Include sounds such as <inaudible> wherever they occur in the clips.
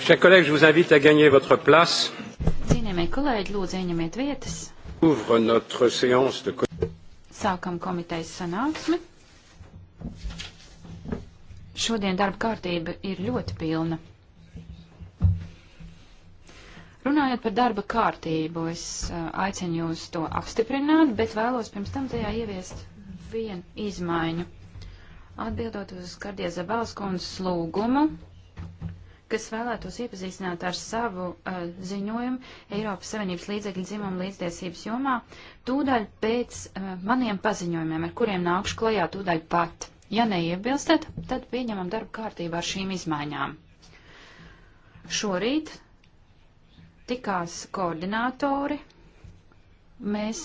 Chers collègues, je vous invite à gagner votre place. Cienījamie kolēģi, lūdzu, ieņemiet vietas. Ouvre notre séance de Sākam komitejas sanāksmi. Šodien darba kārtība ir ļoti pilna. Runājot par darba kārtību, es aicinu jūs to apstiprināt, bet vēlos pirms tam tajā ieviest vienu izmaiņu. Atbildot uz Gardie Zabalas kundzes lūgumu, kas vēlētos iepazīstināt ar savu uh, ziņojumu Eiropas Savienības līdzekļu dzimumu līdztiesības jomā, tūdaļ pēc uh, maniem paziņojumiem, ar kuriem nākšu klajā tūdaļ pat. Ja neiebilstat, tad pieņemam darbu kārtībā ar šīm izmaiņām. Šorīt tikās koordinātori, mēs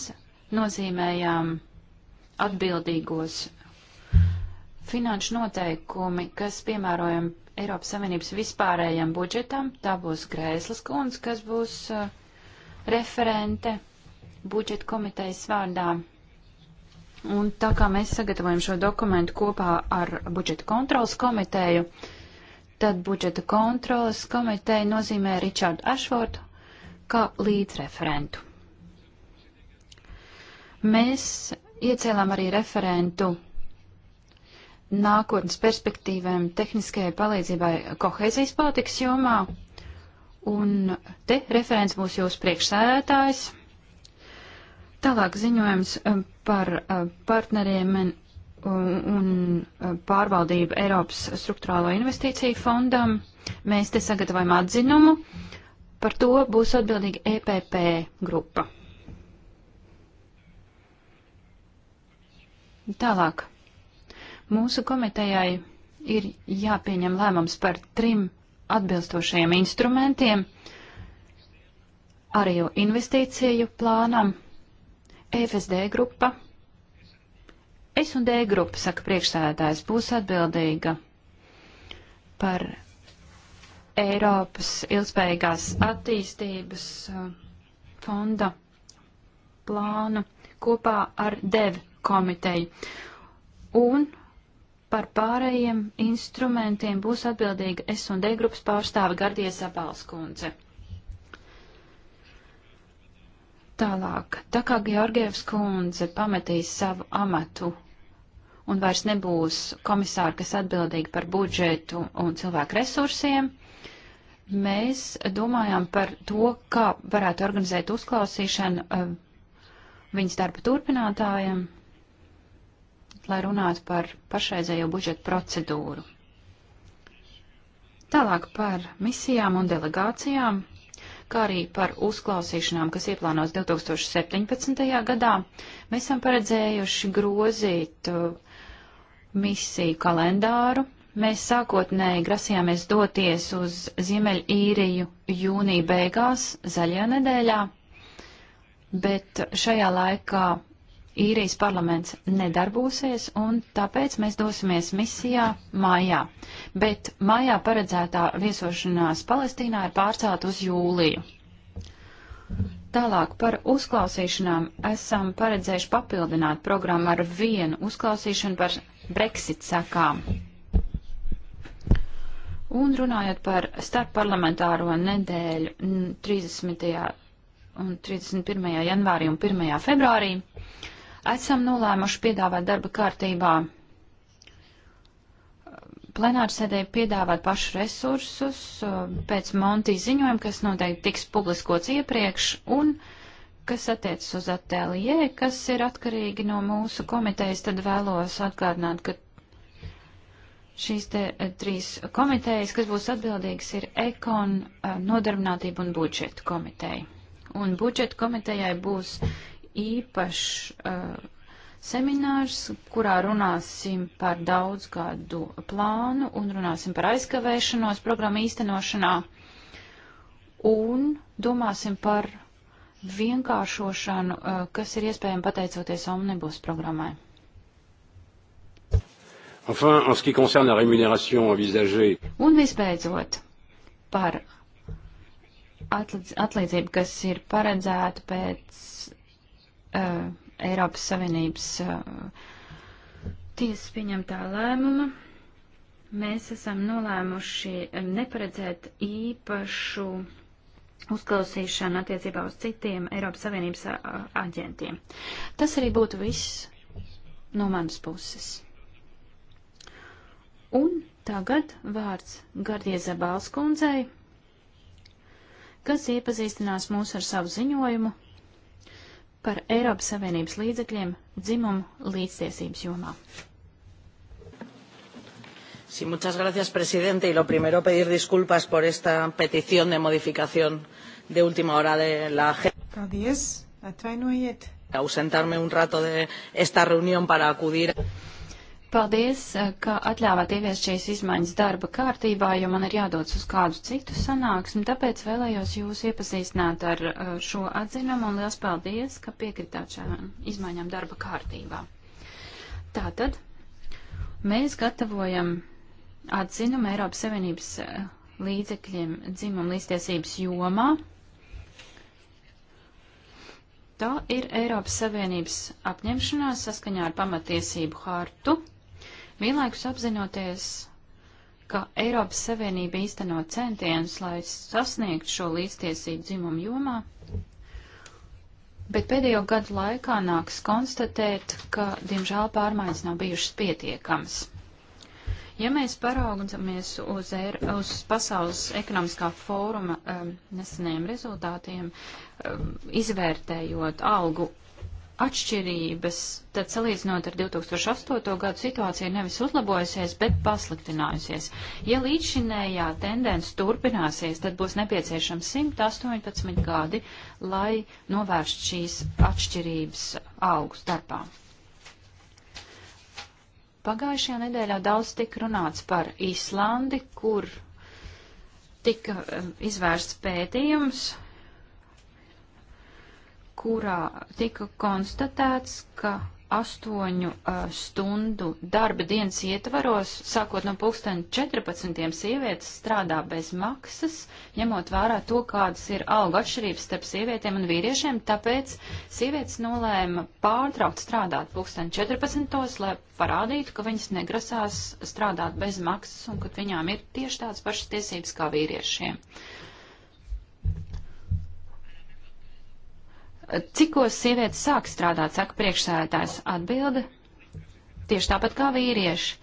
nozīmējām atbildīgos Finanšu noteikumi, kas piemērojam Eiropas Savienības vispārējiem budžetam, tā būs Grēslas kundze, kas būs uh, referente budžeta komitejas vārdā. Un tā kā mēs sagatavojam šo dokumentu kopā ar budžeta kontrolas komiteju, tad budžeta kontrolas komiteja nozīmē Richardu Ashfordu kā līdzreferentu. Mēs iecēlām arī referentu nākotnes perspektīvēm, tehniskajai palīdzībai kohēzijas politikas jomā. Un te referents būs jūsu priekšsēdētājs. Tālāk ziņojums eh, par eh, partneriem un eh, pārvaldību Eiropas struktūrālo investīciju fondam. Mēs te sagatavojam atzinumu. Par to būs atbildīga EPP grupa. Tālāk. Mūsu komitejai ir jāpieņem lēmums par trim atbilstošajiem instrumentiem, arī investīciju plānam, FSD grupa. S un D grupa, saka priekšsēdētājs, būs atbildīga par Eiropas ilgspējīgās attīstības uh, fonda plānu kopā ar DEV komiteju. Un Par pārējiem instrumentiem būs atbildīga S&D grupas pārstāve Gardie Zabalskundze. Tālāk, tā kā Georgievs kundze pametīs savu amatu un vairs nebūs komisāra, kas atbildīga par budžetu un cilvēku resursiem, mēs domājām par to, kā varētu organizēt uzklausīšanu eh, viņas darba turpinātājiem lai runātu par pašreizējo budžetu procedūru. Tālāk par misijām un delegācijām, kā arī par uzklausīšanām, kas ieplānos 2017. gadā, mēs esam paredzējuši grozīt uh, misiju kalendāru. Mēs sākotnēji grasījāmies doties uz Ziemeļīriju jūnija beigās, zaļajā nedēļā, bet šajā laikā īrijas parlaments nedarbosies, un tāpēc mēs dosimies misijā mājā. Bet mājā paredzētā viesošanās Palestīnā ir pārcēlt uz jūliju. Tālāk par uzklausīšanām esam paredzējuši papildināt programmu ar vienu uzklausīšanu par Brexit sakām. Un runājot par starpparlamentāro nedēļu 30. un 31. janvārī un 1. februārī, esam nolēmuši piedāvāt darba kārtībā uh, plenārsēdē piedāvāt pašu resursus uh, pēc Monti ziņojuma, kas noteikti tiks publiskots iepriekš, un kas attiecas uz atēlijē, kas ir atkarīgi no mūsu komitejas, tad vēlos atgādināt, ka šīs te eh, trīs komitejas, kas būs atbildīgas, ir ekon, eh, nodarbinātība un budžeta komiteja. Un budžeta komitejai būs īpašs uh, seminārs, kurā runāsim par daudzgadu plānu un runāsim par aizkavēšanos programmu īstenošanā un domāsim par vienkāršošanu, uh, kas ir iespējama pateicoties omnibus programmai. Enfin, en ce qui concerne la rémunération envisagée. Un visbeidzot, par atlīdzību, kas ir paredzēta pēc uh, Eiropas Savienības uh, tiesas pieņemtā lēmuma mēs esam nolēmuši uh, neparedzēt īpašu uzklausīšanu attiecībā uz citiem Eiropas Savienības uh, aģentiem. Tas arī būtu viss no manas puses. Un tagad vārds Gardie Zabalskundzei, kas iepazīstinās mūs ar savu ziņojumu par Eiropas Savienības līdzekļiem dzimumu līdztiesības jomā. Sí, muchas gracias, presidente. Y lo primero, pedir disculpas por esta petición de modificación de última hora de la agenda. Ausentarme un rato de esta reunión para acudir. Paldies, eh, ka atļāvāt ieviest šīs izmaiņas darba kārtībā, jo man ir jādodas uz kādu citu sanāksmi, tāpēc vēlējos jūs iepazīstināt ar eh, šo atzinumu un liels paldies, ka piekritāt šādām izmaiņām darba kārtībā. Tātad mēs gatavojam atzinumu Eiropas Savienības eh, līdzekļiem dzimuma līdztiesības jomā. Tā ir Eiropas Savienības apņemšanās saskaņā ar pamatiesību hartu vienlaikus apzinoties, ka Eiropas Savienība īsteno centienus, lai sasniegtu šo līdztiesību dzimumu jomā, bet pēdējo gadu laikā nāks konstatēt, ka, diemžēl, pārmaiņas nav bijušas pietiekamas. Ja mēs paraugamies uz, er, uz pasaules ekonomiskā fóruma um, nesenajiem rezultātiem, um, izvērtējot algu atšķirības, tad salīdzinot ar 2008. gadu situācija nevis uzlabojusies, bet pasliktinājusies. Ja līdzšinējā tendence turpināsies, tad būs nepieciešams 118 gadi, lai novērst šīs atšķirības augu starpā. Pagājušajā nedēļā daudz tika runāts par Īslandi, kur tika um, izvērsts pētījums, kurā tika konstatēts, ka astoņu uh, stundu darba dienas ietvaros, sākot no pulksten 14. sievietes strādā bez maksas, ņemot vērā to, kādas ir alga atšķirības starp sievietēm un vīriešiem, tāpēc sievietes nolēma pārtraukt strādāt pulksten 14. lai parādītu, ka viņas negrasās strādāt bez maksas un ka viņām ir tieši tādas pašas tiesības kā vīriešiem. Uh, Cikos sievietes sāk strādāt, saka priekšsēdētājs atbilde, tieši tāpat kā vīrieši.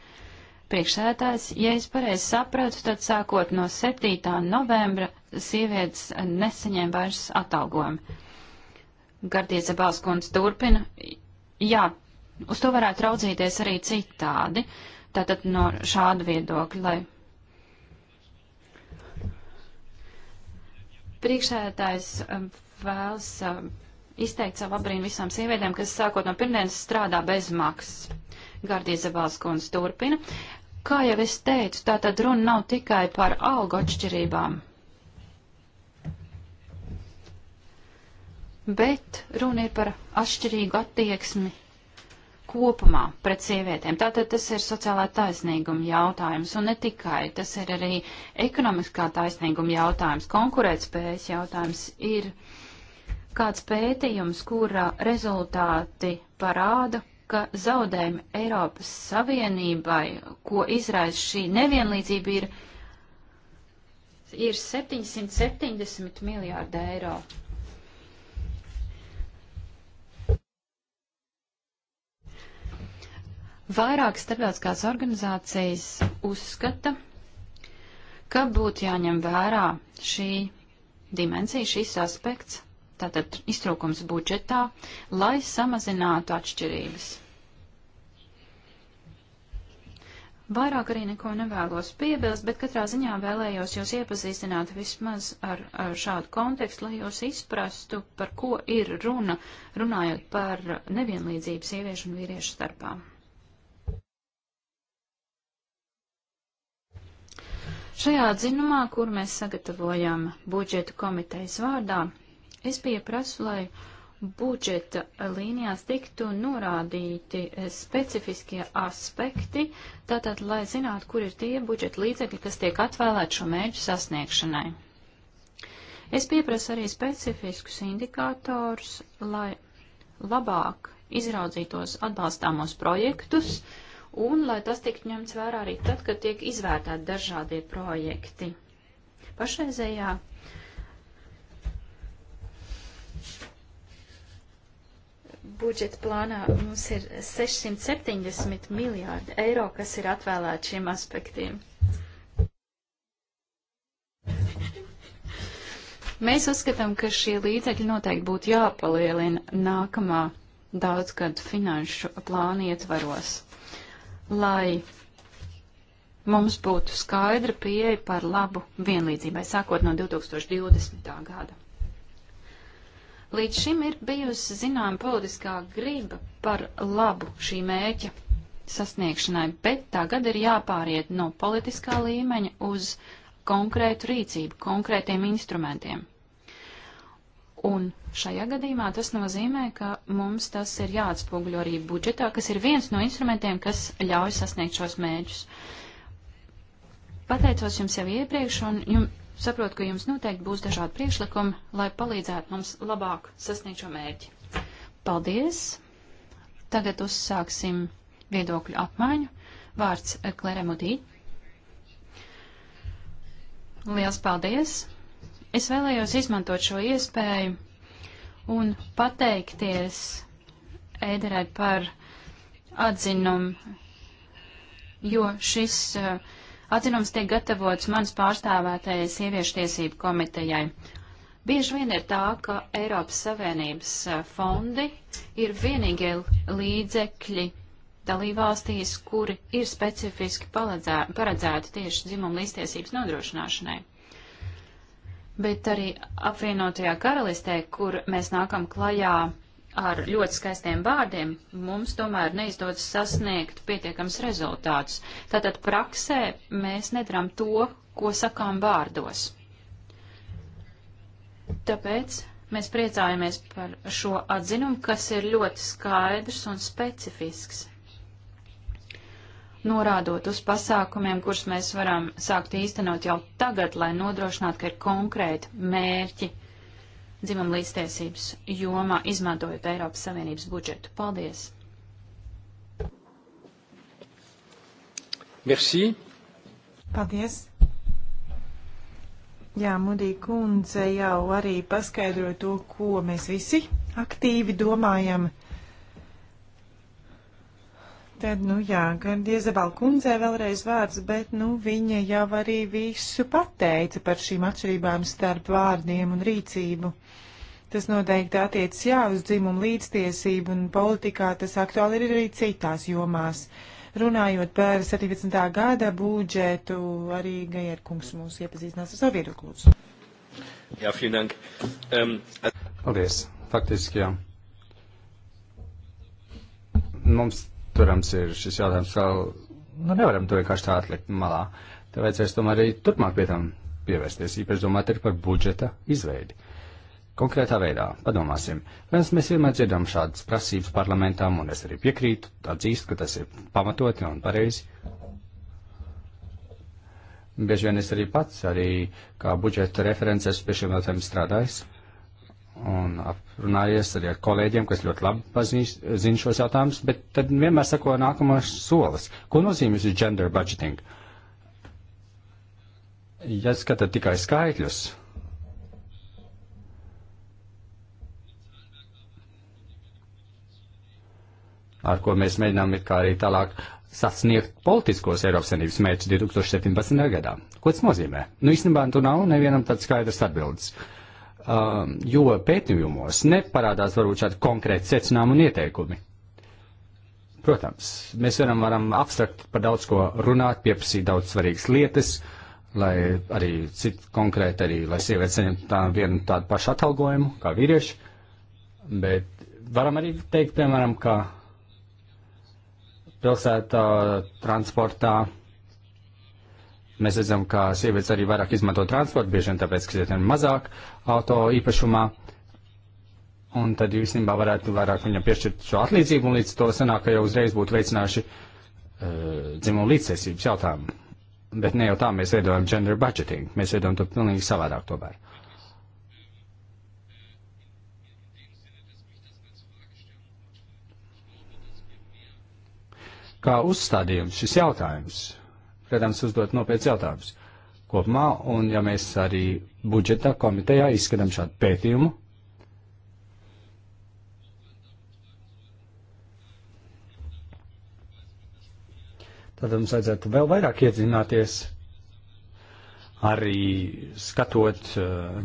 Priekšsēdētājs, ja es pareizi sapratu, tad sākot no 7. novembra sievietes nesaņem vairs atalgojumu. Gardieza Balskundze turpina, jā, uz to varētu raudzīties arī citādi, tātad no šāda viedokļa, lai priekšsēdētājs um, vēlas um, izteikt savu abrīnu visām sievietēm, kas sākot no pirmdienas strādā bez maksas. Gardīza Valskons turpina. Kā jau es teicu, tā tad runa nav tikai par algu atšķirībām, bet runa ir par atšķirīgu attieksmi kopumā pret sievietēm. Tātad tas ir sociālā taisnīguma jautājums, un ne tikai, tas ir arī ekonomiskā taisnīguma jautājums, konkurētspējas jautājums ir. Uh, kāds pētījums, kura rezultāti parāda, ka zaudējumi Eiropas Savienībai, ko izraisa šī nevienlīdzība, ir, ir 770 miljārdi eiro. Vairākas starptautiskās organizācijas uzskata, ka būtu jāņem vērā šī dimensija, šis aspekts tātad iztrūkums budžetā, lai samazinātu atšķirības. Vairāk arī neko nevēlos piebilst, bet katrā ziņā vēlējos jūs iepazīstināt vismaz ar, ar šādu kontekstu, lai jūs izprastu, par ko ir runa, runājot par nevienlīdzību sieviešu un vīriešu starpā. Šajā atzinumā, kur mēs sagatavojam budžetu komitejas vārdā, Es pieprasu, lai budžeta līnijās tiktu norādīti eh, specifiskie aspekti, tātad, lai zinātu, kur ir tie budžeta līdzekļi, kas tiek atvēlēti šo mērķu sasniegšanai. Es pieprasu arī specifiskus indikātors, lai labāk izraudzītos atbalstāmos projektus un lai tas tiktu ņemts vērā arī tad, kad tiek izvērtēti dažādie projekti. Pašreizējā budžeta plānā mums ir 670 miljārdi eiro, kas ir atvēlēti šiem aspektiem. Mēs uzskatām, ka šie līdzekļi noteikti būtu jāpalielina nākamā daudzgadu finanšu plāna ietvaros, lai mums būtu skaidra pieeja par labu vienlīdzībai, sākot no 2020. gada. Līdz šim ir bijusi zināma politiskā griba par labu šī mēķa sasniegšanai, bet tagad ir jāpāriet no politiskā līmeņa uz konkrētu rīcību, konkrētiem instrumentiem. Un šajā gadījumā tas nozīmē, ka mums tas ir jāatspūgļo arī budžetā, kas ir viens no instrumentiem, kas ļauj sasniegt šos mēģus. Pateicos jums jau iepriekš, un jums saprotu, ka jums noteikti būs dažādi priekšlikumi, lai palīdzētu mums labāk sasniegt šo mērķi. Paldies! Tagad uzsāksim viedokļu apmaiņu. Vārds Kleremudī. Liels paldies! Es vēlējos izmantot šo iespēju un pateikties Ēderai par atzinumu, jo šis uh, Atzinums tiek gatavots manas pārstāvētajai sieviešu tiesību komitejai. Bieži vien ir tā, ka Eiropas Savienības eh, fondi ir vienīgie līdzekļi dalībvalstīs, kuri ir specifiski paredzēti tieši dzimumu līdztiesības nodrošināšanai. Bet arī apvienotajā karalistē, kur mēs nākam klajā ar ļoti skaistiem vārdiem, mums tomēr neizdodas sasniegt pietiekams rezultātus. Tātad praksē mēs nedaram to, ko sakām vārdos. Tāpēc mēs priecājamies par šo atzinumu, kas ir ļoti skaidrs un specifisks, norādot uz pasākumiem, kurus mēs varam sākt īstenot jau tagad, lai nodrošinātu, ka ir konkrēti mērķi dzimumu līdztiesības jomā, izmantojot Eiropas Savienības budžetu. Paldies! Merci. Paldies! Jā, Mudī kundze jau arī paskaidroja to, ko mēs visi aktīvi domājam Tad, nu jā, gan Diezabal kundzē vēlreiz vārds, bet, nu, viņa jau arī visu pateica par šīm atšķirībām starp vārdiem un rīcību. Tas noteikti attiecas jā uz dzimumu līdztiesību un politikā tas aktuāli ir arī citās jomās. Runājot par 17. gada budžetu, arī Gajerkungs mūs iepazīstinās ar savu viedokli. Jā, Finank. Um, ehm, at... Paldies. Faktiski, jā. Mums neapturams ir šis jautājums, ka nu, nevaram to vienkārši tā atlikt malā. Te vajadzēs tomēr arī turpmāk pie tam pievērsties, īpaši domāt arī par budžeta izveidi. Konkrētā veidā, padomāsim, viens mēs vienmēr dzirdam šādas prasības parlamentām, un es arī piekrītu, atzīstu, ka tas ir pamatoti un pareizi. Bieži vien es arī pats, arī kā budžeta references pie šiem jautājumiem strādājis un aprunājies arī ar kolēģiem, kas ļoti labi pazīst, zin šos jautājumus, bet tad vienmēr sako nākamais solis. Ko nozīmē šis gender budgeting? Ja skatāt tikai skaitļus, ar ko mēs mēģinām it kā arī tālāk sasniegt politiskos Eiropas Savienības mērķus 2017. gadā. Ko tas nozīmē? Nu, īstenībā, tu nu, nav nevienam tāds skaidrs atbildes. Uh, um, jo pētījumos neparādās varbūt šādi konkrēti secinājumi un ieteikumi. Protams, mēs varam, varam abstrakt par daudz ko runāt, pieprasīt daudz svarīgas lietas, lai arī citi konkrēti, arī lai sievietes saņemtu tā vienu tādu pašu atalgojumu kā vīrieši, bet varam arī teikt, piemēram, ka pilsētā transportā Mēs redzam, ka sievietes arī vairāk izmanto transportu, bieži vien tāpēc, ka ir mazāk auto īpašumā. Un tad īstenībā varētu vairāk viņam piešķirt šo atlīdzību, un līdz to sanāk, ka jau uzreiz būtu veicinājuši uh, eh, dzimumu līdztiesības jautājumu. Bet ne jau tā mēs veidojam gender budgeting, mēs veidojam to pilnīgi savādāk tomēr. Kā uzstādījums šis jautājums? protams, uzdot nopietns jautājums kopumā, un ja mēs arī budžeta komitejā izskatām šādu pētījumu, tad mums vajadzētu vēl vairāk iedzināties, arī skatot uh,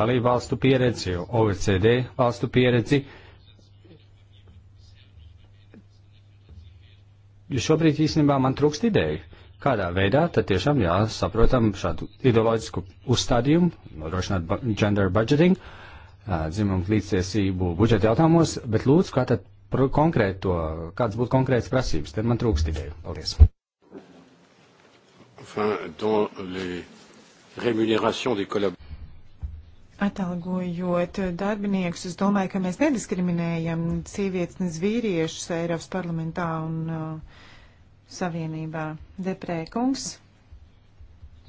dalību valstu pieredzi, OECD valstu pieredzi. Jo šobrīd īstenībā man trūkst ideju kādā veidā tad tiešām jāsaprotam šādu ideoloģisku uzstādījumu, nodrošināt bu gender budgeting, dzimumu līdztiesību budžeta jautājumos, bet lūdzu, kā tad konkrēto, kāds būtu konkrēts prasības, tad man trūkst ideju. Paldies. Enfin, Atalgojot darbiniekus, es domāju, ka mēs nediskriminējam sievietes, ne vīriešus Eiropas parlamentā un uh, Savienībā. Deprēkungs,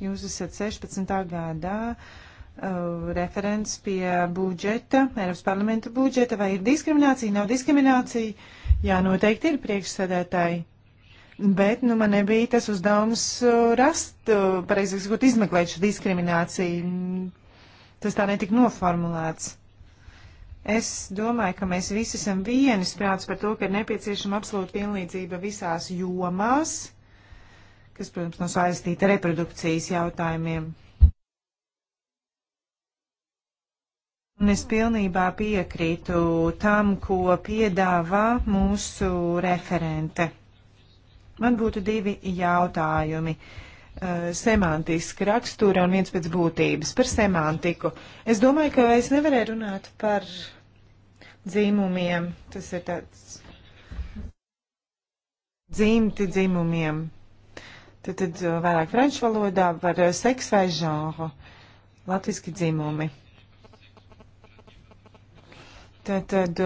jūs esat 16. gadā uh, referents pie budžeta, Eiropas parlamenta budžeta, vai ir diskriminācija, nav diskriminācija? Jā, noteikti ir priekšsēdētāji. Bet nu, man nebija tas uzdevums uh, rast, uh, pareizāk sakot, izmeklēt šo diskrimināciju. Tas tā netika noformulēts. Es domāju, ka mēs visi esam vienisprāts par to, ka ir nepieciešama absolūta vienlīdzība visās jomās, kas, protams, nav no saistīta ar reprodukcijas jautājumiem. Un es pilnībā piekrītu tam, ko piedāvā mūsu referente. Man būtu divi jautājumi. Uh, Eh, semantiska rakstura un viens pēc būtības, par semantiku. Es domāju, ka es nevarēju runāt par dzīmumiem. Tas ir tāds dzimti dzimumiem. Tad, tad eh, vairāk franču valodā par eh, seksu vai žāru. Latviski dzimumi. Tātad,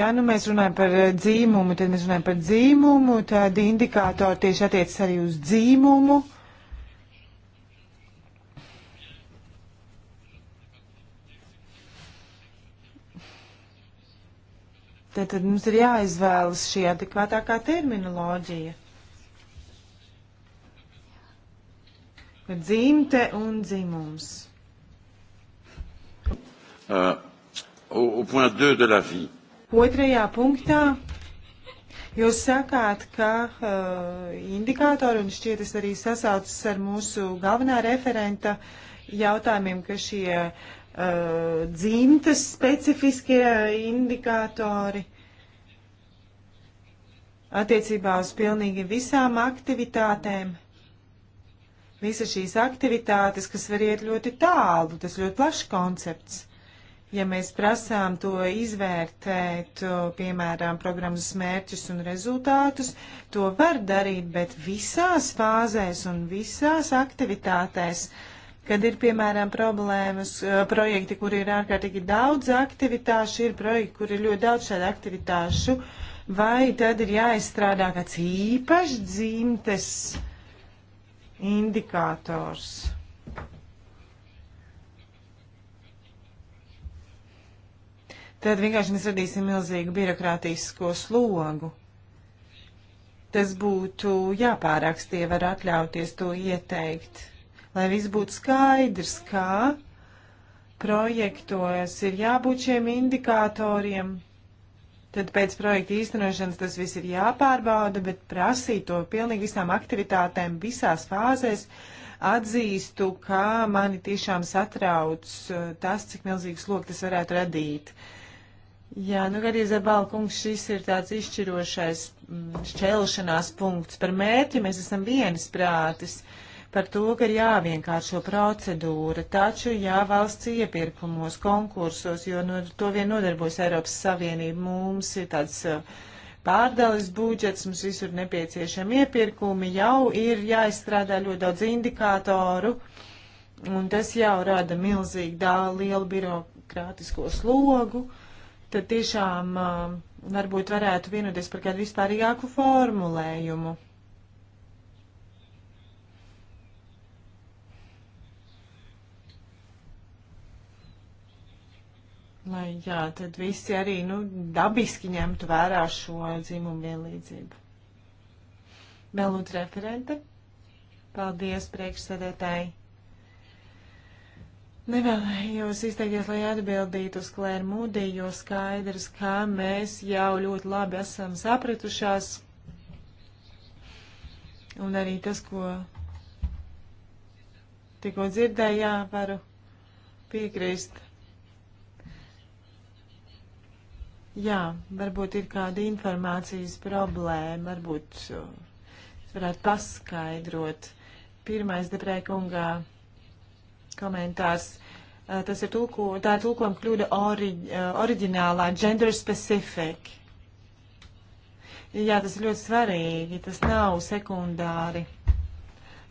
ja nu mēs runājam par dzīmumu, tad mēs runājam par dzīmumu, tad indikātori tieši attiecas arī uz dzīmumu. Uh, Tad, tad mums ir jāizvēlas šī adekvātākā terminoloģija. Dzimte un dzimums. Uh, au point 2 de la vie. Otrajā punktā Jūs sakāt, ka uh, indikātori, un šķiet es arī sasaucas ar mūsu galvenā referenta jautājumiem, ka šie Uh, dzimtas specifiskie indikātori attiecībā uz pilnīgi visām aktivitātēm. Visas šīs aktivitātes, kas var iet ļoti tālu, tas ļoti plašs koncepts. Ja mēs prasām to izvērtēt, piemēram, programmas mērķus un rezultātus, to var darīt, bet visās fāzēs un visās aktivitātēs uh, kad ir, piemēram, problēmas, projekti, kur ir ārkārtīgi daudz aktivitāšu, ir projekti, kur ir ļoti daudz šādu aktivitāšu, vai tad ir jāizstrādā kāds īpašs dzimtes indikators? Tad vienkārši mēs radīsim milzīgu birokrātīsko slogu. Tas būtu jāpārakst, ja var atļauties to ieteikt lai viss būtu skaidrs, kā projektos ir jābūt šiem indikatoriem. Tad pēc projekta īstenošanas tas viss ir jāpārbauda, bet prasīt to pilnīgi visām aktivitātēm, visās fāzēs. Atzīstu, ka mani tiešām satrauc eh, tas, cik milzīgs loks tas varētu radīt. Jā, nu, arī Zabala kungs, šis ir tāds izšķirošais mm, šķelšanās punkts. Par mērķi mēs esam vienas prātis par to, ka ir jāvienkāršo procedūra, taču jā valsts iepirkumos, konkursos, jo no, to vien nodarbojas Eiropas Savienība. Mums ir tāds uh, pārdalis budžets, mums visur nepieciešami iepirkumi, jau ir jāizstrādā ļoti daudz indikātoru, un tas jau rada milzīgi dā, lielu birokrātisko slogu. Tad tiešām uh, varbūt varētu vienoties par kādu vispārīgāku formulējumu. lai jā, tad visi arī nu, dabiski ņemtu vērā šo dzimumu vienlīdzību. Vēl lūdzu referente. Paldies, priekšsēdētāji. Nevēlējos izteikties, lai atbildītu uz Klēru Mūdī, jo skaidrs, ka mēs jau ļoti labi esam sapratušās. Un arī tas, ko tikko dzirdējā, varu piekrist Jā, varbūt ir kāda informācijas problēma, varbūt uh, varētu paskaidrot. Pirmais deprēkungā komentārs. Uh, tas ir tulko, tā ir tulkojuma kļūda ori, uh, oriģinālā, gender specific. Jā, tas ir ļoti svarīgi, tas nav sekundāri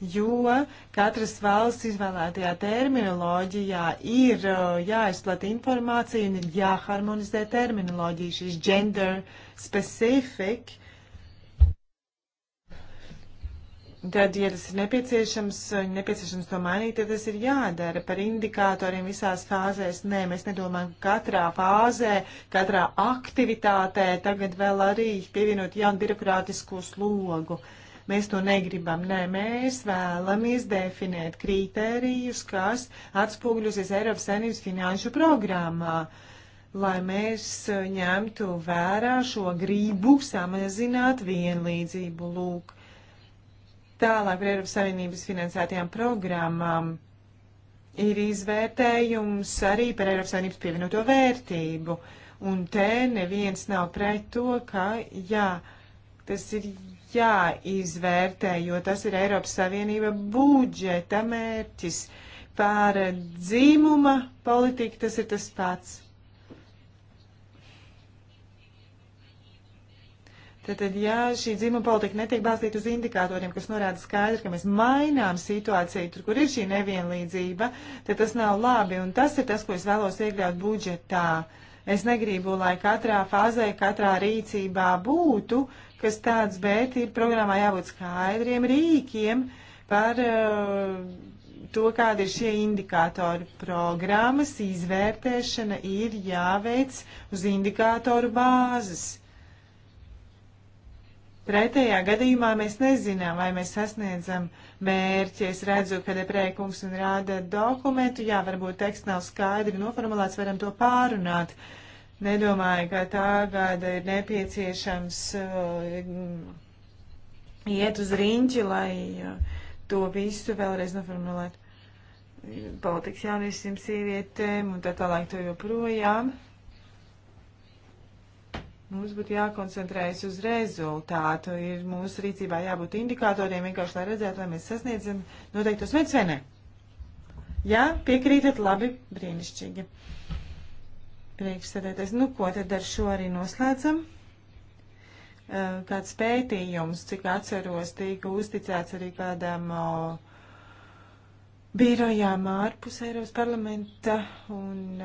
jo katras valsts izvēlētajā terminoloģijā ir uh, jāizplat informācija un ir jāharmonizē terminoloģija, šis gender specific. Tad, ja tas ir nepieciešams, uh, nepieciešams to mainīt, tad tas ir jādara par indikatoriem visās fāzēs. Nē, mēs nedomājam, ka katrā fāzē, katrā aktivitātē tagad vēl arī pievienot jaunu birokrātisko slogu. Uh, Mēs to negribam. Nē, mēs vēlamies definēt kritērijus, kas atspūgļusies Eiropas Savienības finanšu programmā, lai mēs ņemtu vērā šo gribu samazināt vienlīdzību. Lūk, tālāk par Eiropas Savienības finansētajām programmām ir izvērtējums arī par Eiropas Savienības pievienoto vērtību. Un te neviens nav pret to, ka jā, tas ir jāizvērtē, jo tas ir Eiropas Savienība budžeta mērķis. Pār dzīmuma politiku tas ir tas pats. Tātad, ja šī dzimuma politika netiek balstīta uz indikatoriem, kas norāda skaidri, ka mēs mainām situāciju, tur, kur ir šī nevienlīdzība, tad tas nav labi. Un tas ir tas, ko es vēlos iekļaut budžetā. Es negribu, lai katrā fazē, katrā rīcībā būtu uh, kas tāds, bet ir programmā jābūt skaidriem rīkiem par uh, to, kādi ir šie indikātori. Programmas izvērtēšana ir jāveic uz indikātoru bāzes. Pretējā gadījumā mēs nezinām, vai mēs sasniedzam mērķi. Es redzu, ka deprēkums un rāda dokumentu. Jā, varbūt teksts nav skaidri noformulēts, varam to pārunāt. Uh, Nedomāju, ka tā gada ir nepieciešams uh, iet uz riņķi, lai uh, to visu vēlreiz noformulētu. Politikas jauniešiem, sievietēm un tā tālāk to joprojām. Mums būtu jākoncentrējas uz rezultātu. Ir mūsu rīcībā jābūt indikatoriem, vienkārši lai redzētu, lai mēs sasniedzam noteiktos mērķus vai nē. Jā, piekrītat, labi, brīnišķīgi. Priekšsēdētais, nu ko tad ar šo arī noslēdzam? Kāds pētījums, cik atceros, tika uzticēts arī kādām birojām ārpus Eiropas parlamenta un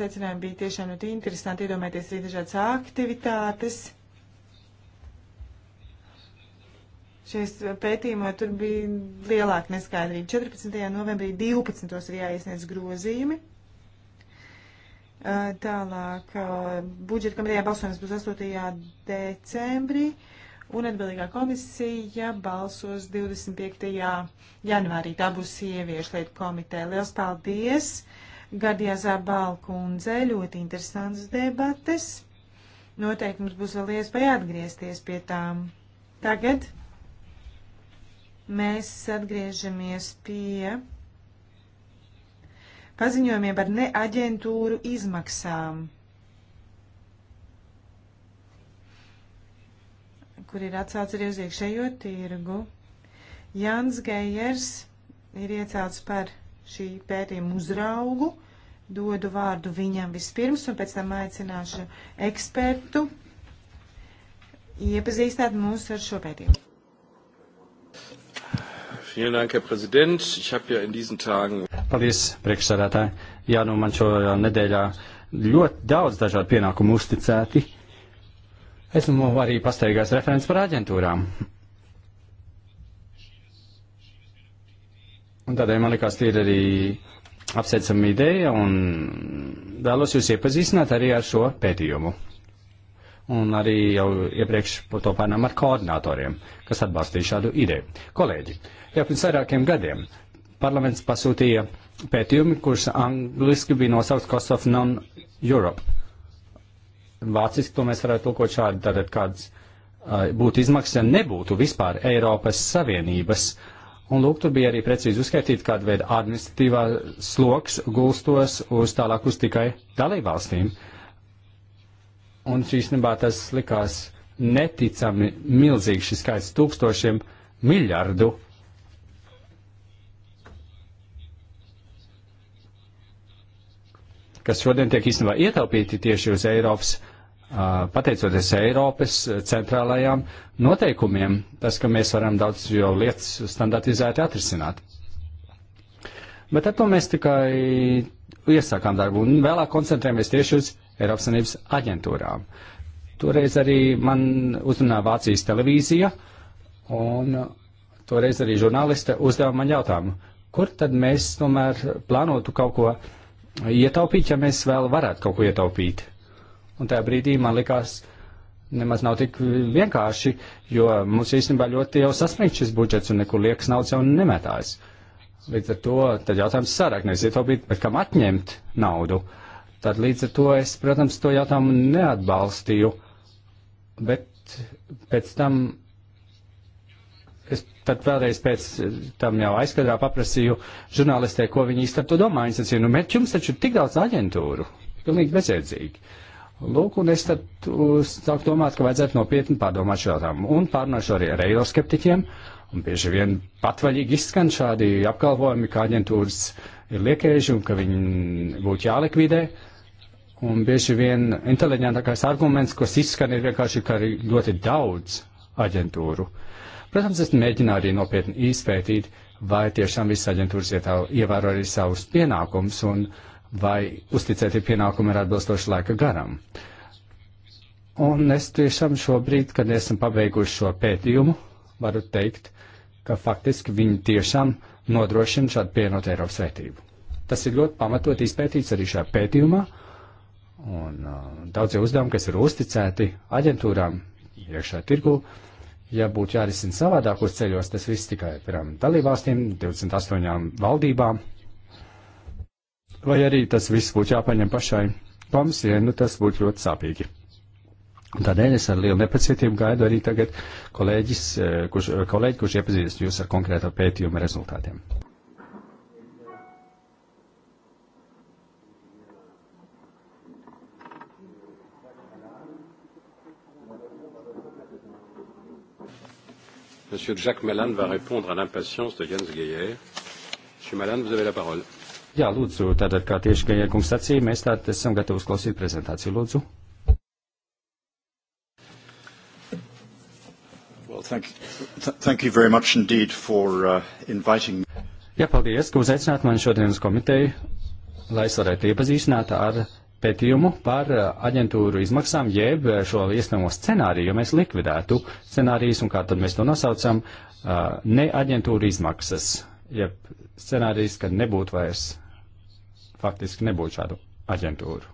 secinājumi bija tiešām ļoti interesanti. Iedomājieties arī dažādas aktivitātes. Šajos pētījumā tur bija lielāka neskaidrība. 14. novembrī 12. ir jāiesniedz grozījumi. Eh, tālāk, eh, budžeta komitejā balsojums būs 8. decembrī, un atbildīgā komisija balsos 25. janvārī. Tā būs sieviešu lietu komiteja. Liels paldies! Gadījā Zabalkundze, ļoti interesants debates. Noteikti mums būs vēl iespēja atgriezties pie tām. Tagad mēs atgriežamies pie paziņojumiem par neaģentūru izmaksām, kur ir atsauts arī uz iekšējo tirgu. Jans Geijers ir iecelts par šī pētījuma uzraugu. Dodu vārdu viņam vispirms, un pēc tam aicināšu ekspertu iepazīstināt mūs ar šo pētījumu. Vielen Dank, Herr Präsident. Ich habe ja in diesen Tagen Paldies, priekšsādātāji. Jā, nu man šajā uh, nedēļā ļoti daudz dažādu pienākumu uzticēti. Esmu arī pastaigās referents par aģentūrām. Un tādēļ man liekas, tie ir arī apsveicama ideja un vēlos jūs iepazīstināt arī ar šo pētījumu. Un arī jau iepriekš to pērnām ar koordinatoriem, kas atbalstīja šādu ideju. Kolēģi, jau pirms vairākiem gadiem parlaments pasūtīja uh, pētījumi, kurš angliski bija nosaukts Cost of Non-Europe. Vāciski to mēs varētu tulkot šādi, tātad kādas uh, būtu izmaksas, ja nebūtu vispār Eiropas Savienības. Un lūk, tur bija arī precīzi uzskaitīt, kāda veida administratīvā sloks gulstos uz tālāk uz tikai dalībvalstīm. Un šīs nebā tas likās neticami milzīgs šis skaits tūkstošiem miljardu kas šodien tiek īstenībā ietaupīti tieši uz Eiropas, pateicoties Eiropas centrālajām noteikumiem, tas, ka mēs varam daudz jau lietas standartizēti atrisināt. Bet ar to mēs tikai iesākām darbu un vēlāk koncentrējamies tieši uz Eiropas Savienības aģentūrām. Toreiz arī man uzrunāja Vācijas televīzija, un toreiz arī žurnāliste uzdeva man jautājumu, kur tad mēs tomēr plānotu kaut ko uh, ietaupīt, ja mēs vēl varētu kaut ko ietaupīt. Un tajā brīdī man likās, nemaz nav tik vienkārši, jo mums īstenībā ļoti jau sasniegts šis budžets un nekur liekas naudas jau nemetājas. Līdz ar to tad jautājums sarāk, nevis ietaupīt, bet kam atņemt naudu. Tad līdz ar to es, protams, to jautājumu neatbalstīju, bet pēc tam Tad vēlreiz pēc tam jau aizkadrā paprasīju žurnālistē, ko viņi īsti par to domā. Viņi sacīja, nu, bet jums taču ir tik daudz aģentūru. Pilnīgi bezjēdzīgi. Lūk, un es tad uh, sāku domāt, ka vajadzētu nopietni pārdomāt šo jautājumu. Un pārnošu arī ar eiroskeptiķiem. Un bieži vien patvaļīgi izskan šādi apgalvojumi, ka aģentūras ir liekēži un ka viņi būtu jālikvidē. Un bieži vien inteliģentākais arguments, kas izskan, ir vienkārši, ka ir ļoti daudz aģentūru. Uh, Protams, es mēģināju arī nopietni izpētīt, vai tiešām visas aģentūras ievēro arī savus pienākumus un vai uzticētie pienākumi ir atbilstoši laika garam. Un es tiešām šobrīd, kad esam pabeiguši šo pētījumu, varu teikt, ka faktiski viņi tiešām nodrošina šādu pienotu Eiropas vērtību. Tas ir ļoti pamatot izpētīts arī šajā pētījumā, un uh, daudzie uzdevumi, kas ir uzticēti aģentūrām iekšā tirgu, uh, ja būtu jārisina savādākos ceļos, tas viss tikai piram dalībvalstīm, 28 valdībām, vai arī tas viss būtu jāpaņem pašai komisijai, nu tas būtu ļoti sāpīgi. Tādēļ es ar lielu nepacietību gaidu arī tagad kolēģis, eh, kurš, kolēģi, kurš iepazīstas jūs ar konkrēto pētījumu rezultātiem. Monsieur Jack Melan va répondre à l'impatience de Jens Geier. Monsieur Melan, vous avez la parole. Jā, lūdzu, tātad, kā tieši Geier kungs sacīja, mēs tātad esam gatavi uzklausīt prezentāciju, lūdzu. Well, thank, you. Th thank you very much indeed for uh, inviting me. Jā, paldies, ka uzaicināt mani šodien uz komiteju, lai es varētu iepazīstināt ar pētījumu par eh, aģentūru izmaksām, jeb eh, šo iespējamo scenāriju, jo mēs likvidētu scenārijus un kā tad mēs to nosaucam, eh, ne aģentūra izmaksas, jeb scenārijs, kad nebūtu vairs, faktiski nebūtu šādu aģentūru.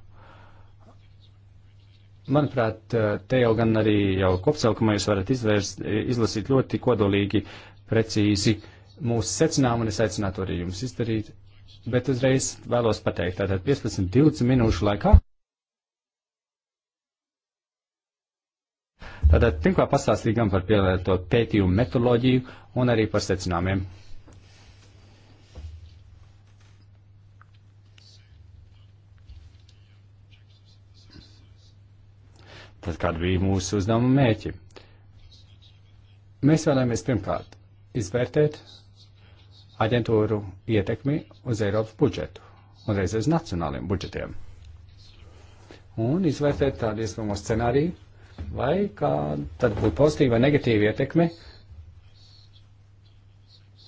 Manuprāt, te jau gan arī jau kopcelkumā jūs varat izvērst, izlasīt ļoti kodolīgi, precīzi mūsu secinājumu, un es aicinātu arī jums izdarīt bet uzreiz vēlos pateikt, tātad 15-20 minūšu laikā. Tātad pirmkārt pastāstīju gan par pielieto pētījumu metodoloģiju un arī par secinājumiem. Tad kāda bija mūsu uzdevuma mērķi? Mēs vēlamies pirmkārt izvērtēt aģentūru ietekmi uz Eiropas budžetu un reiz uz nacionāliem budžetiem. Un izvērtēt tādu iespējamo scenāriju, vai kā tad būtu pozitīva vai negatīva ietekme,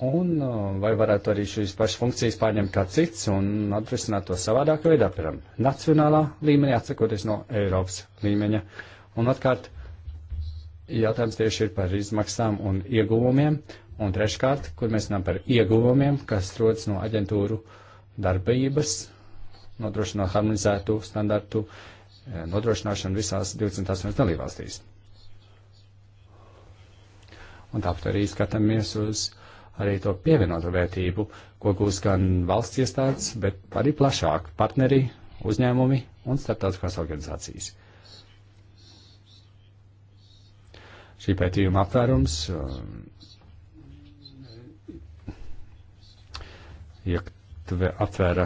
un uh, vai varētu arī šīs pašas funkcijas pārņemt kā cits un atrisināt to savādāk veidā, piemēram, nacionālā līmenī, atsakoties no Eiropas līmeņa. Un atkārt, jautājums tieši ir par izmaksām un ieguvumiem, Un treškārt, kur mēs runājam par ieguvumiem, kas rodas no aģentūru darbības, nodrošinot harmonizētu standartu eh, nodrošināšanu visās 28 dalībvalstīs. Un tāpat arī skatāmies uz arī to pievienoto vērtību, ko gūs gan valsts iestādes, bet arī plašāk partneri, uzņēmumi un starptautiskās organizācijas. Šī pētījuma aptvērums um, ietve, aptvēra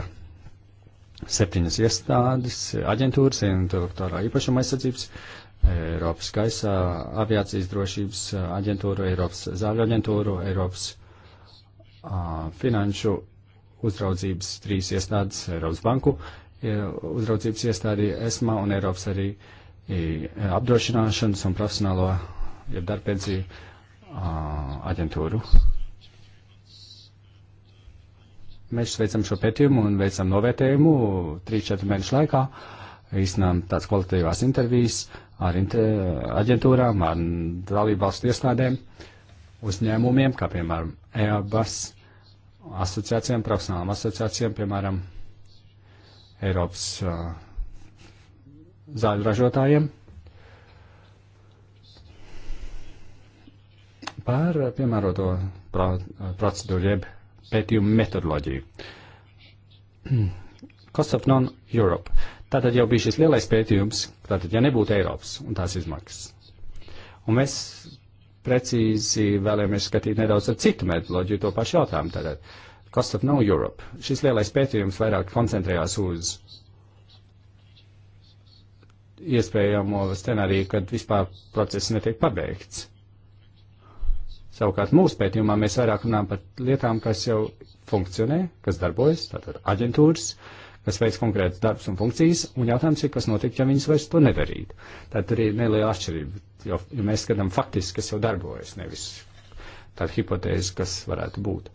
septiņas iestādes, aģentūras, intelektuālā īpašuma aizsardzības, Eiropas gaisa aviācijas drošības aģentūru, Eiropas zāļu aģentūru, Eiropas a, finanšu uzraudzības trīs iestādes, Eiropas banku uzraudzības iestādi ESMA un Eiropas arī apdrošināšanas un profesionālo, jeb darbpensiju aģentūru. Mēs veicam šo pētījumu un veicam novērtējumu 3-4 mēnešu laikā. Īstenām tāds kvalitatīvās intervijas ar inter aģentūrām, ar dalību valstu iestādēm, uzņēmumiem, kā piemēram EABAS, asociācijām, profesionālām asociācijām, piemēram, Eiropas uh, zāļu ražotājiem. Par piemēroto procedūru jeb pētījumu metodoloģiju. <clears throat> Cost of Non-Europe. Tātad jau bija šis lielais pētījums, tātad ja nebūtu Eiropas un tās izmaksas. Un mēs precīzi vēlamies skatīt nedaudz ar citu metodoloģiju to pašu jautājumu. Tātad Cost of Non-Europe. Šis lielais pētījums vairāk koncentrējās uz iespējamo scenāriju, kad vispār process netiek pabeigts. Savukārt mūsu pētījumā mēs vairāk runājam par lietām, kas jau funkcionē, kas darbojas, tātad aģentūras, kas veids konkrētas darbs un funkcijas, un jautājums ir, kas notiek, ja viņas vairs to nedarītu. Tad tur ir neliela atšķirība, jo, jo mēs skatām faktiski, kas jau darbojas, nevis tāda hipotēze, kas varētu būt.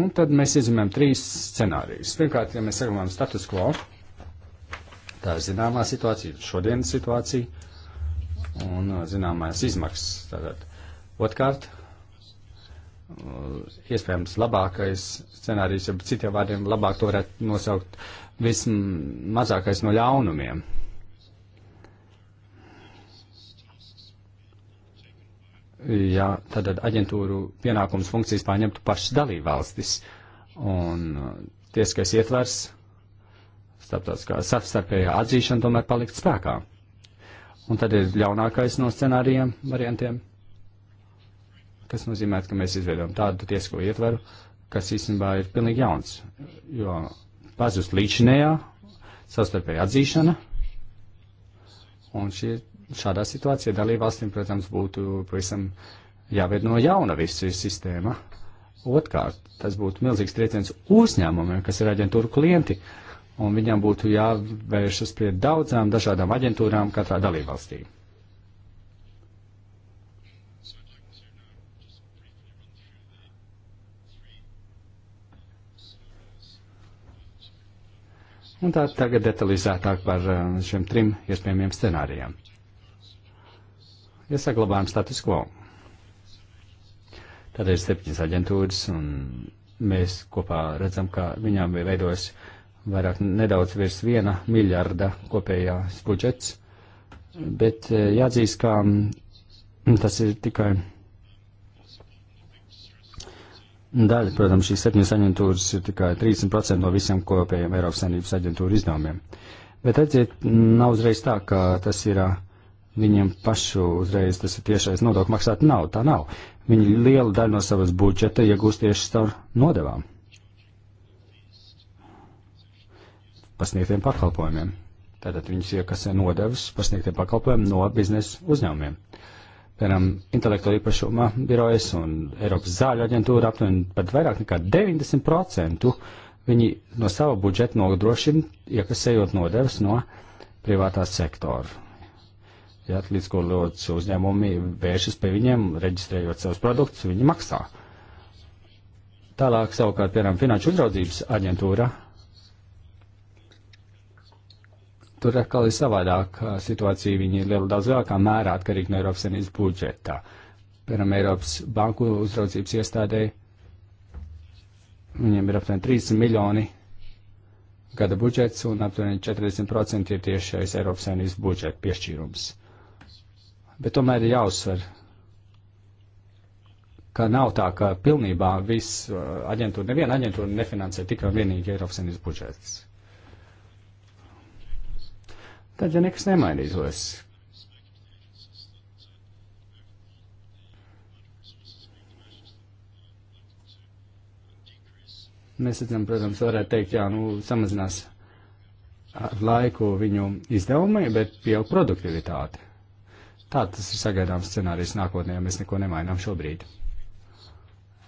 Un tad mēs izņemam trīs scenārijus. Pirmkārt, ja mēs saglabājam status quo, tā ir zināmā situācija, šodienas situācija un zināmās izmaksas. Tātad Otkārt, iespējams labākais scenārijs, ja citiem vārdiem labāk to varētu nosaukt vismazākais no ļaunumiem. Ja tad aģentūru pienākums funkcijas pārņemtu pašas dalībvalstis un uh, tieskais ietvers starptautiskā savstarpējā atzīšana tomēr palikt spēkā. Un tad ir ļaunākais no scenārijiem variantiem kas nozīmē, ka mēs izveidojam tādu tiesisko ietveru, kas īstenībā ir pilnīgi jauns, jo pazust līdzinējā savstarpēja atzīšana, un šie, šādā situācijā dalībvalstīm, protams, būtu pavisam jāved no jauna visu sistēma. Otkārt, tas būtu milzīgs trieciens uzņēmumiem, kas ir aģentūru klienti, un viņam būtu jāvēršas pie daudzām dažādām aģentūrām katrā dalībvalstī. Un tā tagad detalizētāk par eh, šiem trim iespējamiem scenārijiem. Ja saglabājam status quo, tad ir septiņas aģentūras, un mēs kopā redzam, ka viņām veidojas vairāk nedaudz virs viena miljarda kopējās budžets, bet eh, jāatzīst, ka mm, tas ir tikai Daļa, protams, šīs septiņas aģentūras ir tikai 30% no visiem kopējiem Eiropas Savienības aģentūru izdevumiem. Bet redziet, nav uzreiz tā, ka tas ir viņiem pašu uzreiz tas ir tiešais nodokļu maksāt. Nav, tā nav. Viņi lielu daļu no savas budžeta iegūst tieši caur nodevām. Pasniegtiem pakalpojumiem. Tātad viņus iekasē nodevas pasniegtiem pakalpojumiem no biznesa uzņēmumiem piemēram, intelektuāla īpašuma birojas un Eiropas zāļu aģentūra aptuveni pat vairāk nekā 90% viņi no sava budžeta nodrošina, iekasējot nodevas no privātā sektora. Ja, līdz kur lūdz uzņēmumi vēršas pie viņiem, reģistrējot savus produktus, viņi maksā. Tālāk savukārt, piemēram, Finanšu uzraudzības aģentūra tur atkal ir savādāk situācija. Viņi ir liela daudz lielākā mērā atkarīgi no Eiropas Savienības budžeta. Piemēram, Eiropas banku uzraudzības iestādē viņiem ir aptuveni 30 miljoni gada budžets un aptuveni 40% ir tiešais Eiropas Savienības budžeta piešķīrums. Bet tomēr ir jāuzsver, ka nav tā, ka pilnībā viss aģentūra, neviena aģentūra nefinansē tikai un vienīgi Eiropas Savienības budžets tad ja nekas nemainītos. Mēs redzam, protams, varētu teikt, jā, nu, samazinās ar laiku viņu izdevumi, bet pieaug produktivitāte. Tā tas ir sagaidāms scenārijs nākotnē, ja mēs neko nemainām šobrīd.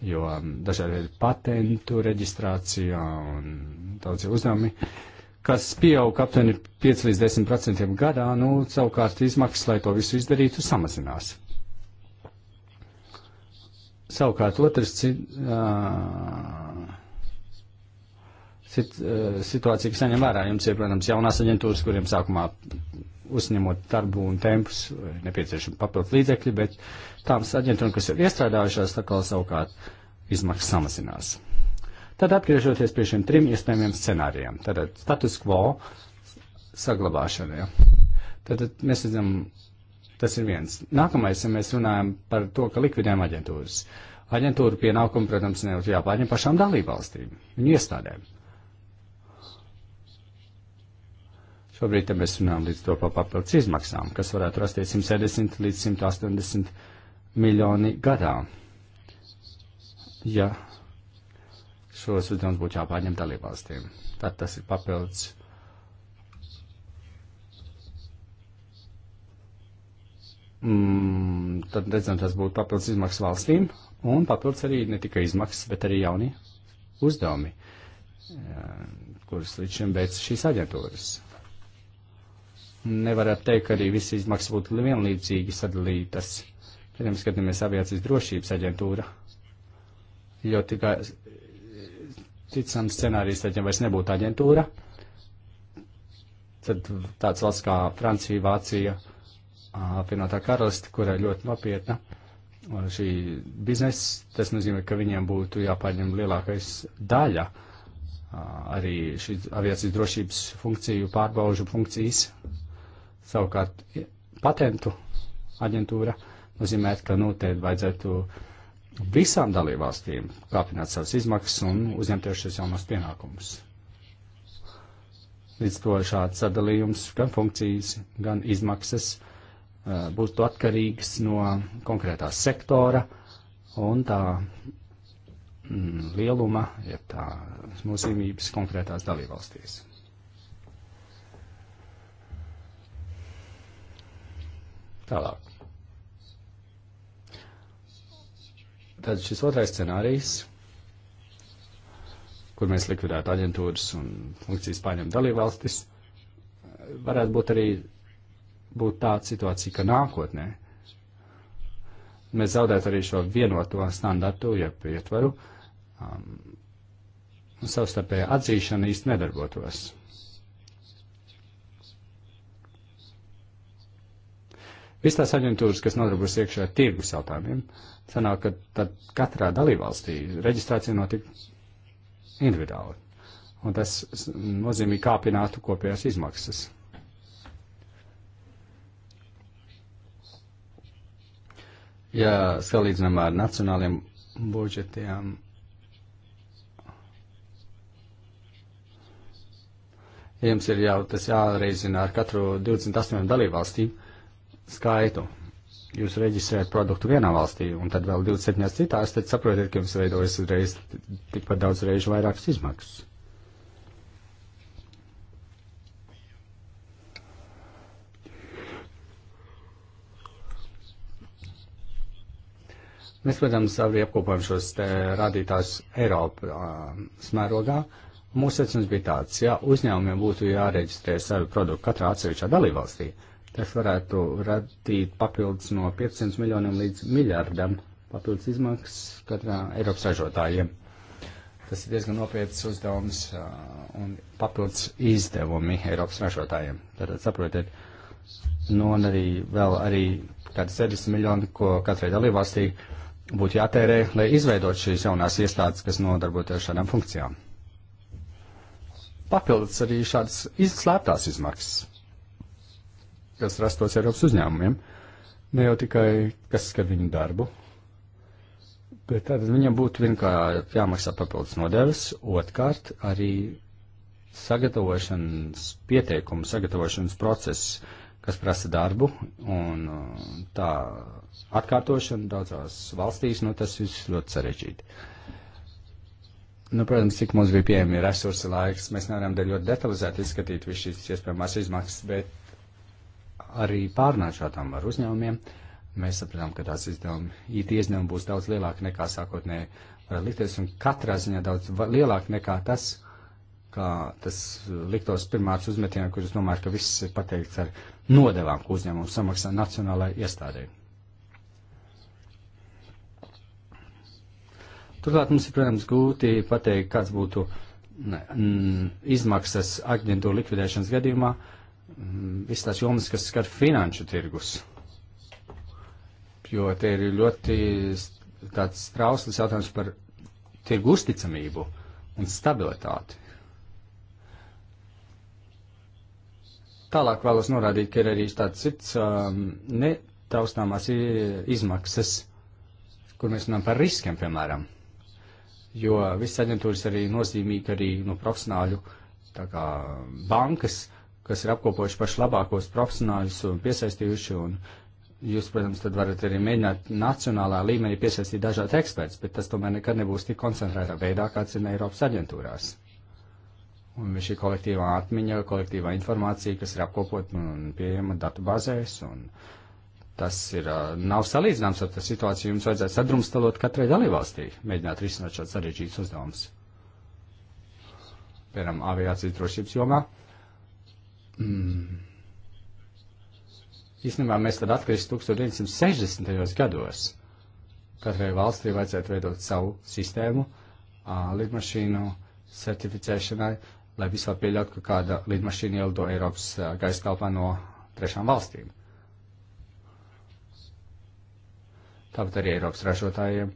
Jo mm, dažādi patentu reģistrācija un daudzi uzdevumi kas pieaug aptuveni 5 līdz 10% gadā, nu, savukārt izmaksas, lai to visu izdarītu, samazinās. Savukārt otrs sit, situācija, kas saņem vērā, jums ir, protams, jaunās aģentūras, kuriem sākumā uzņemot darbu un tempus, ir nepieciešami papildus līdzekļi, bet tām aģentūram, kas ir iestrādājušās, tā kā savukārt izmaksas samazinās. Tad atgriežoties pie šiem trim iespējamiem scenārijiem, tad status quo saglabāšanai. Tad mēs redzam, tas ir viens. Nākamais, ja mēs runājam par to, ka likvidējam aģentūras. Aģentūra pienākumu, protams, nevar jāpārņem pašām dalībvalstīm, viņu iestādēm. Šobrīd mēs runājam līdz to par papildus izmaksām, kas varētu rasties 170 līdz 180 miljoni gadā. Ja šos uzdevumus būtu jāpārņem dalībvalstīm. Tad tas ir papildus. Mm, tad redzam, tas būtu papildus izmaksas valstīm un papildus arī ne tikai izmaksas, bet arī jauni uzdevumi, eh, kurus līdz šim veic šīs aģentūras. Nevarētu teikt, ka arī visas izmaksas būtu vienlīdzīgi sadalītas. Piemēram, skatāmies aviācijas drošības aģentūra. Ļoti ticams scenārijs, tad, ja vairs nebūtu aģentūra, tad tāds valsts kā Francija, Vācija, apvienotā karaliste, kurai ļoti nopietna šī biznesa, tas nozīmē, ka viņiem būtu jāpārņem lielākais daļa arī šī aviācijas drošības funkciju, pārbaužu funkcijas. Savukārt patentu aģentūra nozīmē, ka, nu, te vajadzētu uh, visām dalībvalstīm kāpināt savas izmaksas un uzņemties šos jaunos pienākumus. Līdz to šāds sadalījums, gan funkcijas, gan izmaksas būtu atkarīgs no konkrētā sektora un tā mm, lieluma, ja tā nozīmības konkrētās dalībvalstīs. Tālāk. Tad šis otrais scenārijs, kur mēs likvidētu aģentūras un funkcijas paņem dalībvalstis, varētu būt arī būt tāda situācija, ka nākotnē mēs zaudētu arī šo vienoto standartu, ja ietvaru, um, un savstarpēja atzīšana īsti nedarbotos. Viss tās aģentūras, kas nodarbojas iekšējā tirgus jautājumiem, uh, sanāk, ka tad katrā dalībvalstī reģistrācija notika individuāli. Un tas nozīmīgi kāpinātu kopējās izmaksas. Ja salīdzinām ar nacionāliem budžetiem, jums ir jau tas jāreizina ar katru 28 dalībvalstīm skaitu jūs reģistrējat produktu vienā valstī un tad vēl 27 citās, tad saprotiet, ka jums veidojas uzreiz tikpat daudz reižu vairākas izmaksas. Mēs, protams, arī apkopojam šos rādītājus Eiropas mērogā. Mūsu secinājums bija tāds, ja uzņēmumiem būtu jāreģistrē savu produktu katrā atsevišķā dalībvalstī, Tas varētu radīt papildus no 500 miljoniem līdz miljardam papildus izmaksas katrā Eiropas ražotājiem. Tas ir diezgan nopietns uzdevums un papildus izdevumi Eiropas ražotājiem. Tātad saprotiet, nu un arī vēl arī kādi 70 miljoni, ko katrai dalībvalstī būtu jātērē, lai izveidot šīs jaunās iestādes, kas nodarboties šādām funkcijām. Papildus arī šādas izslēptās izmaksas kas rastos Eiropas uzņēmumiem. Ne jau tikai, kas skar viņu darbu, bet tātad viņam būtu vienkārši jāmaksā papildus nodevis, otrkārt arī sagatavošanas pieteikumu, sagatavošanas process, kas prasa darbu, un uh, tā atkārtošana daudzās valstīs, nu tas viss ļoti sarežģīti. Nu, protams, cik mums bija pieejami resursi laiks, mēs nevaram ļoti detalizēti izskatīt visu šīs iespējamās izmaksas, bet arī pārnāšātām ar uzņēmumiem. Mēs sapratām, ka tās izdevumi, IT izdevumi būs daudz lielāki nekā sākotnēji varētu likties, un katrā ziņā daudz lielāki nekā tas, kā tas liktos pirmāts uzmetienā, kur es domāju, ka viss ir pateikts ar nodevām, ko uzņēmums samaksā nacionālajai iestādēji. Turklāt mums ir, protams, grūti pateikt, kāds būtu ne, izmaksas aģentūra likvidēšanas gadījumā, uh, visas tās jomas, kas skar finanšu tirgus. Jo te ir ļoti tāds trausls jautājums par tirgu uzticamību un stabilitāti. Tālāk vēlos norādīt, ka ir arī tāds cits um, netaustāmās izmaksas, kur mēs runājam par riskiem, piemēram. Jo visas aģentūras arī nozīmīgi arī no profesionāļu, tā kā bankas, uh, kas ir apkopojuši pašus labākos profesionāļus un piesaistījuši. Un jūs, protams, tad varat arī mēģināt nacionālā līmenī piesaistīt dažādi eksperts, bet tas tomēr nekad nebūs tik koncentrētā veidā, kāds ir Eiropas aģentūrās. Un šī kolektīvā atmiņa, kolektīvā informācija, kas ir apkopot un pieejama datu bazēs, un tas ir, nav salīdzināms ar tā situāciju, jums vajadzētu sadrumstalot katrai dalībvalstī, mēģināt risināt šāds sarežģīts uzdevums. Piemēram, aviācijas drošības jomā Mm. Īstenībā mēs tad atgriežamies 1960. gados. Katrai valstī vajadzētu veidot savu sistēmu lidmašīnu certificēšanai, lai vispār pieļautu, ka kāda lidmašīna ielido Eiropas gaisa telpā no trešām valstīm. Tāpat arī Eiropas ražotājiem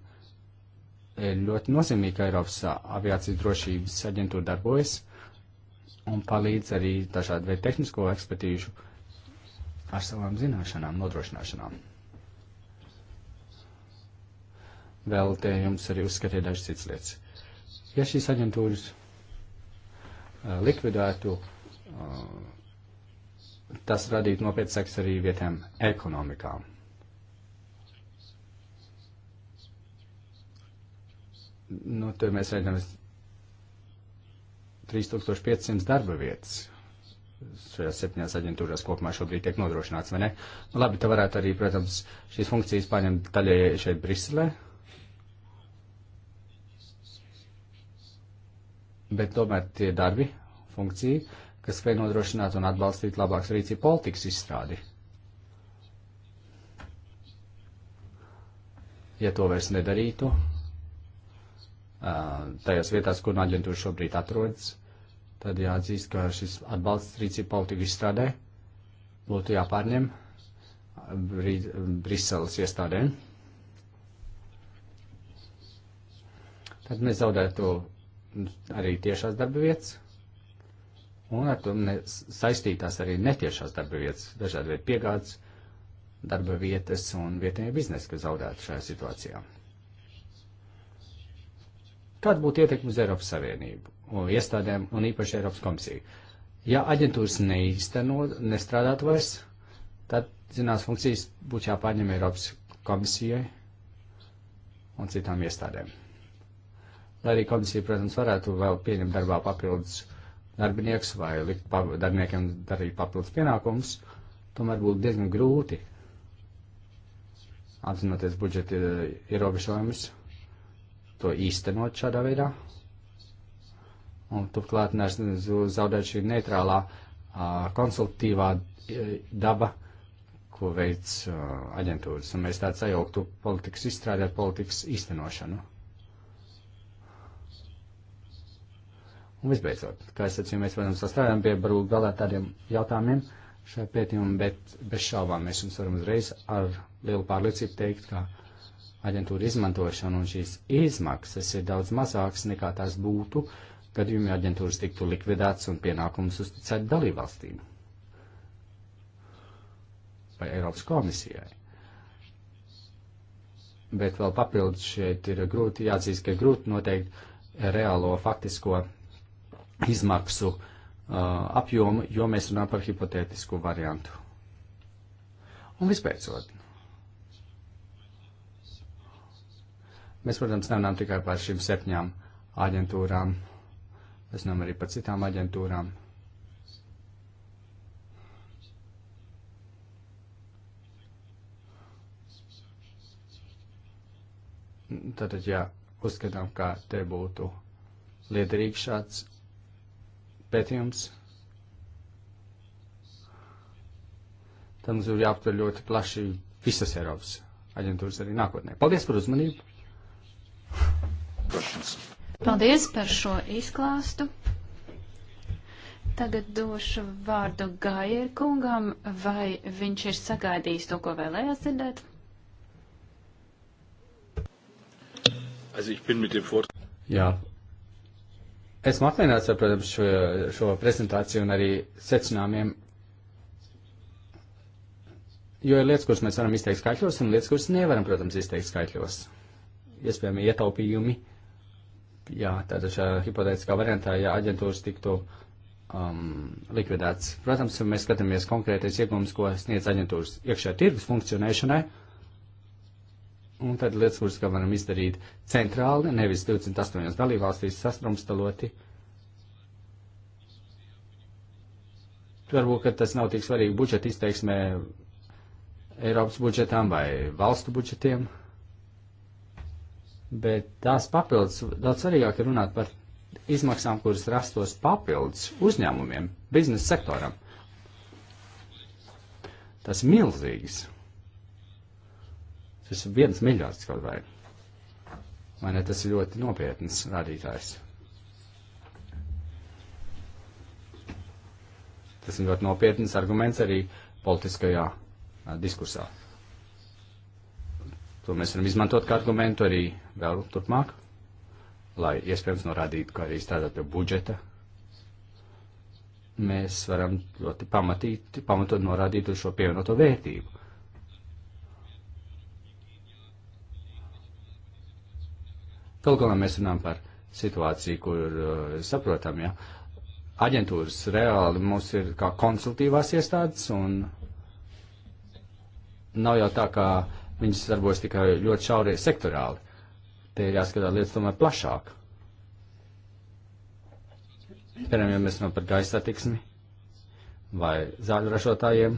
ir ļoti nozīmīgi, ka Eiropas aviācijas drošības aģentūra darbojas un palīdz arī dažādu veidu tehnisko ekspertīžu ar savām zināšanām, nodrošināšanām. Vēl te jums arī uzskatīja dažas citas lietas. Ja šīs aģentūras uh, likvidētu, uh, tas radītu nopietnas sekas arī vietējām ekonomikām. Nu, tur mēs redzam, 3500 darba vietas šajās septiņās aģentūrās kopumā šobrīd tiek nodrošināts, vai ne? Nu, labi, te varētu arī, protams, šīs funkcijas paņemt daļai šeit Briselē. Bet tomēr tie darbi, funkcija, kas spēj nodrošināt un atbalstīt labāks rīcību politikas izstrādi. Ja to vairs nedarītu, tajās vietās, kur aģentūra šobrīd atrodas, tad jāatzīst, ka šis atbalsts rīcība politika izstrādē būtu jāpārņem Brī, Briseles iestādēm. Tad mēs zaudētu arī tiešās darba vietas, un ar to ne, saistītās arī netiešās darba vietas, dažādi veidi piegādes, darba vietas un vietējie biznesi, kas zaudētu šajā situācijā. Kāda būtu ietekme uz Eiropas Savienību, un iestādēm un īpaši Eiropas komisiju? Ja aģentūras neīsteno, nestrādāt vairs, tad zinās funkcijas būtu jāpārņem Eiropas komisijai un citām iestādēm. Lai arī komisija, protams, varētu vēl pieņemt darbā papildus darbinieks vai likt pa, darbiniekiem darīt papildus pienākumus, tomēr būtu diezgan grūti apzinoties budžeta ierobežojumus. Ir, to īstenot šādā veidā. Un turklāt zaudēt šī neitrālā konsultīvā daba, ko veids aģentūras, un mēs tādu sajauktu politikas izstrādē ar politikas īstenošanu. Un visbeidzot, kā es teicu, mēs, protams, strādājam pie varbūt galā tādiem jautājumiem šajā pētījumā, bet bez šaubām mēs jums varam uzreiz ar lielu pārliecību teikt, ka aģentūra izmantošanu un šīs izmaksas ir daudz mazākas nekā tās būtu, gadījumi aģentūras tiktu likvidētas un pienākumus uzticēt dalībvalstīm vai Eiropas komisijai. Bet vēl papildus šeit ir grūti jāatzīst, ka ir grūti noteikt reālo faktisko izmaksu uh, apjomu, jo mēs runājam par hipotētisku variantu. Un vispēcot, Mēs, protams, nerunājam tikai par šīm septiņām aģentūrām, mēs runājam arī par citām aģentūrām. Tātad, ja uzskatām, ka te būtu liederīgs šāds pētījums, tad mums ir jāaptver ļoti plaši visas Eiropas aģentūras arī nākotnē. Paldies par uzmanību! Paldies par šo izklāstu. Tagad došu vārdu Gaier kungam, vai viņš ir sagaidījis to, ko vēlējās dzirdēt? Jā. Esmu apvienāts ar, protams, šo, šo prezentāciju un arī secinājumiem, jo ir lietas, kuras mēs varam izteikt skaitļos, un lietas, kuras nevaram, protams, izteikt skaitļos iespējami ietaupījumi. Jā, tātad šajā hipotētiskā variantā, ja aģentūras tiktu um, likvidēts. Protams, mēs skatāmies konkrētais iegums, ko sniedz aģentūras iekšē tirgus funkcionēšanai. Un tad lietas, kuras varam izdarīt centrāli, nevis 28 dalībvalstīs sastrumstaloti. Varbūt, ka tas nav tik svarīgi budžeta izteiksmē Eiropas budžetām vai valstu budžetiem. Bet tās papildus, daudz svarīgāk ir runāt par izmaksām, kuras rastos papildus uzņēmumiem, biznesa sektoram. Tas ir milzīgs. Tas ir viens miljards kaut vai. Vai ne, tas ir ļoti nopietns rādītājs. Tas ir ļoti nopietns arguments arī politiskajā a, diskusā. To mēs varam izmantot kā argumentu arī vēl turpmāk, lai iespējams norādītu, ka arī strādāt pie budžeta, mēs varam ļoti pamatīt, pamatot norādīt uz šo pievienoto vērtību. Galu galā mēs runājam par situāciju, kur eh, saprotam, ja aģentūras reāli mums ir kā konsultīvās iestādes un nav jau tā, ka viņas darbojas tikai ļoti šaurie sektorāli. Te ir jāskatās lietas tomēr plašāk. Piemēram, ja mēs runājam par gaisa attiksmi vai zāļu ražotājiem.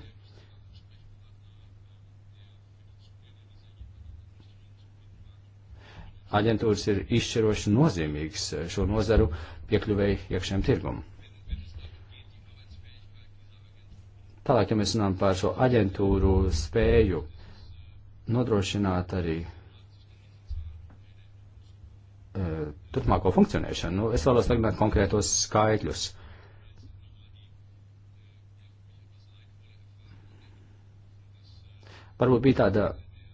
Aģentūras ir izšķiroši nozīmīgs šo nozaru piekļuvēju iekšējiem tirgumam. Tālāk, ja mēs runājam par šo aģentūru spēju nodrošināt arī Eh, turpmāko funkcionēšanu. Nu, es vēlos tagad konkrētos skaitļus. Varbūt bija tāda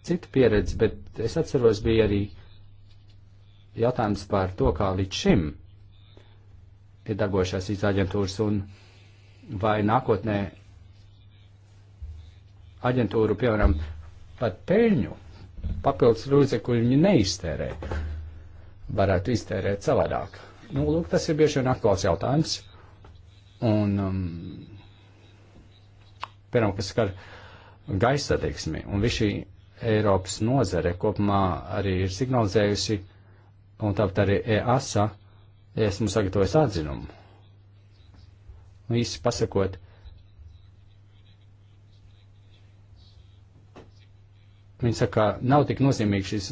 cita pieredze, bet es atceros, bija arī jautājums par to, kā līdz šim ir darbojušās šīs aģentūras un vai nākotnē aģentūru, piemēram, pat peļņu papildus līdzekļu viņi neiztērē varētu iztērēt savādāk. Nu, lūk, tas ir bieži vien aktuāls jautājums. Un, um, piemēram, kas skar gaisa satiksmi, un viss šī Eiropas nozare kopumā arī ir signalizējusi, un tāpat arī EASA, esmu sagatavojis atzinumu. Un nu, īsi pasakot, uh, Viņi saka, ka nav tik nozīmīgs šis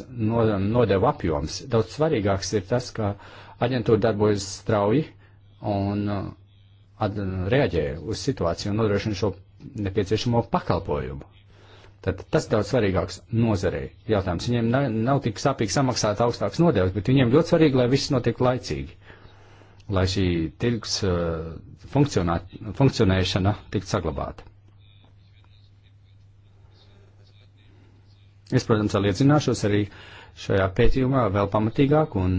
nodevu apjoms. Daudz svarīgāks ir tas, ka aģentūra darbojas strauji un uh, reaģē uz situāciju un nodrošina šo nepieciešamo pakalpojumu. Tad tas daudz svarīgāks nozarei jautājums. Viņiem nav, nav tik sāpīgi samaksāt augstāks nodevs, bet viņiem ļoti svarīgi, lai viss notiek laicīgi. Lai šī tirgus uh, funkcionēšana tiktu saglabāta. Es, protams, vēl iedzināšos arī šajā pētījumā vēl pamatīgāk un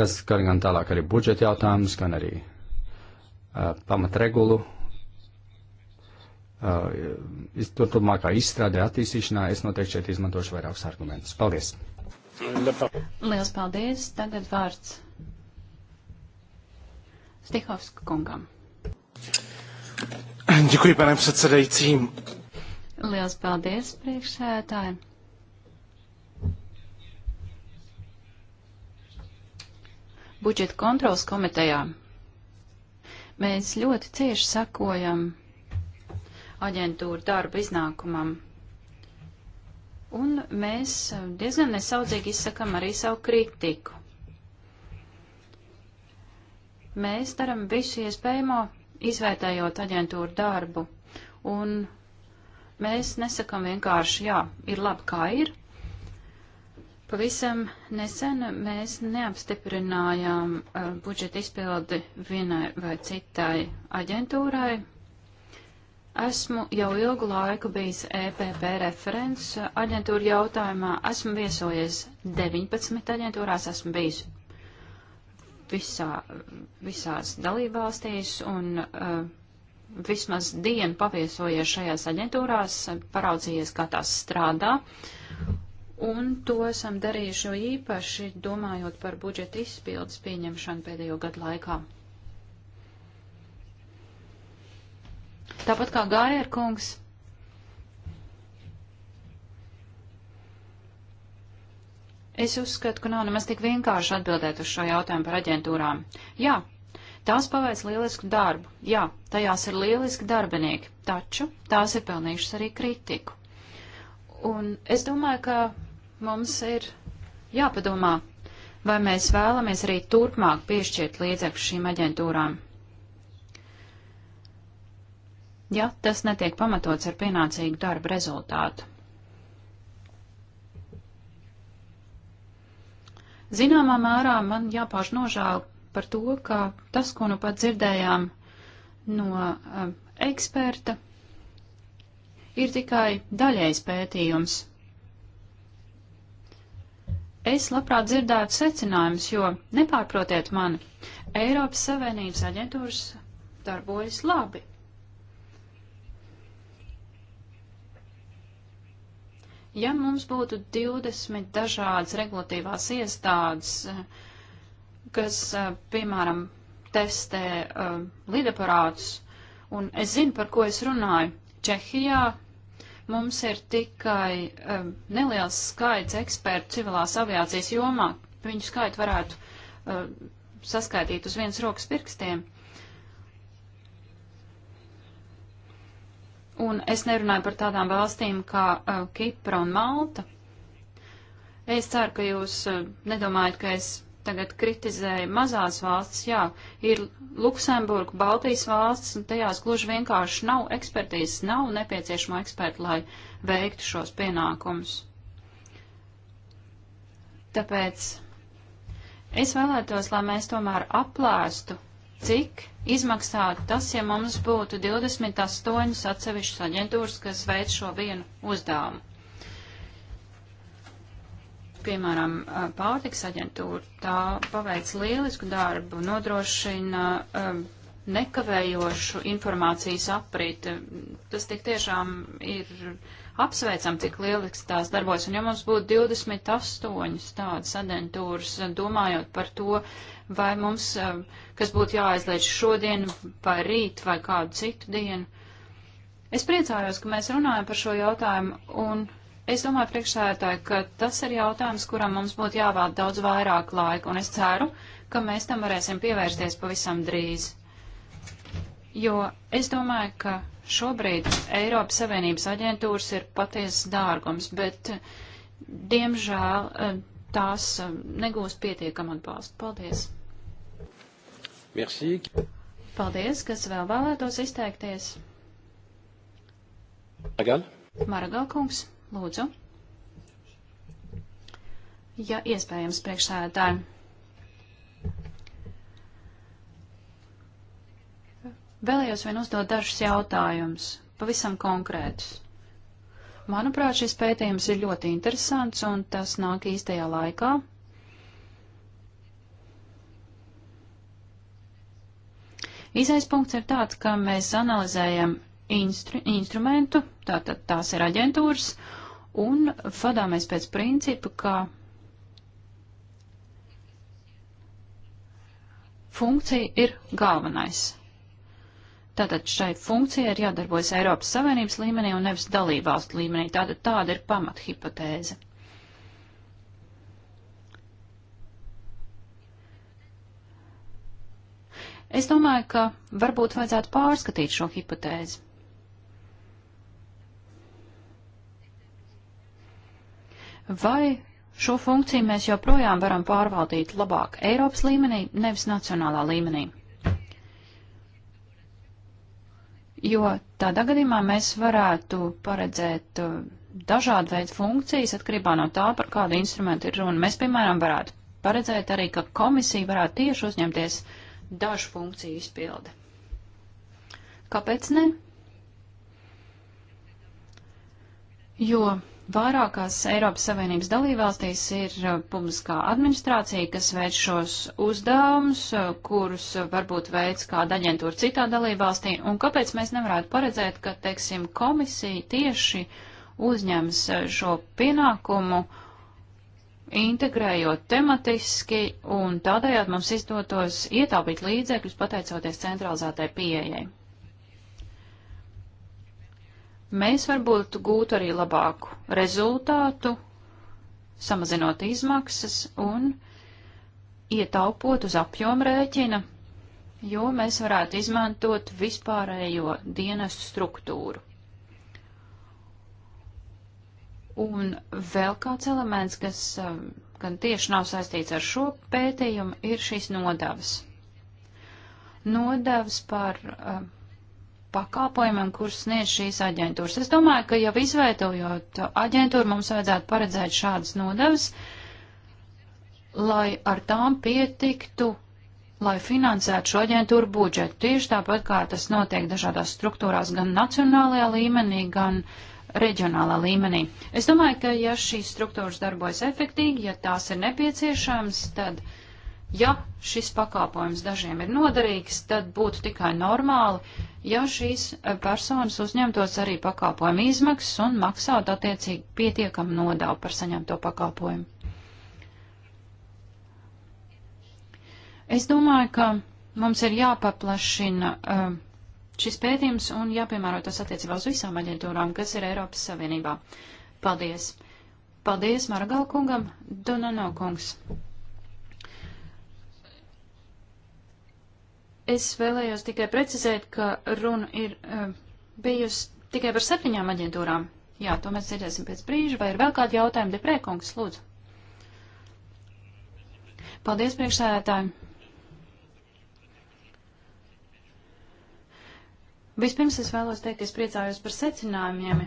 kas skar gan tālāk arī budžeta jautājumus, gan arī uh, pamatregulu. Uh, Turpmākā izstrādē attīstīšanā es noteikti šeit izmantošu vairākus argumentus. Paldies! Lielas paldies! Tagad vārds Stihovska kungam. Ďakujem, panem predsedajcím. Liels paldies priekšsēdētājiem. Budžeta kontrols komitejā mēs ļoti cieši sakojam aģentūra darba iznākumam. Un mēs diezgan nesaudzīgi izsakam arī savu kritiku. Mēs darām visu iespējamo, izvērtējot aģentūru darbu. Un mēs nesakam vienkārši, jā, ir labi, kā ir. Pavisam nesen mēs neapstiprinājām uh, budžeta izpildi vienai vai citai aģentūrai. Esmu jau ilgu laiku bijis EPP referents aģentūra jautājumā. Esmu viesojies 19 aģentūrās, esmu bijis visā, visās dalībvalstīs un uh, vismaz dienu paviesojies šajās aģentūrās, paraudzījies, kā tās strādā. Un to esam darījuši īpaši domājot par budžeta izpildes pieņemšanu pēdējo gadu laikā. Tāpat kā Gājer kungs, Es uzskatu, ka nav nemaz tik vienkārši atbildēt uz šo jautājumu par aģentūrām. Jā, tās paveic lielisku darbu, jā, tajās ir lieliski darbinieki, taču tās ir pelnījušas arī kritiku. Un es domāju, ka mums ir jāpadomā, vai mēs vēlamies arī turpmāk piešķirt līdzekļus šīm aģentūrām. Ja tas netiek pamatots ar pienācīgu darbu rezultātu. Zināmā mērā man jāpauž nožēla par to, ka tas, ko nu pat dzirdējām no um, eksperta, ir tikai daļais pētījums. Es labprāt dzirdētu secinājumus, jo, nepārprotiet mani, Eiropas Savienības aģentūras darbojas labi. Ja mums būtu 20 dažādas regulatīvās iestādes, kas, eh, piemēram, testē uh, lidaparātus, un es zinu, par ko es runāju, Čehijā mums ir tikai um, neliels skaits ekspertu civilās aviācijas jomā. Viņu skaitu varētu uh, saskaitīt uz vienas rokas pirkstiem. Un es nerunāju par tādām valstīm kā uh, Kipra un Malta. Es ceru, ka jūs uh, nedomājat, ka es tagad kritizēju mazās valstis. Jā, ir Luksemburga, Baltijas valstis, un tajās gluži vienkārši nav ekspertīzes, nav nepieciešama eksperta, lai veiktu šos pienākumus. Tāpēc es vēlētos, lai mēs tomēr aplēstu cik izmaksātu tas, ja mums būtu 28 atsevišķas aģentūras, kas veic šo vienu uzdevumu. Piemēram, pārtiks aģentūra, tā paveic lielisku darbu, nodrošina nekavējošu informācijas aprīti. Tas tik tiešām ir apsveicam, cik lielisks tās darbojas. Un ja mums būtu 28 tādas aģentūras, domājot par to, vai mums, um, kas būtu jāaizliedz šodien vai rīt vai kādu citu dienu. Es priecājos, ka mēs runājam par šo jautājumu, un es domāju priekšsēdētāji, ka tas ir jautājums, kuram mums būtu jāvēl daudz vairāk laika, un es ceru, ka mēs tam varēsim pievērsties pavisam drīz. Jo es domāju, ka šobrīd Eiropas Savienības aģentūras ir patiesas dārgums, bet diemžēl eh, tās eh, negūs pietiekam atbalstu. Paldies! Merci. Paldies, kas vēl vēlētos izteikties. Maragal. Maragal kungs, lūdzu. Ja iespējams, priekšsēdētāji. Vēlējos vien uzdot dažus jautājumus, pavisam konkrētus. Manuprāt, šis pētījums ir ļoti interesants un tas nāk īstajā laikā. Izais punkts ir tāds, ka mēs analizējam instru, instrumentu, tātad tās ir aģentūras, un vadāmies pēc principa, ka funkcija ir galvenais. Tātad šai funkcijai ir jādarbojas Eiropas Savienības līmenī un nevis dalībvalstu līmenī. Tātad tāda ir pamathipotēze. Es domāju, ka varbūt vajadzētu pārskatīt šo hipotēzi. Vai šo funkciju mēs joprojām varam pārvaldīt labāk Eiropas līmenī, nevis nacionālā līmenī? Jo tādā gadījumā mēs varētu paredzēt uh, dažādu veidu funkcijas atkarībā no tā, par kādu instrumentu ir runa. Mēs, piemēram, varētu paredzēt arī, ka komisija varētu tieši uzņemties uh, dažu funkciju izpilde. Kāpēc ne? Jo vairākās Eiropas Savienības dalībvalstīs ir uh, publiskā administrācija, kas veic šos uzdevumus, uh, kurus varbūt veic kāda aģentūra citā dalībvalstī, un kāpēc mēs nevarētu paredzēt, ka, teiksim, komisija tieši uzņems uh, šo pienākumu integrējot tematiski, un tādējādi mums izdotos ietaupīt līdzekļus pateicoties centralizētai pieejai. Mēs varbūt gūtu arī labāku rezultātu, samazinot izmaksas un ietaupot uz apjomu rēķina, jo mēs varētu izmantot vispārējo dienestu struktūru. Un vēl kāds elements, kas um, gan tieši nav saistīts ar šo pētījumu, ir šīs nodavas. Nodavas par uh, pakāpojumiem, kurus sniedz šīs aģentūras. Es domāju, ka jau izveidojot aģentūru, mums vajadzētu paredzēt šādas nodavas, lai ar tām pietiktu, lai finansētu šo aģentūru budžetu. Tieši tāpat kā tas notiek dažādās struktūrās, gan nacionālajā līmenī, gan uh, reģionālā līmenī. Es domāju, ka ja šīs struktūras darbojas efektīgi, ja tās ir nepieciešams, tad, ja šis pakāpojums dažiem ir noderīgs, tad būtu tikai normāli, ja šīs eh, personas uzņemtos arī pakāpojumu izmaksas un maksātu attiecīgi pietiekamu nodevu par saņemto pakāpojumu. Es domāju, ka mums ir jāpaplašina uh, šis pētījums un jāpiemēro tas attiecībā uz visām aģentūrām, kas ir Eiropas Savienībā. Paldies! Paldies Margal kungam, Donano kungs! Es vēlējos tikai precizēt, ka runa ir uh, bijusi tikai par septiņām aģentūrām. Jā, to mēs dzirdēsim pēc brīža. Vai ir vēl kādi jautājumi? Deprēkungs, lūdzu. Paldies, priekšsēdētāji. Vispirms es vēlos teikt, es priecājos par secinājumiem.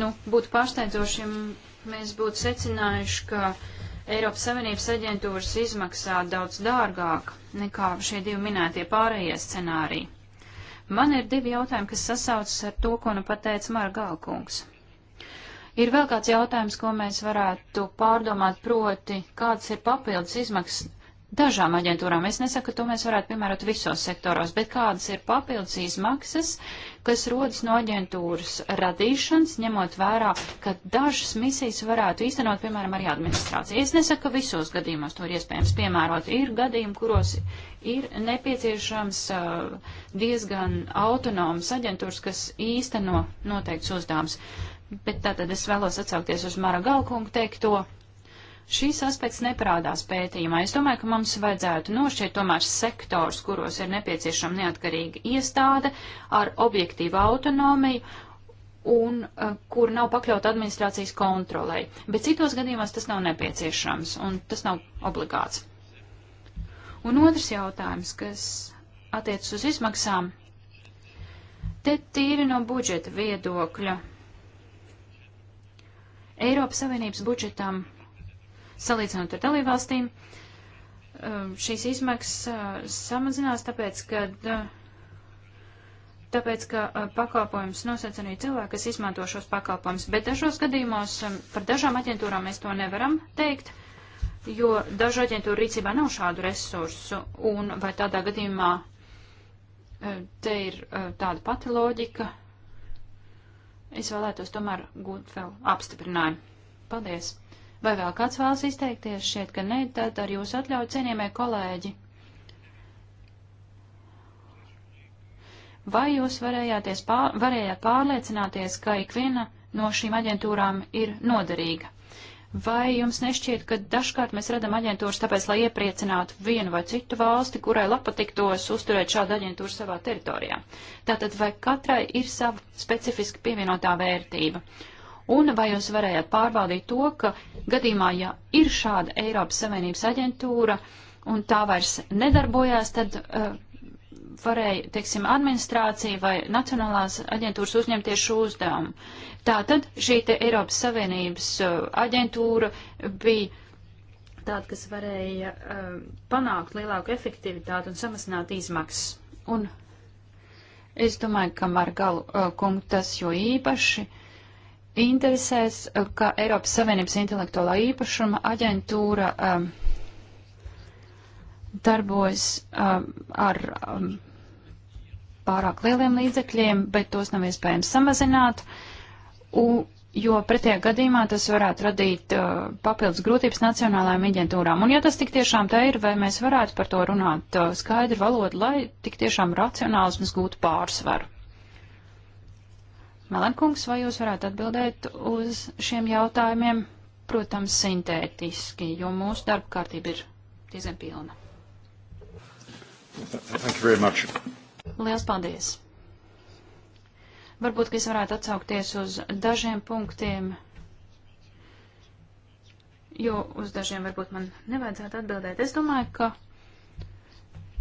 Nu, būtu pārsteidzoši, ja mēs būtu secinājuši, ka Eiropas Savienības aģentūras izmaksā daudz dārgāk nekā šie divi minētie pārējie scenāriji. Man ir divi jautājumi, kas sasaucas ar to, ko nu pateica Margalkungs. Ir vēl kāds jautājums, ko mēs varētu pārdomāt, proti, kādas ir papildus izmaksas dažām aģentūrām. Es nesaku, ka to mēs varētu piemērot visos sektoros, bet kādas ir papildus izmaksas, kas rodas no aģentūras radīšanas, ņemot vērā, ka dažas misijas varētu īstenot, piemēram, arī administrācija. Es nesaku, ka visos gadījumos to ir iespējams piemērot. Ir gadījumi, kuros ir nepieciešams uh, diezgan autonomas aģentūras, kas īsteno noteikts uzdevums. Bet tātad es vēlos atsaukties uz Mara Galkungu teikto. Šīs aspekts neparādās pētījumā. Es domāju, ka mums vajadzētu nošķirt tomēr sektors, kuros ir nepieciešama neatkarīga iestāde ar objektīvu autonomiju un uh, kur nav pakļauta administrācijas kontrolē. Bet citos gadījumos tas nav nepieciešams un tas nav obligāts. Un otrs jautājums, kas attiecas uz izmaksām, te tīri no budžeta viedokļa Eiropas Savienības budžetam, salīdzinot ar dalībvalstīm, uh, šīs izmaksas uh, samazinās, tāpēc, ka, uh, tāpēc, ka pakalpojums nosacīja arī cilvēki, kas izmanto šos pakalpojumus. Bet dažos gadījumos um, par dažām aģentūrām mēs to nevaram teikt jo dažu aģentūru rīcībā nav šādu resursu, un vai tādā gadījumā te ir tāda pati loģika, es vēlētos tomēr gūt vēl apstiprinājumu. Paldies! Vai vēl kāds vēlas izteikties? Šķiet, ka ne, tad ar jūsu atļauju cienījamie kolēģi. Vai jūs pār, varējāt pārliecināties, ka ikviena no šīm aģentūrām ir noderīga? Vai jums nešķiet, ka dažkārt mēs redzam aģentūras tāpēc, lai iepriecinātu vienu vai citu valsti, kurai patiktos uzturēt šādu aģentūru savā teritorijā? Tātad, vai katrai ir sava specifiski pievienotā vērtība? Un vai jūs varējāt pārbaudīt to, ka gadījumā, ja ir šāda Eiropas Savienības aģentūra un tā vairs nedarbojās, tad uh, varēja, teiksim, administrācija vai nacionālās aģentūras uzņemties šo uzdevumu. Tātad šī te Eiropas Savienības uh, aģentūra bija tāda, kas varēja uh, panākt lielāku efektivitāti un samazināt izmaksas. Un es domāju, ka Margalu uh, kungu tas jo īpaši interesēs, ka Eiropas Savienības intelektuālā īpašuma aģentūra um, darbojas um, ar um, pārāk lieliem līdzekļiem, bet tos nav iespējams samazināt. Uh, U, jo pretējā gadījumā tas varētu radīt uh, papildus grūtības nacionālajām aģentūrām. Un ja tas tik tiešām tā ir, vai mēs varētu par to runāt uh, skaidru valodu, lai tik tiešām racionālisms gūtu pārsvaru? Melankungs, vai jūs varētu atbildēt uz šiem jautājumiem, protams, sintētiski, jo mūsu darba kārtība ir diezgan pilna. Thank you very much. Lielas paldies! Varbūt, ka es varētu atsaukties uz dažiem punktiem, jo uz dažiem varbūt man nevajadzētu atbildēt. Es domāju, ka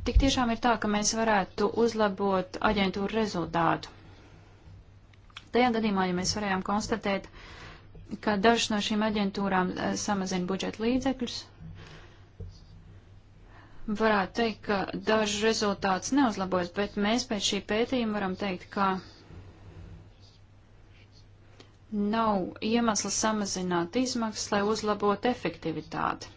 tik tiešām ir tā, ka mēs varētu uzlabot aģentūru rezultātu. Tajā gadījumā, ja mēs varējām konstatēt, ka dažas no šīm aģentūrām eh, samazina budžeta līdzekļus, varētu teikt, ka dažu rezultāts neuzlabos, bet mēs pēc šī pētījuma varam teikt, ka nav iemesla samazināt izmaksas, lai uzlabotu efektivitāti.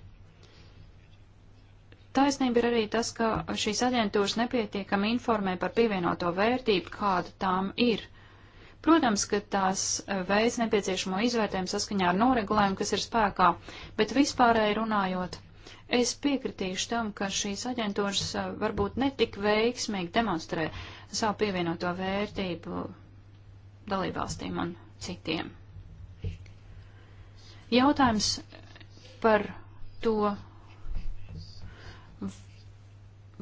Taisnība ir arī tas, ka šīs aģentūras nepietiekami informē par pievienoto vērtību, kāda tām ir. Protams, ka tās veids nepieciešamo izvērtējumu saskaņā ar noregulējumu, kas ir spēkā, bet vispārēji runājot, es piekritīšu tam, ka šīs aģentūras eh, varbūt netik veiksmīgi demonstrē savu pievienoto vērtību dalībvalstīm un citiem. Jautājums par to,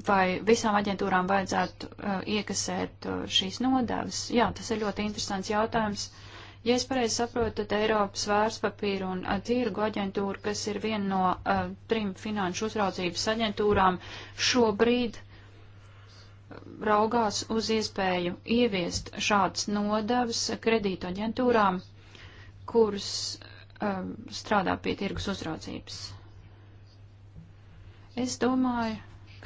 vai visām aģentūrām vajadzētu uh, iekasēt uh, šīs nodevas. Jā, tas ir ļoti interesants jautājums. Ja es pareizi saprotu, tad Eiropas vērtspapīra un uh, tirgu aģentūra, kas ir viena no uh, trim finanšu uzraudzības aģentūrām, šobrīd raugās uz iespēju ieviest šādas nodevas kredītu aģentūrām, kuras um, strādā pie tirgus uzraudzības. Es domāju,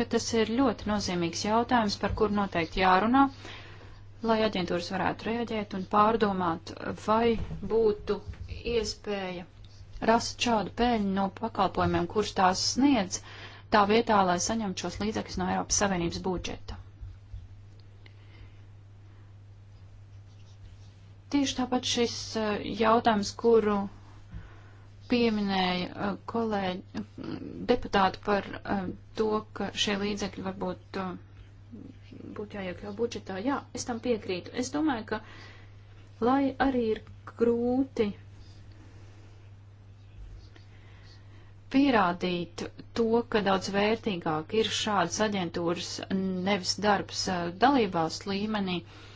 ka tas ir ļoti nozīmīgs jautājums, par kur noteikti jārunā, lai aģentūras varētu rēģēt un pārdomāt, vai būtu iespēja rast šādu peļņu no pakalpojumiem, kurus tās sniedz, tā vietā, lai saņemtu šos līdzekļus no Eiropas Savienības budžeta. Tieši tāpat šis eh, jautājums, kuru pieminēja eh, kolēģi eh, deputāti par to, ka šie līdzekļi varbūt būtu jāiekļau budžetā. Jā, es tam piekrītu. Es domāju, ka lai arī ir grūti pierādīt to, ka daudz vērtīgāk ir šādas aģentūras nevis darbs dalībvalsts līmenī, uh,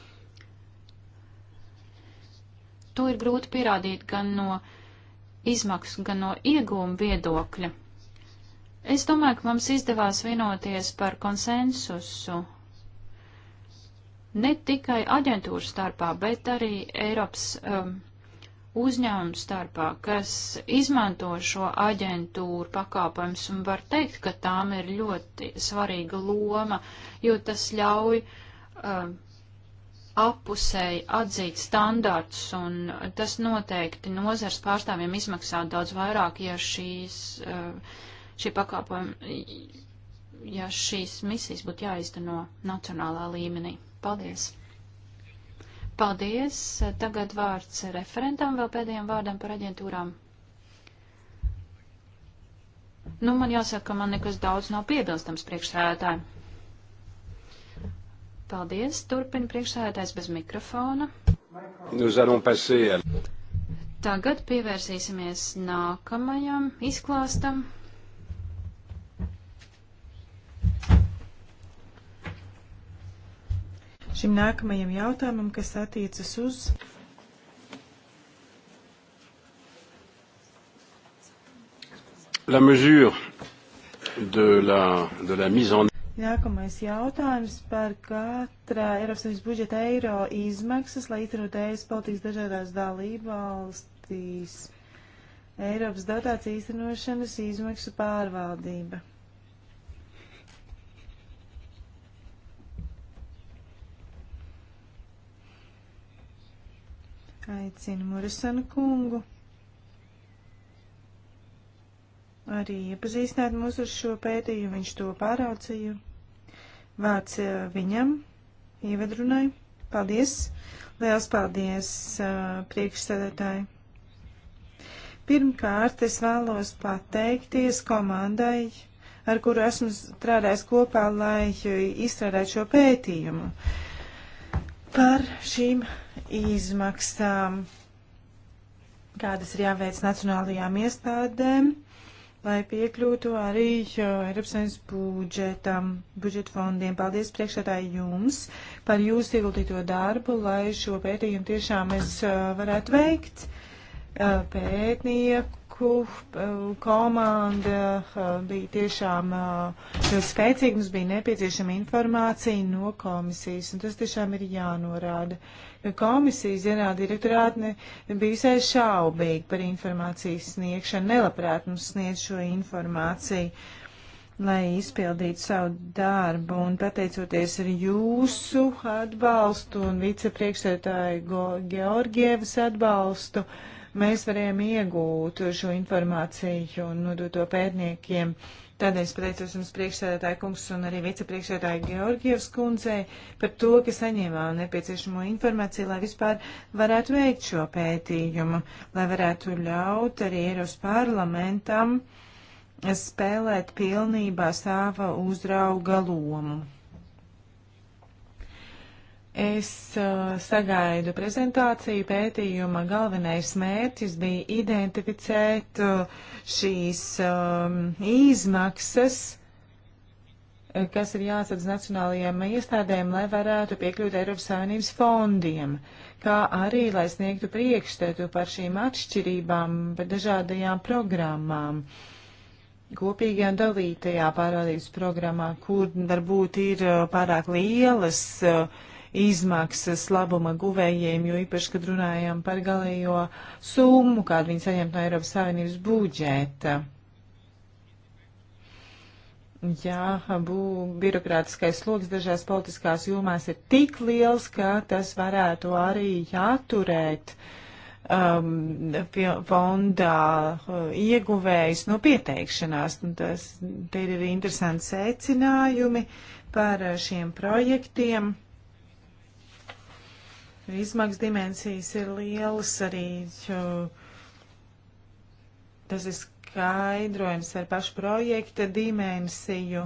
To ir grūti pierādīt gan no izmaksu, gan no iegūmu viedokļa. Es domāju, ka mums izdevās vienoties par konsensusu ne tikai aģentūru starpā, bet arī Eiropas um, uzņēmumu starpā, kas izmanto šo aģentūru pakāpojumus un var teikt, ka tām ir ļoti svarīga loma, jo tas ļauj um, apusēji atzīt standarts, un tas noteikti nozars pārstāvjiem izmaksā daudz vairāk, ja šīs, eh, šī pakāpojuma, ja šīs misijas būtu jāizteno nacionālā līmenī. Paldies! Paldies! Tagad vārds referentam vēl pēdējiem vārdam par aģentūrām. Nu, man jāsaka, ka man nekas daudz nav piebilstams priekšsēdētāji. Paldies. Turpina priekšsēdētājs bez mikrofona. Tagad pievērsīsimies nākamajam izklāstam. Šim nākamajam jautājumam, kas attiecas uz. La mesure de la, de la mise en Nākamais jautājums par katrā Eiropas Savienības budžeta eiro izmaksas, lai izturot ES politikas dažādās dalību valstīs. Eiropas dotācija īstenošanas izmaksu pārvaldība. Aicinu Murisanu kungu. arī iepazīstināt mūs ar šo pētījumu. Viņš to pāraucīja. Vārds eh, viņam ievadrunai. Paldies! Liels paldies, eh, priekšsēdētāji! Pirmkārt, es vēlos pateikties komandai, ar kuru esmu strādājis kopā, lai eh, izstrādātu šo pētījumu par šīm izmaksām, kādas ir jāveic nacionālajām iestādēm lai piekļūtu arī Eiropas Savienības budžetam, budžeta fondiem. Paldies priekšētāji jums par jūsu ieguldīto darbu, lai šo pētījumu tiešām es varētu veikt. Pētnieku komanda bija tiešām ļoti spēcīga, mums bija nepieciešama informācija no komisijas, un tas tiešām ir jānorāda komisijas ģenerāldirektorātne bijusai šaubīgi par informācijas sniegšanu, nelabprāt mums sniedz šo informāciju, lai izpildītu savu darbu. Un pateicoties ar jūsu atbalstu un vicepriekšsētāju Georgievas atbalstu, mēs varējām iegūt šo informāciju un nodot to pētniekiem. Uh, Tādēļ es pateicos jums priekšsēdētāju kungs un arī vicepriekšsēdētāju Georgievs kundzei par to, ka saņēmām nepieciešamo informāciju, lai vispār varētu veikt šo pētījumu, lai varētu ļaut arī Eiropas parlamentam spēlēt pilnībā sava uzrauga lomu. Es uh, sagaidu prezentāciju pētījuma. Galvenais mērķis bija identificēt uh, šīs um, izmaksas, kas ir jāsadz nacionālajiem iestādēm, lai varētu piekļūt Eiropas Savienības fondiem, kā arī, lai sniegtu priekšstatu par šīm atšķirībām, par dažādajām programmām. Uh, kopīgajā un dalītajā pārvaldības programmā, kur varbūt ir pārāk lielas uh, izmaksas labuma guvējiem, jo īpaši, kad runājam par galējo summu, kādu viņi saņem no Eiropas Savienības budžeta. Jā, bū, birokrātiskais sloks dažās politiskās jomās ir tik liels, ka tas varētu arī jāturēt um, fondā uh, ieguvējs no pieteikšanās. Un tas, te ir arī interesanti secinājumi par uh, šiem projektiem izmaksas dimensijas ir lielas arī, jo tas ir skaidrojums ar pašu projekta dimensiju.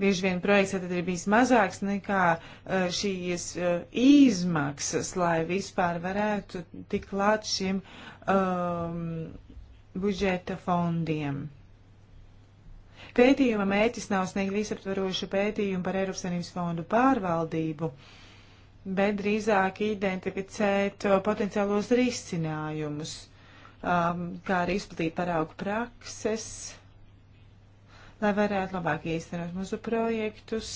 Bieži vien projekts tad ir bijis mazāks nekā eh, šīs eh, izmaksas, lai vispār varētu tik klāt šiem um, budžeta fondiem. Pētījuma mērķis nav sniegt visaptvarošu pētījumu par Eiropas Savienības fondu pārvaldību. Uh, bet drīzāk identificēt uh, potenciālos risinājumus, um, kā arī izplatīt paraugu prakses, lai varētu labāk īstenot mūsu projektus,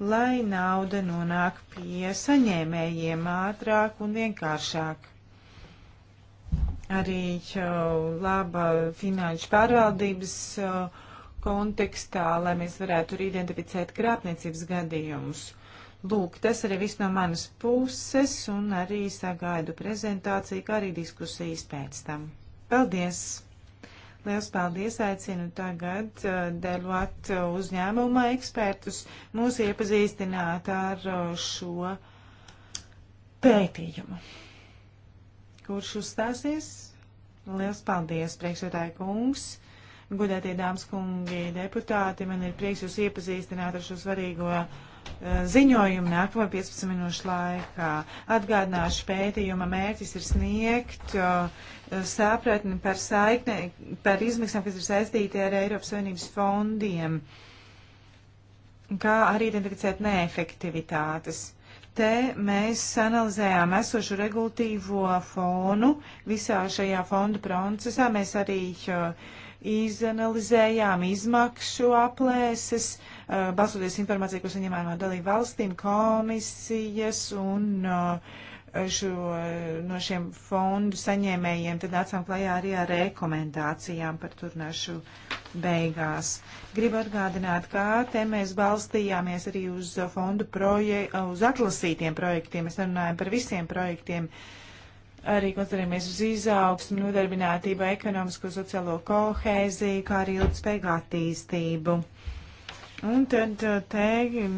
lai nauda nonāk pie saņēmējiem ātrāk un vienkāršāk. Arī jau laba finanšu pārvaldības uh, kontekstā, lai mēs varētu arī identificēt krāpniecības gadījumus Lūk, tas arī viss no manas puses, un arī sagaidu prezentāciju, kā arī diskusijas pēc tam. Paldies! Liels paldies! Aicinu tagad uh, Deluat uzņēmuma ekspertus mūs iepazīstināt ar uh, šo pētījumu. Kurš uzstāsies? Liels paldies, priekšsētāji kungs, gudētie dāmas kungi, deputāti. Man ir prieks jūs iepazīstināt ar šo svarīgo Eh, ziņojumu nākamo 15 minūšu laikā. Atgādināšu pētījuma mērķis ir sniegt eh, sapratni par saikni, par izmaksām, kas ir saistīti ar Eiropas Savienības fondiem, kā arī identificēt neefektivitātes. Te mēs analizējām esošu regulatīvo fonu visā šajā fondu procesā. Mēs arī eh, izanalizējām izmaksu aplēses, uh, Uh, balstoties informāciju, ko saņemām no dalību valstīm, komisijas un uh, šo, no šiem fondu saņēmējiem, tad atsām klajā arī ar rekomendācijām par turnašu beigās. Gribu atgādināt, kā te mēs balstījāmies arī uz fondu projek uz atlasītiem projektiem. Mēs runājam par visiem projektiem. Arī koncentrējamies uz izaugsmu, nodarbinātību, ekonomisko, sociālo kohēziju, kā arī ilgspējīgu attīstību. Un tad uh, te,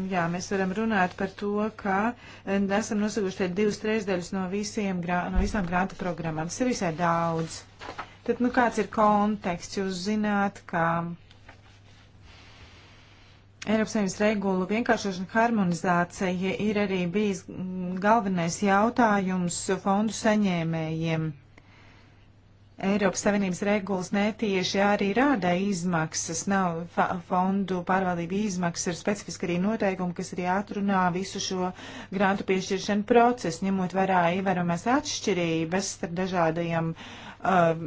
jā, mēs varam runāt par to, ka uh, esam nosaguši te divas trešdaļas no, visiem, no visām grāta programmām. Tas ir visai daudz. Tad, nu, kāds ir konteksts? Jūs zināt, ka Eiropas Savienības regulu vienkāršošana harmonizācija ir arī bijis mm, galvenais jautājums fondu saņēmējiem. Eiropas Savienības regulas netieši arī rāda izmaksas, nav fondu pārvaldība izmaksas, ir specifiski arī noteikumi, kas arī atrunā visu šo grantu piešķiršanu procesu, ņemot vērā ievērojamās atšķirības starp dažādajiem uh,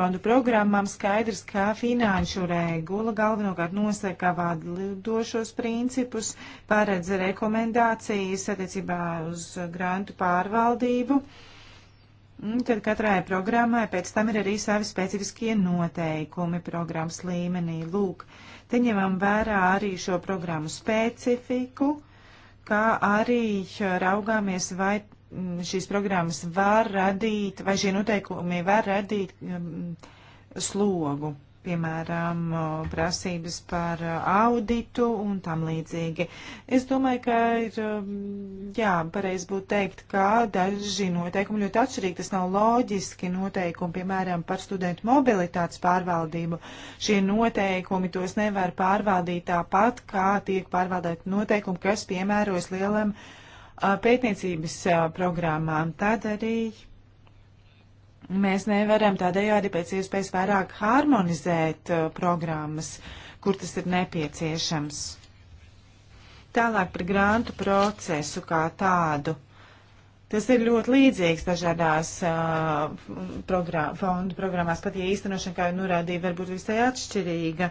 fondu programmām skaidrs, ka finanšu regula galvenokārt nosaka vādošos principus, paredz rekomendācijas attiecībā uz grantu pārvaldību. Uh, Tad katrai programmai pēc tam ir arī savi specifiskie noteikumi programmas līmenī. Lūk, te ņemam vērā arī šo programmu specifiku, kā arī raugāmies, vai mm, šīs programmas var radīt, vai šie noteikumi var radīt mm, slogu piemēram, prasības par auditu un tam līdzīgi. Es domāju, ka ir, jā, pareizi būtu teikt, ka daži noteikumi ļoti atšķirīgi, tas nav loģiski noteikumi, piemēram, par studentu mobilitātes pārvaldību. Šie noteikumi tos nevar pārvaldīt tāpat, kā tiek pārvaldīti noteikumi, kas piemērojas lielam pētniecības programmām. Tad arī Mēs nevaram tādējādi pēc iespējas vairāk harmonizēt uh, programmas, kur tas ir nepieciešams. Tālāk par grantu procesu kā tādu. Tas ir ļoti līdzīgs dažādās uh, programma, fondu programmās, pat ja īstenošana, kā jau norādīja, var būt visai atšķirīga.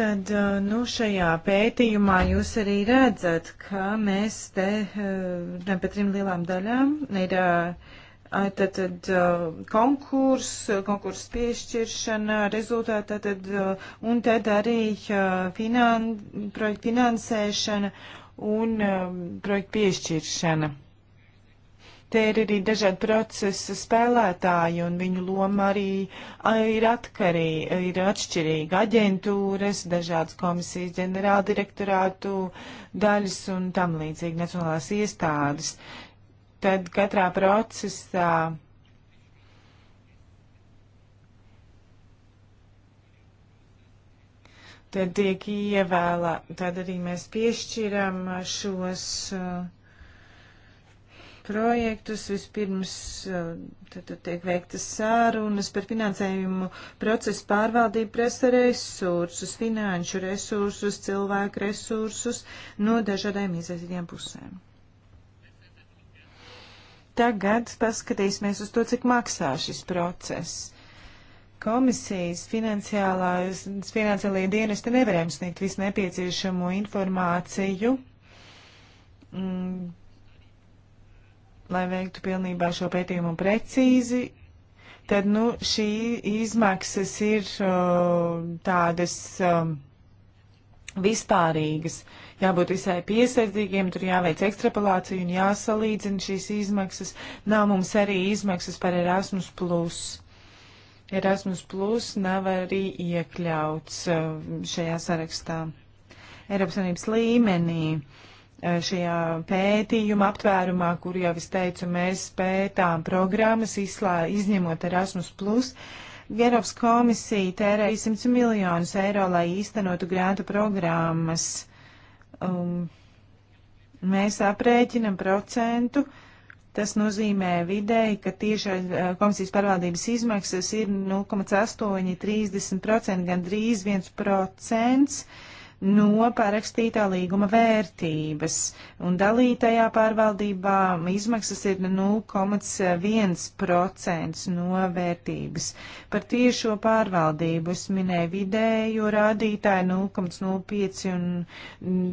Tad, uh, nu, šajā pētījumā jūs arī redzat, ka mēs te, uh, ne pa trim lielām daļām, ir uh, Tad, tad uh, konkurs, konkursu piešķiršana, rezultātā tad, uh, un tad arī uh, finan, projekta finansēšana un um, projekta piešķiršana. Te ir arī dažādi procesa spēlētāji, un viņu loma arī ir atkarīga, ir atšķirīga. Aģentūras, dažādas komisijas, ģenerāldirektorātu daļas un tam līdzīgi nacionālās iestādes. Uh, tad katrā procesā tad tiek ievēlē, tad arī mēs piešķiram šos uh, projektus. Vispirms uh, tad, tad tiek veiktas sārunas par finansējumu procesu pārvaldību prasa resursus, finanšu resursus, cilvēku resursus no dažādām iesaistītām pusēm. Tagad paskatīsimies uz to, cik maksā šis process. Komisijas finansiālajie dienesti nevarēja sniegt visu nepieciešamo informāciju, mm, lai veiktu pilnībā šo pētījumu precīzi. Tad, nu, šī izmaksas ir o, tādas. O, vispārīgas. Jābūt visai piesardzīgiem, tur jāveic ekstrapolācija un jāsalīdzina šīs izmaksas. Nav mums arī izmaksas par Erasmus. Plus. Erasmus Plus nav arī iekļauts uh, šajā sarakstā. Eiropas Savienības līmenī uh, šajā pētījuma aptvērumā, kur jau es teicu, mēs pētām programmas, izslā, izņemot Erasmus Plus, uh, Eiropas komisija tērē 100 miljonus eiro, lai īstenotu grāntu programmas. Um, mēs aprēķinam procentu. Tas nozīmē vidēji, ka tiešai uh, komisijas pārvaldības izmaksas ir 0,830%, gan drīz 1% no parakstītā līguma vērtības, un dalītajā pārvaldībā izmaksas ir 0,1% no vērtības. Par tiešo pārvaldību es minēju vidējo rādītāju 0,05 un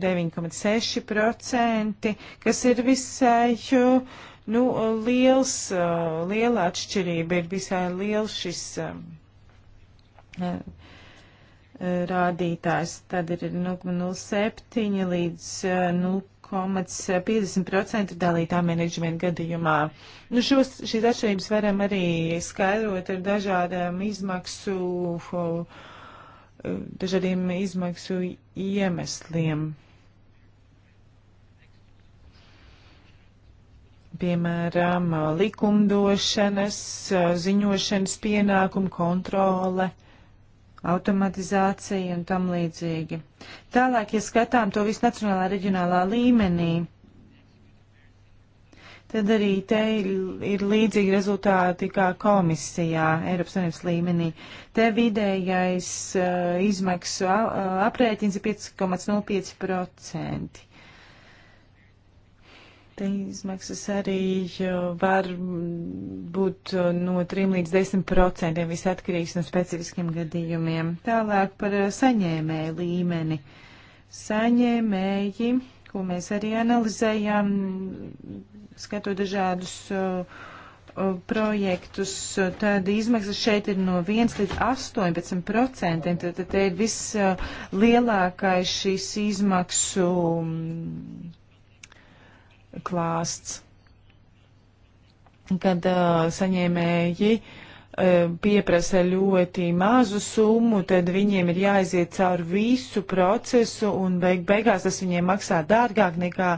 9,6%, kas ir visai nu, liels, liela atšķirība, ir visai liels šis. Uh, Eh, rādītājs. Tad ir 0,07 līdz 0,50% eh, dalītā menedžmenta gadījumā. Nu, šos, šīs atšķirības varam arī skaidrot ar dažādām izmaksu, eh, dažādiem izmaksu iemesliem. Piemēram, likumdošanas, ziņošanas pienākumu kontrole automatizācija un tam līdzīgi. Tālāk, ja skatām to visu nacionālā reģionālā līmenī, tad arī te ir, ir līdzīgi rezultāti kā komisijā Eiropas Savienības līmenī. Te vidējais uh, izmaksu uh, aprēķins ir 5,05%. Te izmaksas arī eh, var būt eh, no 3 līdz 10 procentiem, viss atkarīgs no specifiskiem gadījumiem. Tālāk par eh, saņēmēju līmeni. Saņēmēji, ko mēs arī analizējām, skatot dažādus projektus, tad izmaksas šeit ir no 1 līdz 18 procentiem. Tad, tad te ir vislielākais šīs izmaksu mm, klāsts, kad uh, saņēmēji uh, pieprasa ļoti mazu summu, tad viņiem ir jāaiziet cauri visu procesu un beig beigās tas viņiem maksā dārgāk nekā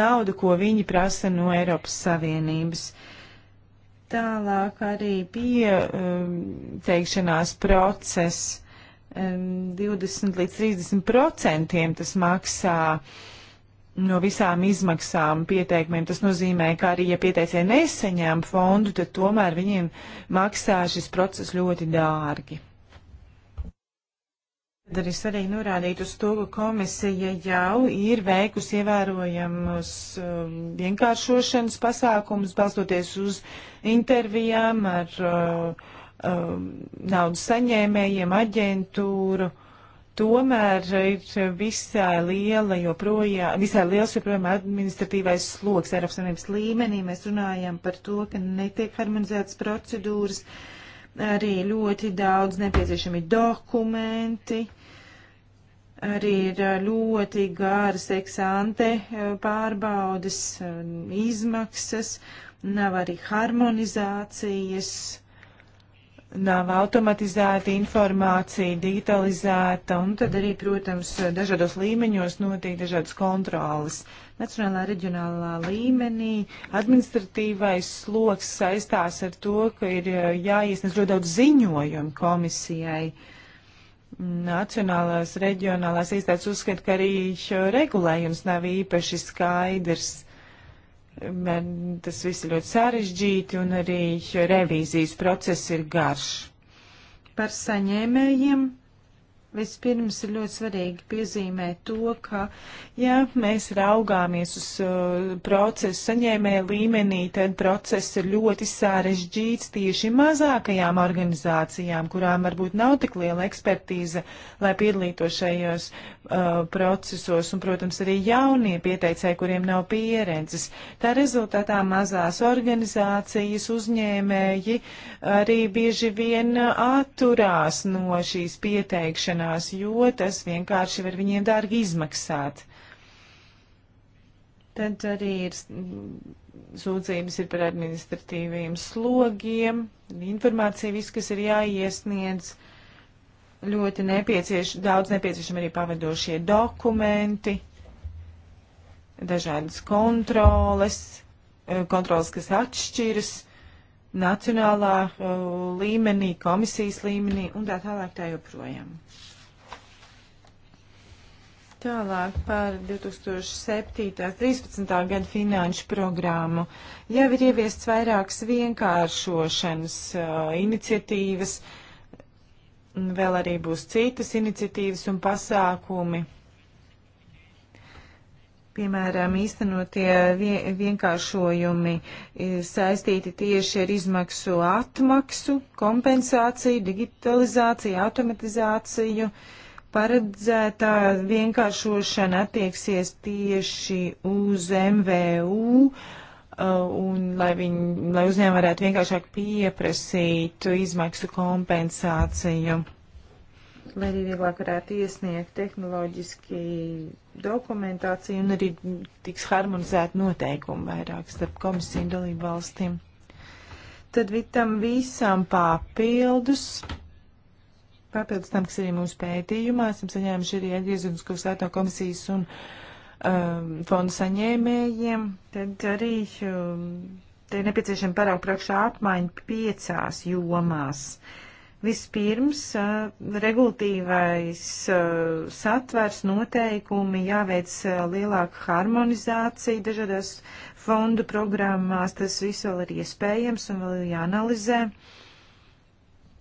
naudu, ko viņi prasa no Eiropas Savienības. Tālāk arī pieteikšanās uh, process. Um, 20 līdz 30 procentiem tas maksā uh, no visām izmaksām pieteikumiem. Tas nozīmē, ka arī, ja pieteicēji neseņēma fondu, tad tomēr viņiem maksā šis process ļoti dārgi. Tad arī svarīgi norādīt uz to, ka komisija jau ir veikusi ievērojamus um, vienkāršošanas pasākumus, balstoties uz intervijām ar uh, um, naudas saņēmējiem, aģentūru Tomēr ir visai liela joprojām, visai liels joprojām administratīvais sloks Eiropas Savienības līmenī. Mēs runājam par to, ka netiek harmonizētas procedūras, arī ļoti daudz nepieciešami dokumenti, arī ir ļoti gāras eksante pārbaudas, izmaksas, nav arī harmonizācijas nav automatizēta informācija, digitalizēta, un tad arī, protams, dažādos līmeņos notiek dažādas kontrolas. Nacionālā, reģionālā līmenī administratīvais sloks saistās ar to, ka ir e, jāiesniedz ļoti daudz ziņojumu komisijai. Nacionālās, reģionālās iestādes uzskata, ka arī regulējums nav īpaši skaidrs Man tas viss ir ļoti sarežģīti un arī revīzijas process ir garš. Par saņēmējiem Vispirms ir ļoti svarīgi piezīmēt to, ka, ja mēs raugāmies uz uh, procesu saņēmēja līmenī, tad process ir ļoti sarežģīts tieši mazākajām organizācijām, kurām varbūt nav tik liela ekspertīze, lai piedalītos šajos uh, procesos, un, protams, arī jaunie pieteicēji, kuriem nav pieredzes. Tā rezultātā mazās organizācijas uzņēmēji arī bieži vien uh, atturās no šīs pieteikšanas vienošanās, jo tas vienkārši var viņiem dārgi izmaksāt. Tad arī ir sūdzības ir par administratīviem slogiem, informācija viss, kas ir jāiesniedz, ļoti nepieciešami, daudz nepieciešami arī pavadošie dokumenti, dažādas kontroles, eh, kontroles, kas atšķiras nacionālā eh, līmenī, komisijas līmenī un tā tālāk tā joprojām. Tālāk par 2007.13. gadu finanšu programmu. Jau ir ieviests vairākas vienkāršošanas uh, iniciatīvas, vēl arī būs citas iniciatīvas un pasākumi. Piemēram, īstenotie vien, vienkāršojumi saistīti tieši ar izmaksu atmaksu, kompensāciju, digitalizāciju, automatizāciju. Uh, Paredzētā vienkāršošana attieksies tieši uz MVU, uh, un lai, viņi, lai uzņēmumi varētu vienkāršāk pieprasīt izmaksu kompensāciju, lai arī vieglāk varētu iesniegt tehnoloģiski dokumentāciju un arī tiks harmonizēt noteikumi vairāk starp komisiju un dalību valstīm. Tad vitam visam papildus Papildus tam, kas arī mūsu pētījumā, esam saņēmuši arī atgriezenisko sēto komisijas un um, fondu saņēmējiem. Tad arī um, te ir nepieciešama paraugu prakšā apmaiņa piecās jomās. Vispirms, uh, regulatīvais uh, satvers noteikumi jāveic uh, lielāka harmonizācija dažādās fondu programmās. Tas viss vēl ir iespējams un vēl jāanalizē. Uh,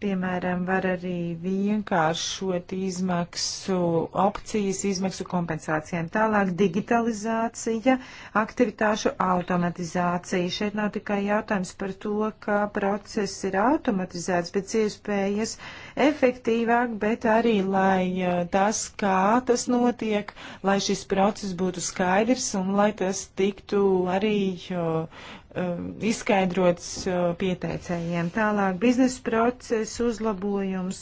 Piemēram, var arī vienkāršot izmaksu opcijas, izmaksu kompensācijām. Tālāk digitalizācija, aktivitāšu automatizācija. Šeit nav tikai jautājums par to, ka process ir automatizēts pēc iespējas efektīvāk, bet arī, lai eh, tas, kā tas notiek, lai šis process būtu skaidrs un lai tas tiktu arī eh, Um, izskaidrots uh, pieteicējiem. Tālāk biznesa procesa uzlabojums,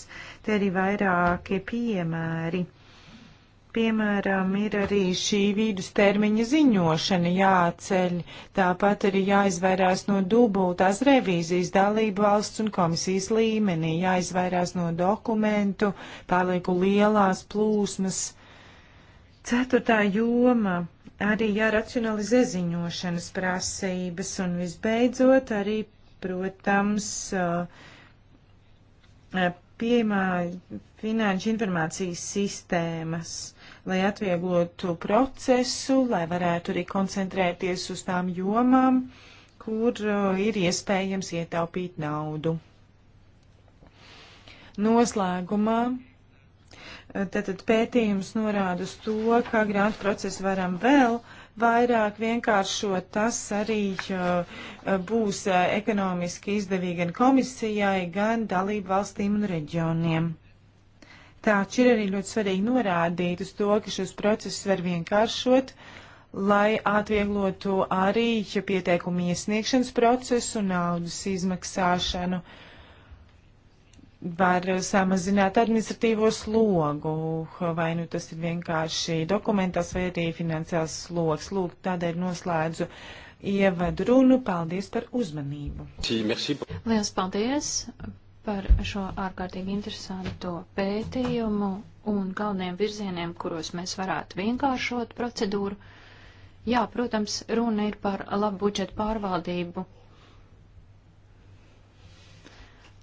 te arī vairākie piemēri. Piemēram, ir arī šī vidustermiņa ziņošana jāceļ, tāpat arī jāizvairās no dubultās revīzijas dalību valsts un komisijas līmenī, jāizvairās no dokumentu, pārlieku lielās plūsmas. Ceturtā joma arī jāracionalizē ziņošanas prasības un visbeidzot arī, protams, uh, uh, pieejamā finanšu informācijas sistēmas, lai atvieglotu procesu, lai varētu arī koncentrēties uz tām jomām, kur uh, ir iespējams ietaupīt naudu. Noslēgumā Tātad pētījums norāda uz to, ka grāmatu procesu varam vēl vairāk vienkāršot. Tas arī uh, uh, būs uh, ekonomiski izdevīgi gan komisijai, gan dalību valstīm un reģioniem. Taču ir arī ļoti svarīgi norādīt uz to, ka šos procesus var vienkāršot, lai atvieglotu arī pieteikumu iesniegšanas procesu, naudas izmaksāšanu. Uh, var samazināt administratīvo slogu, vai nu tas ir vienkārši dokumentas vai arī finansiāls sloks. Lūk, tādēļ noslēdzu ievadu runu. Paldies par uzmanību. Liels paldies par šo ārkārtīgi interesanto pētījumu un galveniem virzieniem, kuros mēs varētu vienkāršot procedūru. Jā, protams, runa ir par labu budžetu pārvaldību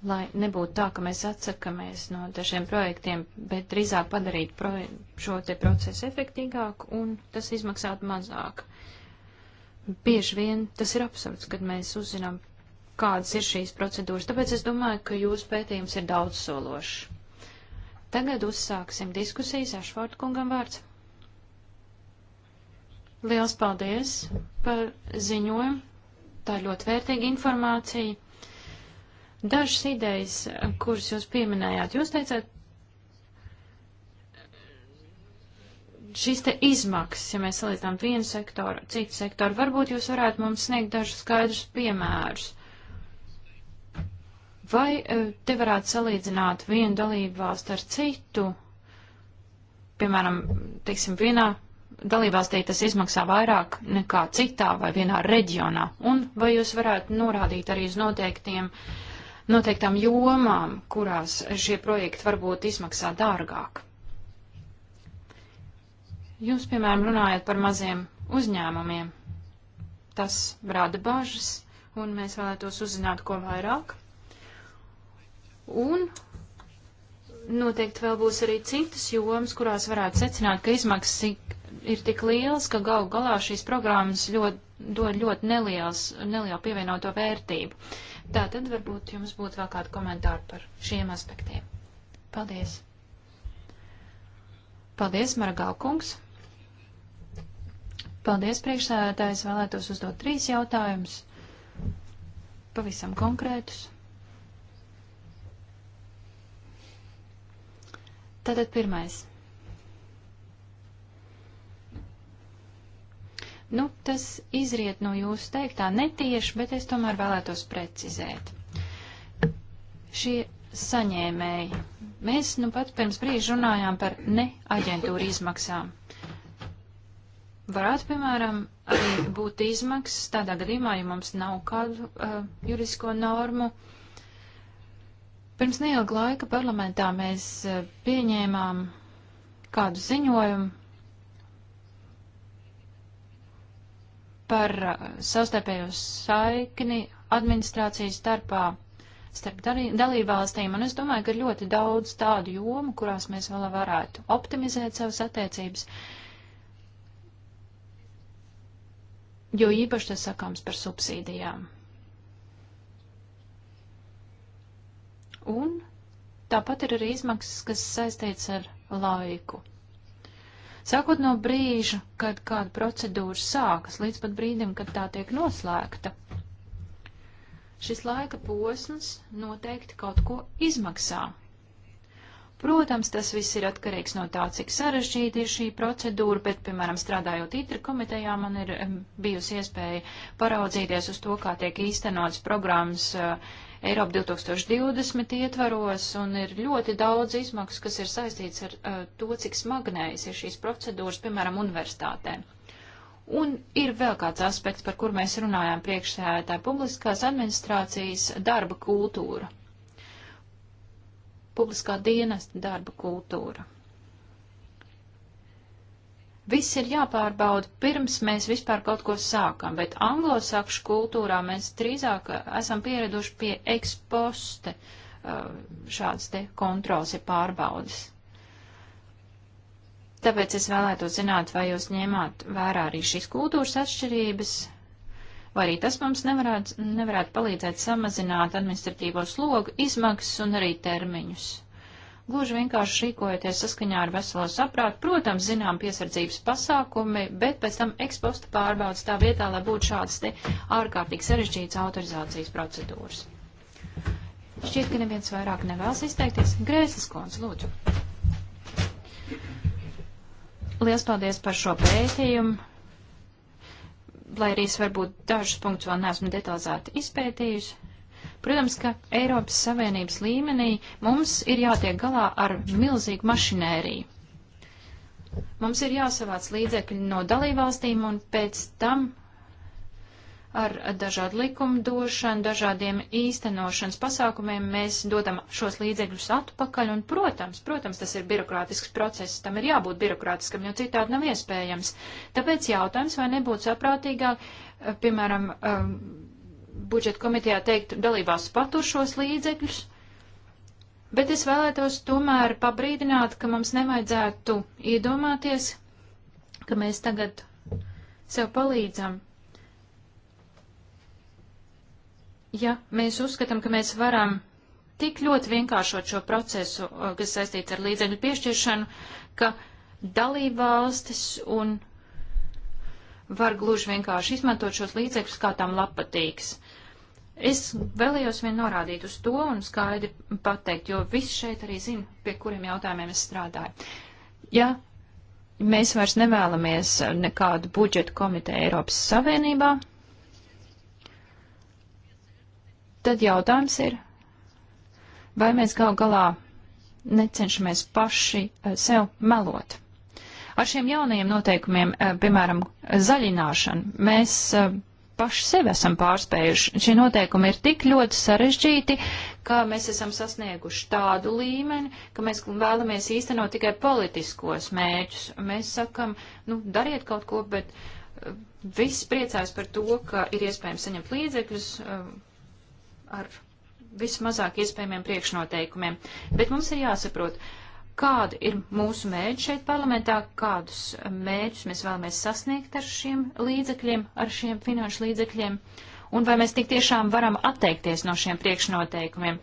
lai nebūtu tā, ka mēs atsakamies no dažiem projektiem, bet drīzāk padarīt proje šo te procesu efektīgāku un tas izmaksātu mazāk. Bieži vien tas ir absurds, kad mēs uzzinām, kādas ir šīs procedūras, tāpēc es domāju, ka jūsu pētījums ir daudz sološs. Tagad uzsāksim diskusijas. Ašvārdu kungam vārds. Liels paldies par ziņojumu. Tā ir ļoti vērtīga informācija. Dažas idejas, kuras jūs pieminējāt, jūs teicāt, šīs te izmaksas, ja mēs salīdzinām vienu sektoru, citu sektoru, varbūt jūs varētu mums sniegt dažus skaidrus piemērus. Vai eh, te varētu salīdzināt vienu dalību valstu ar citu? Piemēram, teiksim, vienā dalībvalstī tas izmaksā vairāk nekā citā vai vienā reģionā. Un vai jūs varētu norādīt arī uz noteiktiem uh, noteiktām jomām, kurās šie projekti varbūt izmaksā dārgāk. Jūs, piemēram, runājat par maziem uzņēmumiem. Tas rada bažas, un mēs vēlētos uzzināt, ko vairāk. Un noteikti vēl būs arī citas jomas, kurās varētu secināt, ka izmaksas ir tik lielas, ka galu galā šīs programmas ļoti, dod ļoti nelielas, nelielu pievienoto vērtību. Tā tad varbūt jums būtu vēl kādi komentāri par šiem aspektiem. Paldies! Paldies, Margalkungs! Paldies, priekšsēdētājs! Vēlētos uzdot trīs jautājumus, pavisam konkrētus. Tātad pirmais. Nu, tas izriet no jūsu teiktā netieši, bet es tomēr vēlētos precizēt. Šie saņēmēji. Mēs nu pat pirms brīža runājām par neaģentūra izmaksām. Varētu, piemēram, arī būt izmaksas tādā gadījumā, ja mums nav kādu uh, juridisko normu. Pirms neilga laika parlamentā mēs uh, pieņēmām kādu ziņojumu par uh, savstarpējo saikni administrācijas starpā starp dalībvalstīm, un es domāju, ka ir ļoti daudz tādu jomu, kurās mēs vēl varētu optimizēt savas attiecības, jo īpaši tas sakāms par subsīdijām. Un tāpat ir arī izmaksas, kas saistīts ar laiku. Sākot no brīža, kad kāda procedūra sākas, līdz pat brīdim, kad tā tiek noslēgta, šis laika posms noteikti kaut ko izmaksā. Protams, tas viss ir atkarīgs no tā, cik sarežģīta ir šī procedūra, bet, piemēram, strādājot ITRA komitejā, man ir bijusi iespēja paraudzīties uz to, kā tiek īstenots programmas uh, Eiropa 2020 ietvaros, un ir ļoti daudz izmaksas, kas ir saistīts ar uh, to, cik smagnējas ir šīs procedūras, piemēram, universitātēm. Un ir vēl kāds aspekts, par kur mēs runājām priekšsēdētāji - publiskās administrācijas darba kultūra. Publiskā dienesta darba kultūra. Viss ir jāpārbauda pirms mēs vispār kaut ko sākam, bet anglosakšu kultūrā mēs drīzāk eh, esam pieraduši pie eksposte eh, šāds te kontrols ir pārbaudas. Tāpēc es vēlētos zināt, vai jūs ņēmāt vērā arī šīs kultūras atšķirības, vai arī tas mums nevarētu, nevarētu palīdzēt samazināt administratīvo slogu, izmaksas un arī termiņus gluži vienkārši rīkojoties saskaņā ar veselo saprātu. Protams, zinām piesardzības pasākumi, bet pēc tam eksposta pārbaudas tā vietā, lai būtu šāds te ārkārtīgi sarežģīts autorizācijas procedūras. Šķiet, ka neviens vairāk nevēlas izteikties. Grēsas kons, lūdzu. Lielas paldies par šo pētījumu. Lai arī es varbūt dažus punktus vēl neesmu detalizēti izpētījusi, Protams, ka Eiropas Savienības līmenī mums ir jātiek galā ar milzīgu mašinēriju. Mums ir jāsavāc līdzekļi no dalībvalstīm un pēc tam ar dažādu likumdošanu, dažādiem īstenošanas pasākumiem mēs dodam šos līdzekļus atpakaļ, un, protams, protams, tas ir birokrātisks process, tam ir jābūt birokrātiskam, jo citādi nav iespējams. Tāpēc jautājums, vai nebūtu saprātīgāk, piemēram, um, budžeta komitejā teikt, dalībās patur šos līdzekļus, bet es vēlētos tomēr pabrīdināt, ka mums nevajadzētu iedomāties, ka mēs tagad sev palīdzam. Ja mēs uzskatām, ka mēs varam tik ļoti vienkāršot šo procesu, eh, kas saistīts ar līdzekļu piešķiršanu, ka dalībvalstis un var gluži vienkārši izmantot šos līdzekļus, kā tām labpatīks. Es vēlējos vien norādīt uz to un skaidri pateikt, jo visi šeit arī zina, pie kuriem jautājumiem es strādāju. Ja mēs vairs nevēlamies nekādu budžetu komiteju Eiropas Savienībā, tad jautājums ir, vai mēs gal galā necenšamies paši eh, sev melot. Ar šiem jaunajiem noteikumiem, eh, piemēram, zaļināšanu, mēs eh, paši sevi esam pārspējuši. Šie noteikumi ir tik ļoti sarežģīti, ka mēs esam sasnieguši tādu līmeni, ka mēs vēlamies īstenot tikai politiskos mēķus. Mēs sakam, nu, dariet kaut ko, bet eh, viss priecājas par to, ka ir iespējams saņemt līdzekļus eh, ar vismazāk iespējamiem priekšnoteikumiem. Bet mums ir jāsaprot, uh, kāda ir mūsu mērķi šeit parlamentā, kādus mērķus mēs vēlamies sasniegt ar šiem līdzekļiem, ar šiem finanšu līdzekļiem, un vai mēs tik tiešām varam atteikties no šiem priekšnoteikumiem.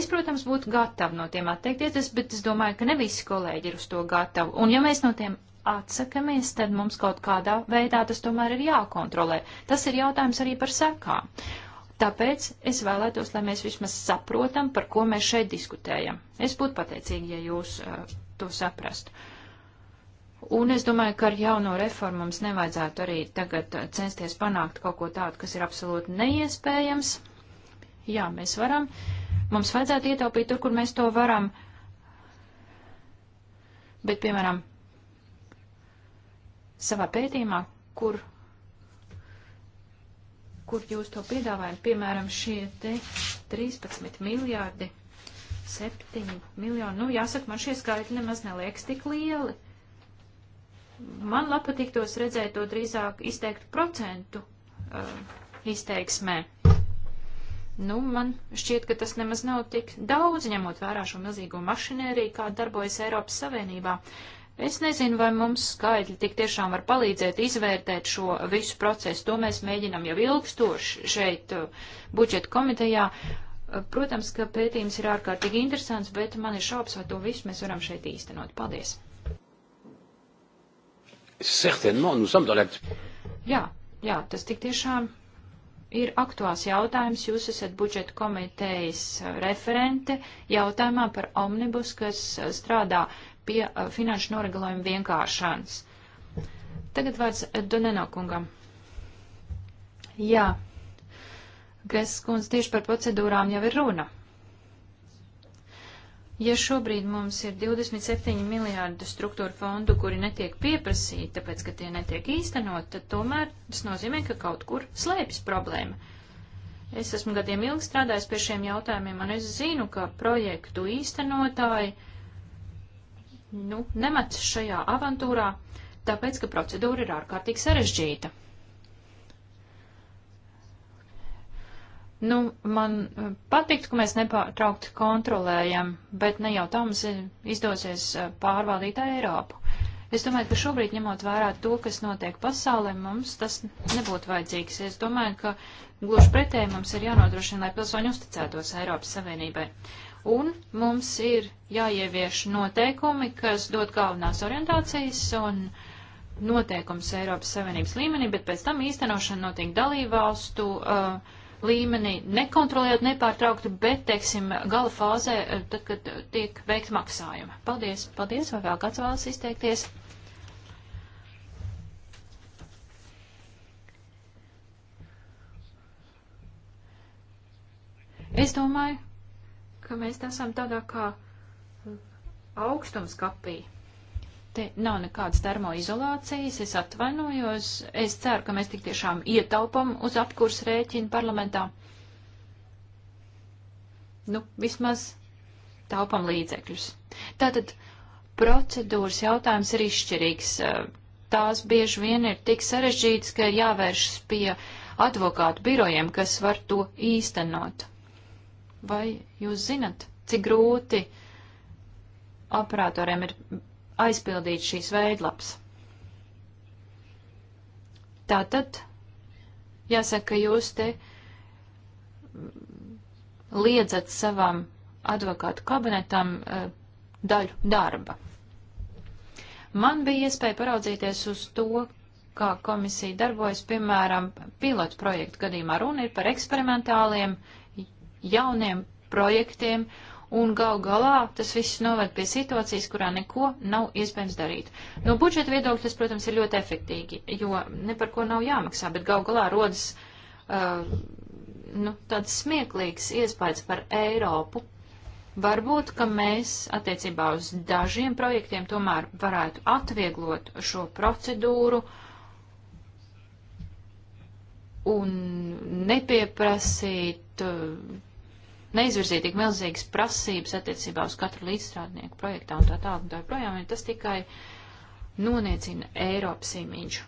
Es, protams, būtu gatava no tiem atteikties, bet es domāju, ka ne visi kolēģi ir uz to gatavi. Un ja mēs no tiem atsakamies, tad mums kaut kādā veidā tas tomēr ir jākontrolē. Tas ir jautājums arī par sekām. Tāpēc es vēlētos, lai mēs vismaz saprotam, par ko mēs šeit diskutējam. Es būtu pateicīgi, ja jūs uh, to saprastu. Un es domāju, ka ar jauno reformu mums nevajadzētu arī tagad eh, censties panākt kaut ko tādu, kas ir absolūti neiespējams. Jā, mēs varam. Mums vajadzētu ietaupīt tur, kur mēs to varam. Bet, piemēram, savā pētījumā, kur kur jūs to piedāvājat, piemēram, šie te 13 miljārdi, 7 miljoni. Nu, jāsaka, man šie skaitļi nemaz neliekas tik lieli. Man labpatīk tos redzēt to drīzāk izteiktu procentu uh, izteiksmē. Nu, man šķiet, ka tas nemaz nav tik daudz, ņemot vērā šo milzīgo mašinēriju, kā darbojas Eiropas Savienībā. Uh, Es nezinu, vai mums skaidri tik tiešām var palīdzēt izvērtēt šo visu procesu. To mēs mēģinam jau ilgstoši šeit uh, budžeta komitejā. Uh, protams, ka pētījums ir ārkārtīgi interesants, bet man ir šaubas, vai to visu mēs varam šeit īstenot. Paldies! Jā, jā, tas tik tiešām ir aktuāls jautājums. Jūs esat budžeta komitejas uh, referente jautājumā par omnibus, kas strādā pie uh, finanšu noregulējuma vienkāršanas. Tagad vārds Doneno kungam. Jā, Gresas kundze tieši par procedūrām jau ir runa. Ja šobrīd mums ir 27 miljārdu struktūra fondu, kuri netiek pieprasīti, tāpēc, ka tie netiek īstenot, tad tomēr tas nozīmē, ka kaut kur slēpjas problēma. Es esmu gadiem ilgi strādājis pie šiem jautājumiem, un es zinu, ka projektu īstenotāji uh, nu, nemets šajā avantūrā, tāpēc, ka procedūra ir ārkārtīgi sarežģīta. Nu, man eh, patiktu, ka mēs nepārtraukti kontrolējam, bet ne jau tā mums eh, izdosies eh, pārvaldīt Eiropu. Es domāju, ka šobrīd, ņemot vērā to, kas notiek pasaulē, mums tas nebūtu vajadzīgs. Es domāju, ka gluži pretēji mums ir jānodrošina, lai pilsoņi uzticētos Eiropas Savienībai un mums ir jāievieš noteikumi, kas dod galvenās orientācijas un noteikums Eiropas Savienības līmenī, bet pēc tam īstenošana notiek dalībvalstu uh, līmenī, nekontrolējot nepārtraukti, bet, teiksim, gala fāzē, uh, tad, kad tiek veikt maksājumi. Paldies, paldies, vai vēl kāds vēlas izteikties? Es domāju, ka mēs esam tādā kā eh, augstums Te nav nekādas termoizolācijas, es atvainojos. Es ceru, ka mēs tik tiešām ietaupam uz apkurs rēķinu parlamentā. Nu, vismaz taupam līdzekļus. Tātad procedūras jautājums ir izšķirīgs. Tās bieži vien ir tik sarežģītas, ka ir jāvēršas pie advokātu birojiem, kas var to īstenot. Vai jūs zinat, cik grūti operatoriem ir aizpildīt šīs veidlaps? Tātad, jāsaka, ka jūs te liedzat savam advokātu kabinetam eh, daļu darba. Man bija iespēja paraudzīties uz to, kā komisija darbojas, piemēram, pilotu projektu gadījumā runa ir par eksperimentāliem jauniem projektiem, un gal galā tas viss noved pie situācijas, kurā neko nav iespējams darīt. No budžeta viedokļa tas, protams, ir ļoti efektīgi, jo ne par ko nav jāmaksā, bet gal galā rodas uh, nu, tāds smieklīgs iespējas par Eiropu. Varbūt, ka mēs attiecībā uz dažiem projektiem tomēr varētu atvieglot šo procedūru un nepieprasīt uh, neizvirzīja tik milzīgas prasības attiecībā uz katru līdzstrādnieku projektā un tā tālāk un tā joprojām, un tas tikai noniecina Eiropas imīģu.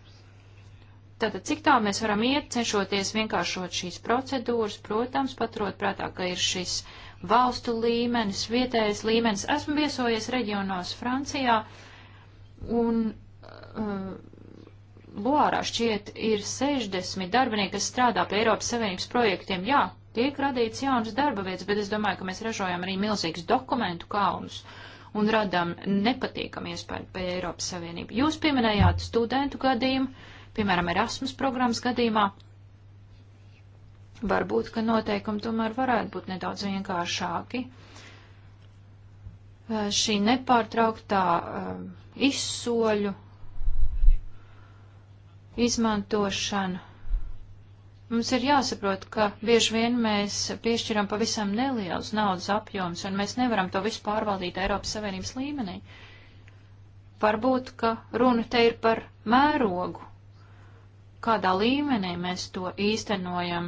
Tātad, cik tā mēs varam iet, cenšoties vienkāršot šīs procedūras, protams, paturot prātā, ka ir šis valstu līmenis, vietējais līmenis. Esmu viesojies reģionos Francijā, un uh, Loārā šķiet ir 60 darbinieki, kas strādā pie Eiropas Savienības projektiem. Jā, tiek radīts jaunas darba vietas, bet es domāju, ka mēs ražojam arī milzīgus dokumentu kalnus un radām nepatīkamu iespēju par Eiropas Savienību. Jūs pieminējāt studentu gadījumu, piemēram, Erasmus programmas gadījumā. Varbūt, ka noteikumi tomēr varētu būt nedaudz vienkāršāki. Šī nepārtrauktā izsoļu izmantošana Mums ir jāsaprot, ka bieži vien mēs piešķiram pavisam nelielus naudas apjoms, un mēs nevaram to visu pārvaldīt Eiropas Savienības līmenī. Varbūt, ka runa te ir par mērogu, kādā līmenī mēs to īstenojam.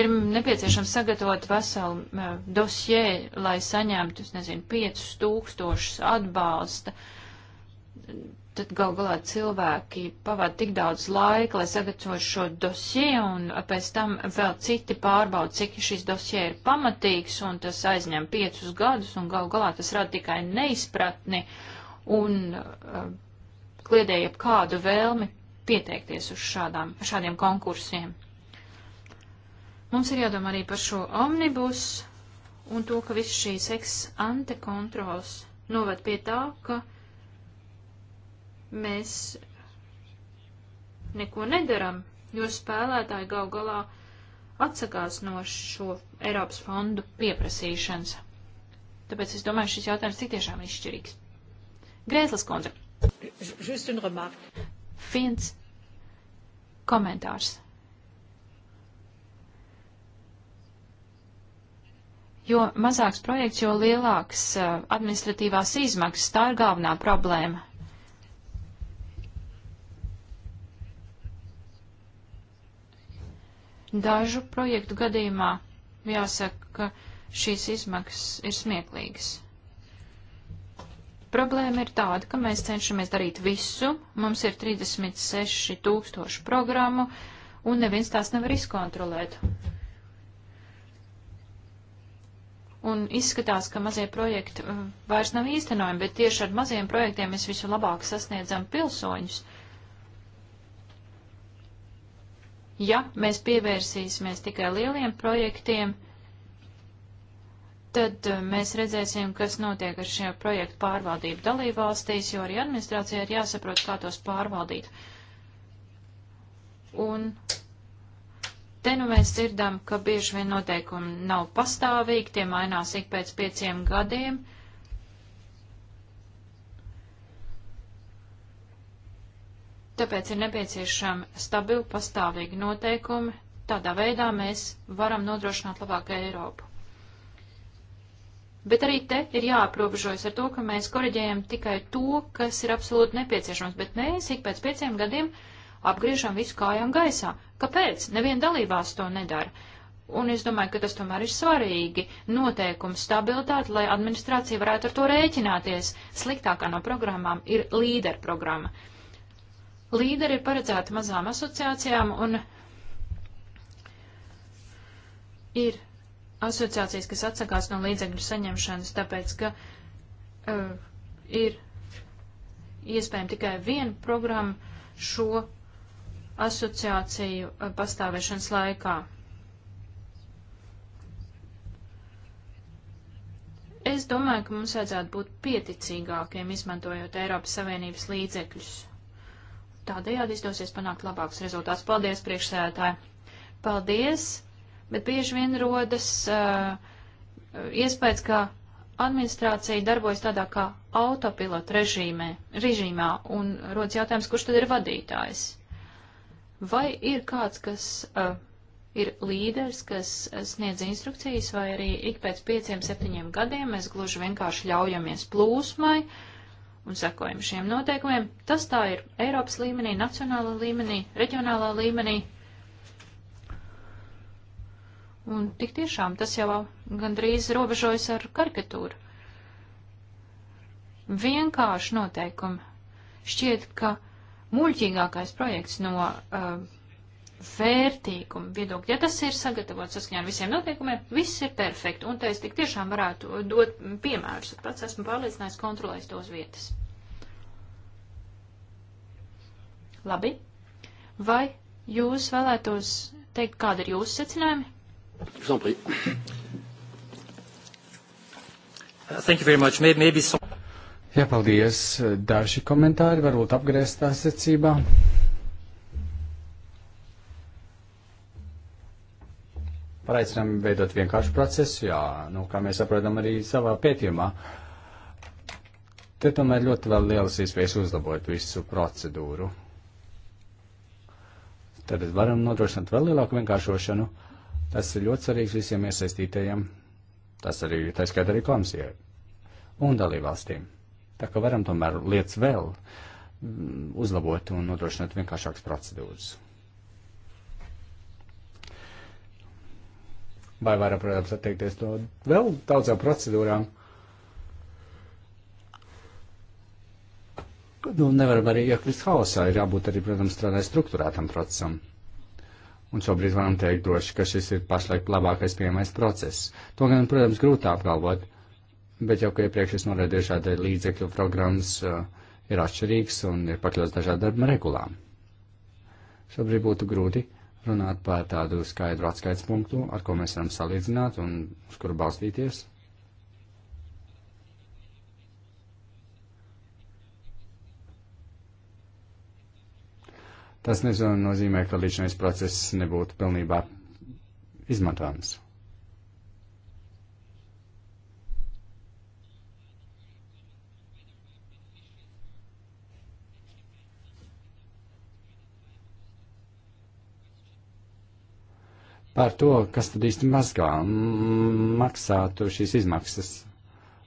Ir nepieciešams sagatavot veselu eh, dosjē, lai saņemtu, es nezinu, 5000 atbalsta tad gal galā cilvēki pavada tik daudz laika, lai sagatavotu šo dosie, un pēc tam vēl citi pārbauda, cik šis dosie ir pamatīgs, un tas aizņem piecus gadus, un gal galā tas rada tikai neizpratni un uh, kliedēja kādu vēlmi pieteikties uz šādām, šādiem konkursiem. Mums ir jādomā arī par šo omnibus un to, ka viss šīs ex ante kontrols novad pie tā, ka mēs neko nedaram, jo spēlētāji gal galā atsakās no šo Eiropas fondu pieprasīšanas. Tāpēc es domāju, šis jautājums tik tiešām izšķirīgs. Grēslas kundze. Viens komentārs. Jo mazāks projekts, jo lielāks eh, administratīvās izmaksas, tā ir galvenā problēma. Dažu projektu gadījumā jāsaka, ka šīs izmaksas ir smieklīgas. Problēma ir tāda, ka mēs cenšamies darīt visu, mums ir 36 tūkstoši programmu, un neviens tās nevar izkontrolēt. Un izskatās, ka mazie projekti uh, vairs nav īstenojami, bet tieši ar maziem projektiem mēs visu labāk sasniedzam pilsoņus. ja mēs pievērsīsimies tikai lieliem projektiem, tad eh, mēs redzēsim, kas notiek ar šiem projektu pārvaldību dalībvalstīs, jo arī administrācijai ir jāsaprot, kā tos pārvaldīt. Un te nu mēs dzirdam, ka bieži vien noteikumi nav pastāvīgi, tie mainās ik pēc pieciem gadiem. Uh, Tāpēc ir nepieciešami stabili, pastāvīgi noteikumi. Tādā veidā mēs varam nodrošināt labāku Eiropu. Bet arī te ir jāaprobežojas ar to, ka mēs koriģējam tikai to, kas ir absolūti nepieciešams, bet mēs ik pēc pieciem gadiem apgriežam visu kājām gaisā. Kāpēc? Neviena dalībās to nedara. Un es domāju, ka tas tomēr ir svarīgi. Noteikums stabilitāte, lai administrācija varētu ar to rēķināties. Sliktākā no programmām ir līderprogramma. programma Līderi ir paredzēti mazām asociācijām un ir asociācijas, kas atsakās no līdzekļu saņemšanas, tāpēc, ka uh, ir iespējams tikai viena programma šo asociāciju uh, pastāvēšanas laikā. Es domāju, ka mums vajadzētu būt pieticīgākiem, izmantojot Eiropas Savienības līdzekļus. Tādējādi izdosies panākt labāks rezultāts. Paldies, priekšsēdētāji! Paldies! Bet bieži vien rodas uh, iespējas, ka administrācija darbojas tādā kā autopilota režīmē, režīmā, un rodas jautājums, kurš tad ir vadītājs? Vai ir kāds, kas uh, ir līderis, kas sniedz instrukcijas, vai arī ik pēc pieciem, septiņiem gadiem mēs gluži vienkārši ļaujamies plūsmai, uh, un sekojam šiem noteikumiem. Tas tā ir Eiropas līmenī, nacionālā līmenī, reģionālā līmenī. Un tik tiešām tas jau gandrīz robežojas ar karikatūru. Vienkārši noteikumi. Šķiet, ka muļķīgākais projekts no uh, vērtīgumu viedokļu. Ja tas ir sagatavots saskaņā ar visiem noteikumiem, viss ir perfekti, un tā es tik tiešām varētu dot piemērus. Pats esmu pārliecināts kontrolējis tos vietas. Labi. Vai jūs vēlētos teikt, kāda ir jūsu secinājumi? Uh, thank you very much. Maybe, maybe some... Jā, paldies. Daži komentāri varbūt apgrēstā secībā. par aicinājumu veidot vienkāršu procesu, jā, nu, kā mēs saprotam arī savā pētījumā. Te tomēr ļoti vēl lielas iespējas uzlabot visu procedūru. Tad varam nodrošināt vēl lielāku vienkāršošanu. Tas ir ļoti svarīgs visiem iesaistītajiem. Tas arī, tā skaitā arī komisijai un dalībvalstīm. Tā kā varam tomēr lietas vēl mm, uzlabot un nodrošināt vienkāršākas procedūras. vai varam, protams, atteikties no vēl daudzām procedūrām. Nu, nevaram arī iekrist haosā, ir jābūt arī, protams, tādai struktūrētam procesam. Un šobrīd varam teikt droši, ka šis ir pašlaik labākais pieejamais process. To gan, protams, grūti apgalvot, bet jau, ka iepriekš es norādīju šādai līdzekļu programmas uh, ir atšķirīgs un ir pakļauts dažādām regulām. Šobrīd būtu grūti runāt par tādu skaidru atskaits punktu, ar ko mēs varam salīdzināt un uz kuru balstīties. Tas nezinu, nozīmē, ka līdzinājums process nebūtu pilnībā izmantojams. par to, kas tad īsti mazgā, maksātu šīs izmaksas.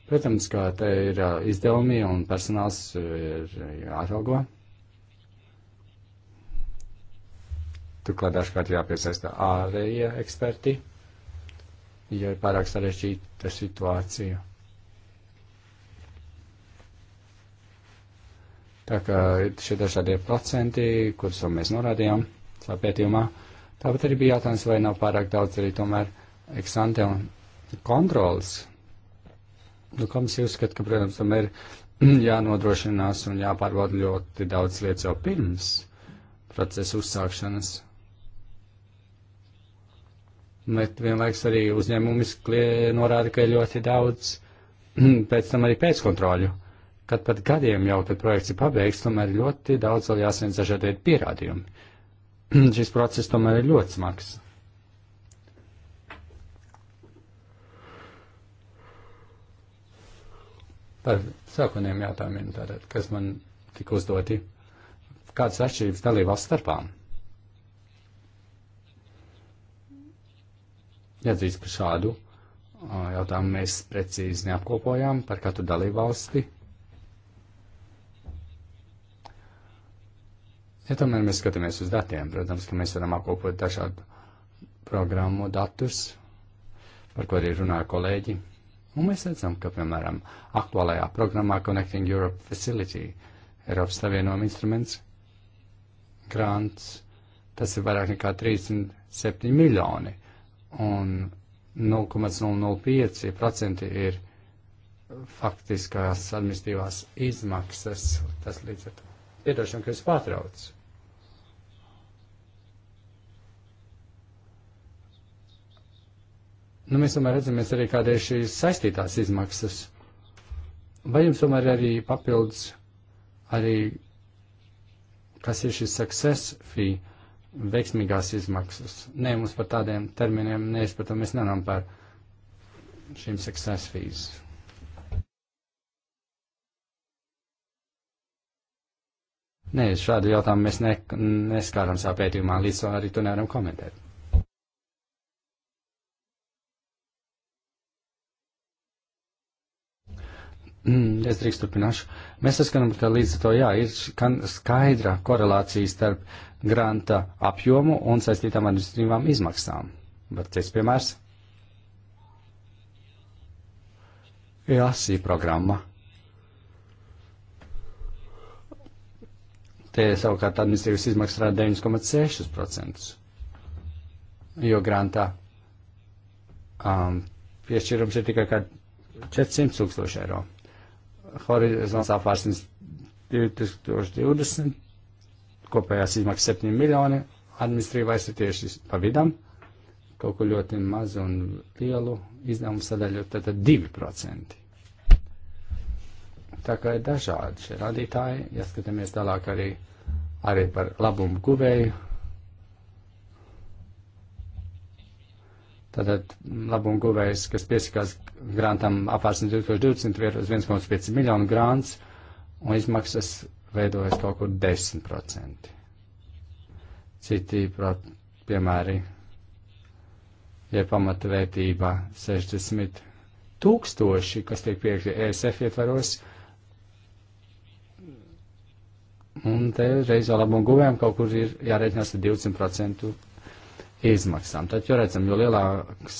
Protams, kā te ir izdevumi un personāls ir jāatalgo. Turklāt dažkārt jāpiesaista ārējie eksperti, ja ir pārāk sarežģīta situācija. Tā kā ir šie dažādie procenti, kurus jau mēs norādījām savā pētījumā. Uh, Tāpat arī bija jautājums, vai nav pārāk daudz arī tomēr eksante un kontrolas. Nu, komisija uzskata, ka, protams, tam ir <clears throat> jānodrošinās un jāpārbauda ļoti daudz lietas jau pirms procesa uzsākšanas. Bet vienlaiks arī uzņēmumis norāda, ka ir ļoti daudz <clears throat> pēc tam arī pēckontroļu. Kad pat gadiem jau, kad projekts ir pabeigts, tomēr ļoti daudz vēl jāsniedz dažādi pierādījumi. <clears throat> šis process tomēr ir ļoti smags. Par sākotnējiem jautājumiem, tātad, kas man tika uzdoti, kādas atšķirības dalībās starpām? Jāatzīst, ka šādu jautājumu mēs precīzi neapkopojām par katru dalībvalsti. valsti Ja tomēr mēs skatāmies uz datiem, protams, ka mēs varam apkopot dažādu programmu datus, par ko arī runāja kolēģi. Un mēs redzam, ka, piemēram, aktuālajā programmā Connecting Europe Facility, Eiropas Savienojuma instruments, grants, tas ir vairāk nekā 37 miljoni, un 0,005% ir faktiskās administratīvās izmaksas. Tas līdz ar to piedošana, ka jūs pārtrauc. nu, mēs tomēr redzamies arī, kāda ir šīs saistītās izmaksas. Vai jums tomēr arī papildus arī, kas ir šis success fee, veiksmīgās izmaksas? Nē, mums par tādiem terminiem, nē, par to mēs nenam par šīm success fees. Nē, šādu jautājumu mēs ne, neskāram savā pētījumā, līdz to arī to nevaram komentēt. Mm, es drīkst turpināšu. Mēs saskanam, ka līdz ar to jā, ir skaidra korelācija starp granta apjomu un saistītām administratīvām izmaksām. Bet cits piemērs e - EASI programma. Te savukārt administratīvas izmaksas rāda 9,6%, jo grantā um, piešķirums ir tikai kā 400 tūkstoši eiro horizonts apvārsnes 2020, kopējās izmaksas 7 miljoni, administrīvais ir tieši pa vidam, kaut ko ļoti mazu un lielu izdevumu sadaļu, tad 2%. Tā kā ir dažādi šie rādītāji, ja skatāmies tālāk arī, arī par labumu guvēju Tātad labumu guvējs, kas piesakās grantam apvārsni 2020, ir uz 1,5 miljonu grants, un izmaksas veidojas kaut kur 10%. Citi, prot, piemēri, ja pamata vērtība 60 tūkstoši, kas tiek piekļi ESF ietvaros, un te reiz vēl labumu guvējiem kaut kur ir jārēķinās ar 20% izmaksām. Tad, jo redzam, jo lielāks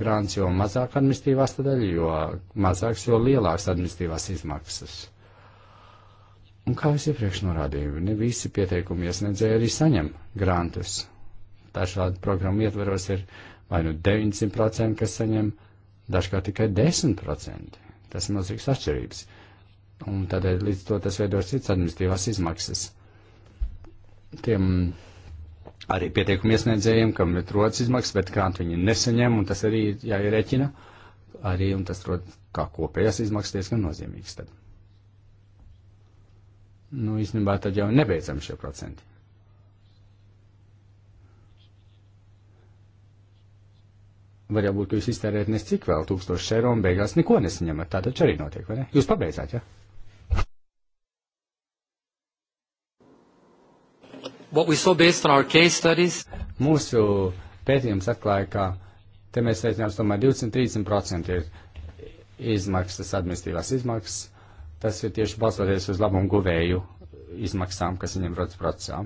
grāns, jo mazāk administratīvā sadaļa, jo mazāks, jo lielāks administratīvās izmaksas. Un kā es iepriekš norādīju, ne visi pieteikumi iesniedzēji arī saņem grantus. Dažādu programmu ietveros ir vai nu 900%, kas saņem, dažkārt tikai 10%. Tas ir milzīgs atšķirības. Un tādēļ līdz to tas veidos cits administratīvās izmaksas. Tiem arī pieteikumu iesniedzējiem, kam ir rodas izmaksas, bet grāntu viņi nesaņem, un tas arī jāierēķina, arī, un tas rod kā kopējās izmaksas diezgan nozīmīgs tad. Nu, īstenībā tad jau nebeidzam šie procenti. Var jau būt, ka jūs iztērējat nes cik vēl tūkstoši eiro un beigās neko nesaņemat. Tā taču arī notiek, vai ne? Jūs pabeidzāt, jā? Ja? what we saw based on our case studies. Mūsu pētījums atklāja, ka te mēs reiķinām tomēr 20-30% ir izmaksas, administratīvās izmaksas. Tas ir tieši balstoties uz labumu guvēju izmaksām, kas viņiem rodas procesā.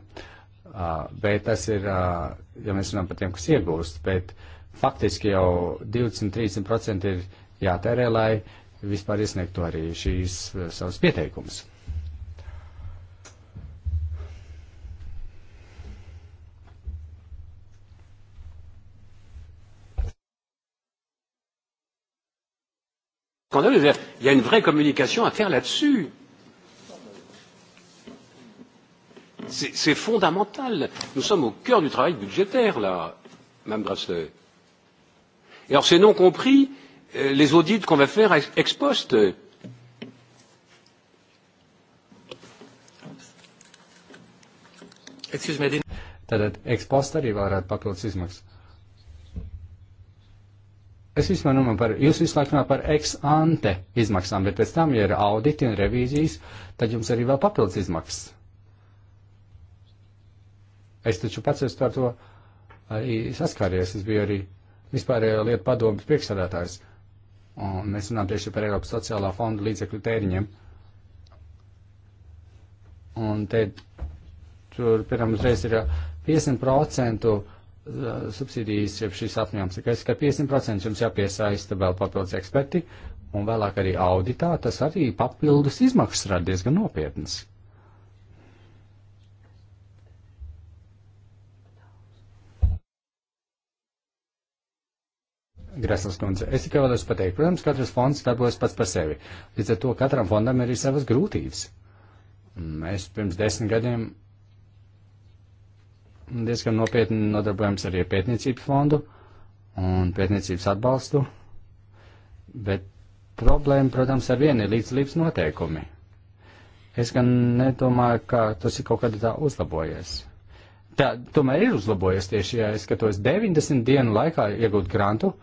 Uh, bet tas ir, uh, ja mēs runājam par tiem, kas iegūst, bet faktiski jau 20-30% ir jātērē, lai vispār iesniegtu arī šīs uh, savas pieteikumus. scandaleuse. Il y a une vraie communication à faire là-dessus. C'est fondamental. Nous sommes au cœur du travail budgétaire, là, Mme Grasset. Et alors, c'est non compris euh, les audits qu'on va faire ex post. Tātad ex post arī varētu papildus izmaksas. Es vispār domāju par, jūs visu laiku runājat par ex ante izmaksām, bet pēc tam, ja ir auditi un revīzijas, tad jums arī vēl papildus izmaksas. Es taču pats esmu ar to arī saskāries. Es biju arī vispārējo lietu padomu priekšsādātājs. Un mēs runājam tieši par Eiropas sociālā fonda līdzekļu tēriņiem. Un te tur, piemēram, uzreiz ir 50% subsīdijas, jeb šīs apņēmums, ka es, ka 50% jums jāpiesaista vēl papildus eksperti, un vēlāk arī auditā, tas arī papildus izmaksas rada diezgan nopietnas. Greslas kundze, es tikai vēlos pateikt, protams, katrs fonds darbojas pats par sevi. Līdz ar to katram fondam ir savas grūtības. Es pirms desmit gadiem diezgan nopietni nodarbojams arī ar pētniecības fondu un pētniecības atbalstu, bet problēma, protams, ar vienu ir līdzlības noteikumi. Es gan nedomāju, ka tas ir kaut kādā tā uzlabojies. Tā tomēr ir uzlabojies tieši, ja es skatos 90 dienu laikā iegūt grantu,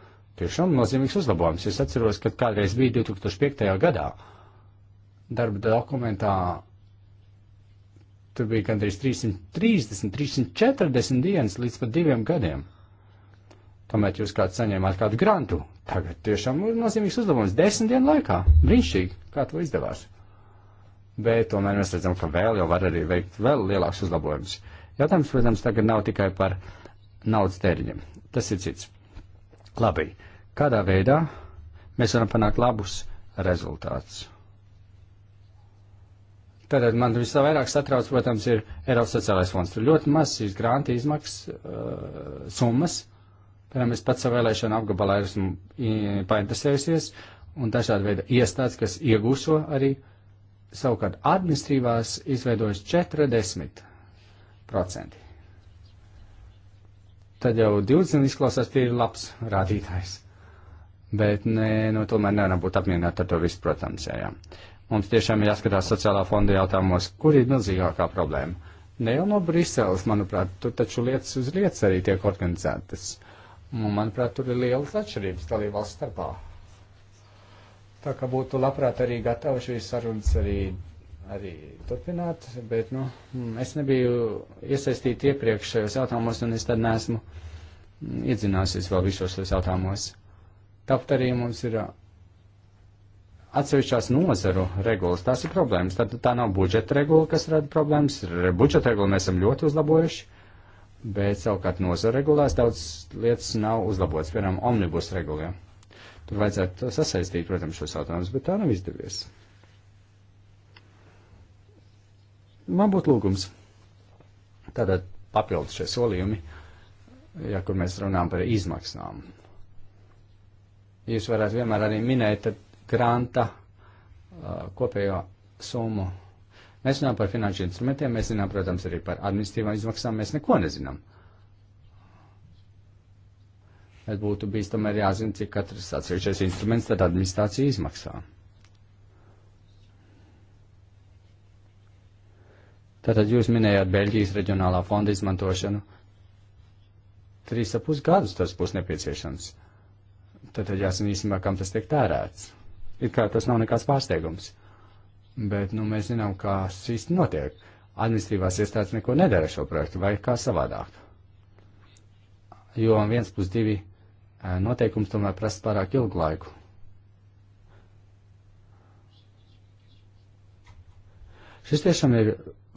tiešām nozīmīgs uzlabojums. Es atceros, ka kādreiz bija 2005. gadā darba dokumentā Tur bija gandrīz 330, 340 dienas līdz pat diviem gadiem. Tomēr jūs kāds saņēmāt kādu grantu. Tagad tiešām ir nu, nozīmīgs uzdevums desmit dienu laikā. Brīnišķīgi, kā to izdevās. Bet tomēr mēs redzam, ka vēl jau var arī veikt vēl lielāks uzlabojums. Jautājums, protams, tagad nav tikai par naudas tēriņiem. Tas ir cits. Labi, kādā veidā mēs varam panākt labus rezultātus? Tātad man visvairāk satrauc, protams, ir Eiropas sociālais fonds. Tur ļoti maz šīs grānta izmaksas uh, summas. Piemēram, es pats savā vēlēšana apgabalā esmu painteresējusies, un dažādi veidi iestādes, kas iegūšo arī savukārt administrīvās izveidojas 40%. Tad jau 20 izklausās, tie ir labs rādītājs. Bet nē, nu tomēr nevaram būt apmierināti ar to visu, protams, jā, jā. Mums tiešām jāskatās sociālā fonda jautājumos, kur ir milzīgākā problēma. Ne jau no Briseles, manuprāt, tur taču lietas uz lietas arī tiek organizētas. Un, manuprāt, tur ir lielas atšķirības dalībvalsts starpā. Tā kā būtu labprāt arī gatava šīs sarunas arī, arī turpināt, bet, nu, mm, es nebiju iesaistīti iepriekšējos jautājumos, un es tad neesmu mm, iedzināsies vēl visos šos jautājumos. Tāpat arī mums ir atsevišķās nozaru regulas. Tās ir problēmas. Tad tā nav budžeta regula, kas rada problēmas. Budžeta regulu mēs esam ļoti uzlabojuši, bet savukārt nozaru regulās daudz lietas nav uzlabotas, piemēram, omnibus regulē. Tur vajadzētu sasaistīt, protams, šos jautājumus, bet tā nav izdevies. Man būtu lūgums. Tātad papildus šie solījumi, ja kur mēs runājam par izmaksām. Jūs varētu vienmēr arī minēt, tad granta uh, kopējo summu. Mēs runājam par finanšu instrumentiem, mēs zinām, protams, arī par administratīvām izmaksām, mēs neko nezinām. Bet būtu bijis tomēr jāzina, cik katrs atsevišķais instruments tad administrācija izmaksā. Tātad jūs minējāt Beļģijas reģionālā fonda izmantošanu. Trīs ap pus gadus tas būs nepieciešams. Tātad jāsaka īstenībā, kam tas tiek tērēts. It kā tas nav nekāds pārsteigums. Bet, nu, mēs zinām, kas īsti notiek. Administrīvās iestādes neko nedara šo projektu, vai kā savādāk. Jo viens plus divi noteikums tomēr prasa pārāk ilgu laiku. Šis tiešām ir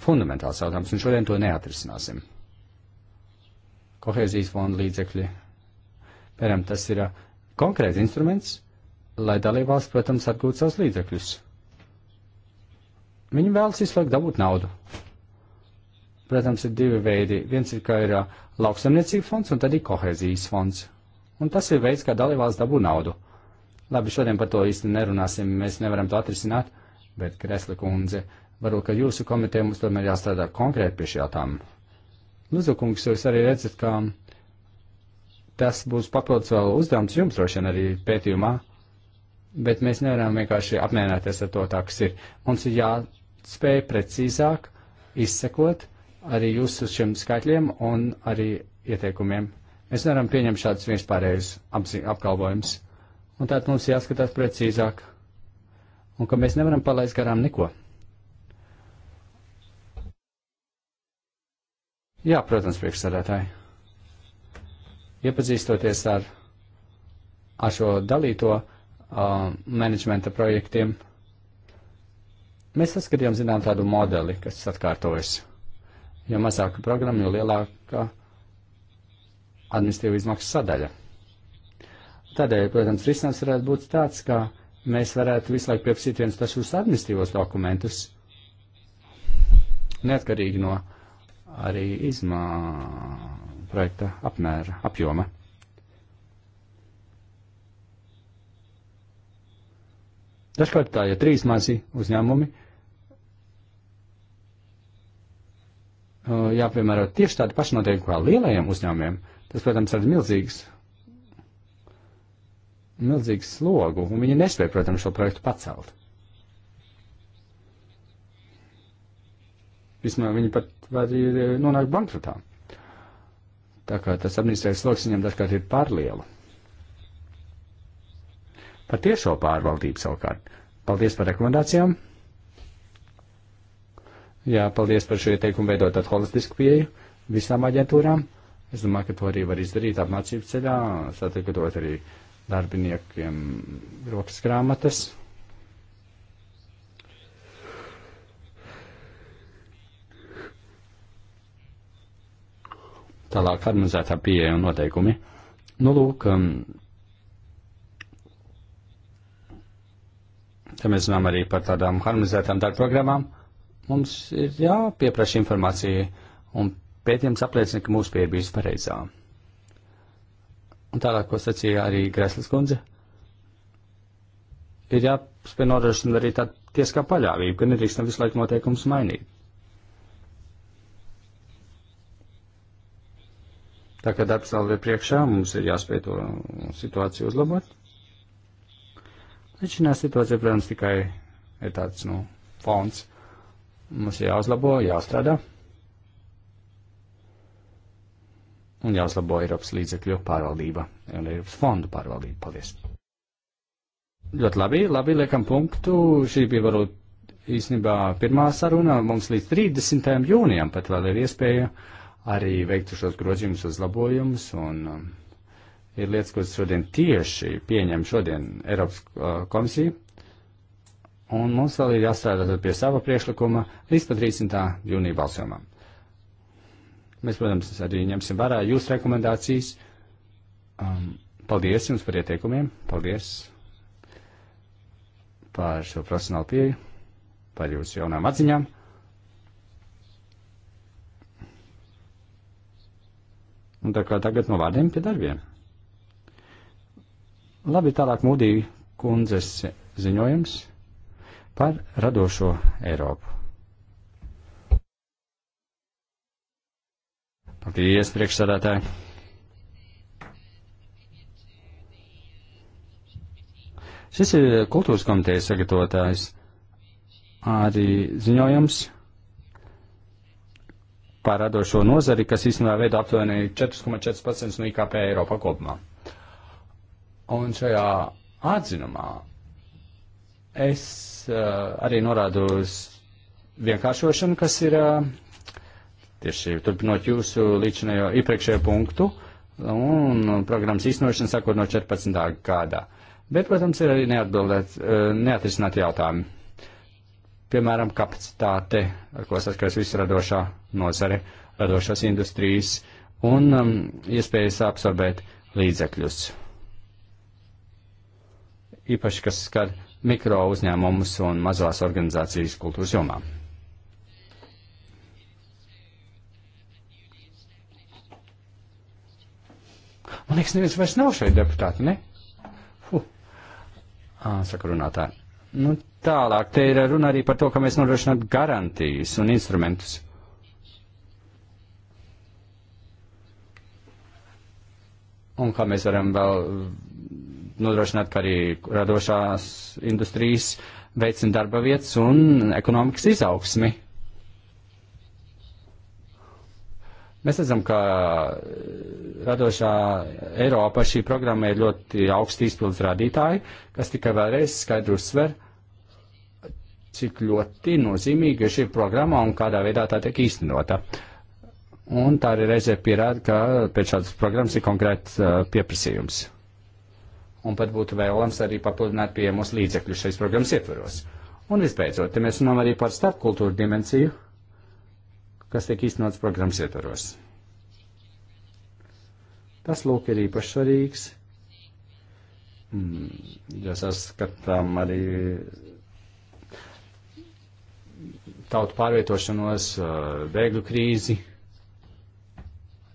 fundamentāls jautājums, un šodien to neatrisināsim. Kohēzijas fonda līdzekļi, piemēram, tas ir konkrēts instruments, lai dalībvalsts, protams, atgūtu savus līdzekļus. Viņi vēlas visu laiku dabūt naudu. Protams, ir divi veidi. Viens ir, ka ir lauksamniecība fonds un tad ir kohēzijas fonds. Un tas ir veids, kā dalībvalsts dabū naudu. Labi, šodien par to īsti nerunāsim, mēs nevaram to atrisināt, bet Kresla kundze, varbūt, ka jūsu komiteja mums tomēr jāstrādā konkrēti pie šī jautājuma. Lūdzu, kungs, jūs arī redzat, ka tas būs papildus vēl uzdevums jums droši vien arī pētījumā, bet mēs nevaram vienkārši apmierināties ar to tā, kas ir. Mums ir jāspēj precīzāk izsekot arī jūsu šiem skaitļiem un arī ieteikumiem. Mēs nevaram pieņemt šādus vienspārējus apgalvojumus. Un tātad mums jāskatās precīzāk. Un ka mēs nevaram palaist garām neko. Jā, protams, priekšsēdētāji. Iepazīstoties ar, ar šo dalīto uh, menedžmenta projektiem, mēs saskatījām, zinām, tādu modeli, kas atkārtojas. Jo mazāka programma, jo lielāka administratīva izmaksas sadaļa. Tādēļ, protams, risinājums varētu būt tāds, ka mēs varētu visu laiku pieprasīt viens pašus administratīvos dokumentus, neatkarīgi no arī izmā projekta apmēra, apjoma. Dažkārt tā ir ja trīs mazi uzņēmumi. Jāpiemēro tieši tādi paši noteikumi kā lielajiem uzņēmumiem. Tas, protams, ir milzīgs, milzīgs slogu, un viņi nespēja, protams, šo projektu pacelt. Vismaz viņi pat var nonākt bankrotā. Tā kā tas administrējas sloks viņam dažkārt ir pārliela. Par tiešo pārvaldību savukārt. Paldies par rekomendācijām. Jā, paldies par šo ieteikumu veidot tādu holistisku pieeju visām aģentūrām. Es domāju, ka to arī var izdarīt apmācību ceļā, satikot arī darbiniekiem rokas grāmatas. Tālāk harmonizētā pieeja un noteikumi. Nu, lūk, um, Te mēs runājam arī par tādām harmonizētām darba programmām. Mums ir jāpieprasa informācija, un pētījums apliecina, ka mūsu pieeja bijusi pareizā. Un tālāk, ko sacīja arī Greslis kundze, ir jāspēj nodrošināt arī tādu tieskā paļāvību, ka nedrīkstam visu laiku noteikumus mainīt. Tā kā darbs vēl ir priekšā, mums ir jāspēj to situāciju uzlabot. Taču šī situācija, protams, tikai ir tāds, nu, fons. Mums jāuzlabo, jāstrādā. Un jāuzlabo Eiropas līdzekļu pārvaldība un Eiropas fondu pārvaldība. Paldies! Ļoti labi, labi, liekam punktu. Šī bija varbūt īstenībā pirmā saruna. Mums līdz 30. jūnijam pat vēl ir iespēja arī veikt šos grozījumus, uzlabojumus un um, ir lietas, kuras šodien tieši pieņem šodien Eiropas uh, komisija, un mums vēl ir jāstrādā pie sava priekšlikuma līdz pat 30. jūnija balsojumam. Mēs, protams, arī ņemsim vērā jūsu rekomendācijas. Um, paldies jums par ieteikumiem, paldies par šo profesionālu pieeju, par jūsu jaunām atziņām. Un tā kā tagad no vārdiem pie darbiem. Labi, tālāk Mūdī kundzes ziņojums par radošo Eiropu. Paldies, priekšsādātāji! Šis ir kultūras komitejas sagatavotājs arī ziņojums par radošo nozari, kas īstenībā veido aptuveni 4,4% no IKP Eiropā kopumā. Un šajā atzinumā es uh, arī norādu uz vienkāršošanu, kas ir uh, tieši turpinot jūsu līdzinējo iepriekšējo punktu un programmas īstenošanu sakot no 14. gadā. Bet, protams, ir arī neatbildēt, uh, neatrisināti jautājumi. Piemēram, kapacitāte, ar ko saskars visradošā nozare, radošās industrijas un um, iespējas absorbēt līdzekļus īpaši, kas skar mikro uzņēmumus un mazās organizācijas kultūras jomā. Man liekas, neviens vairs nav šeit deputāti, ne? Huh. Ah, saka runātāji. Nu, tālāk, te ir runa arī par to, ka mēs nodrošinām garantijas un instrumentus. Un kā mēs varam vēl nodrošināt, ka arī radošās industrijas veicina darba vietas un ekonomikas izaugsmi. Mēs redzam, ka radošā Eiropa šī programma ir ļoti augsti izpildus rādītāji, kas tikai vēlreiz skaidri uzsver, cik ļoti nozīmīga ir šī programma un kādā veidā tā tiek īstenota. Un tā arī reizē pierāda, ka pēc šādas programmas ir konkrēts uh, pieprasījums un pat būtu vēlams arī papildināt pieejamos līdzekļus šais programmas ietvaros. Un visbeidzot, te mēs runājam arī par starpkultūru dimensiju, kas tiek īstenots programmas ietvaros. Tas, lūk, ir īpaši svarīgs, mm, jo saskatām arī tautu pārvietošanos, bēgļu krīzi.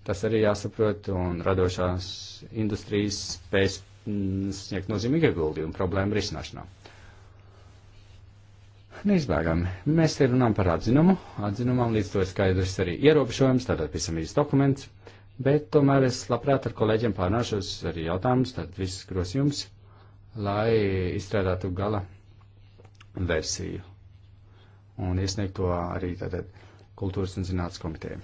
Tas arī jāsaprot, un radošās industrijas spējas Mm, sniegt nozīmīgu ieguldījumu problēmu risināšanā. Neizbēgami. Mēs te runājam par atzinumu. Atzinumam līdz to ir skaidrs arī ierobežojums, tātad visam īsts dokuments, bet tomēr es labprāt ar kolēģiem pārnāšos arī jautājumus, tad visus grosījums, lai izstrādātu gala versiju un iesniegt to arī tātad kultūras un zinātnes komitē.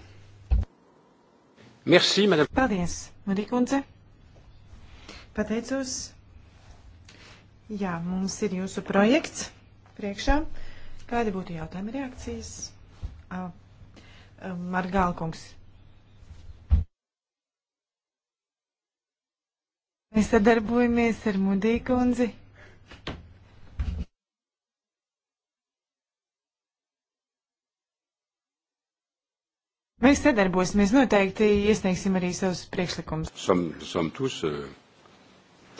Merci, madame. Paldies, Marija Kundze. Pateicos. Jā, mums ir jūsu projekts priekšā. Kādi būtu jautājumi reakcijas? Margālkungs. Mēs sadarbojamies ar Mudīju kundzi. Mēs sadarbosimies, noteikti iesniegsim arī savus priekšlikumus. Som, som tous, uh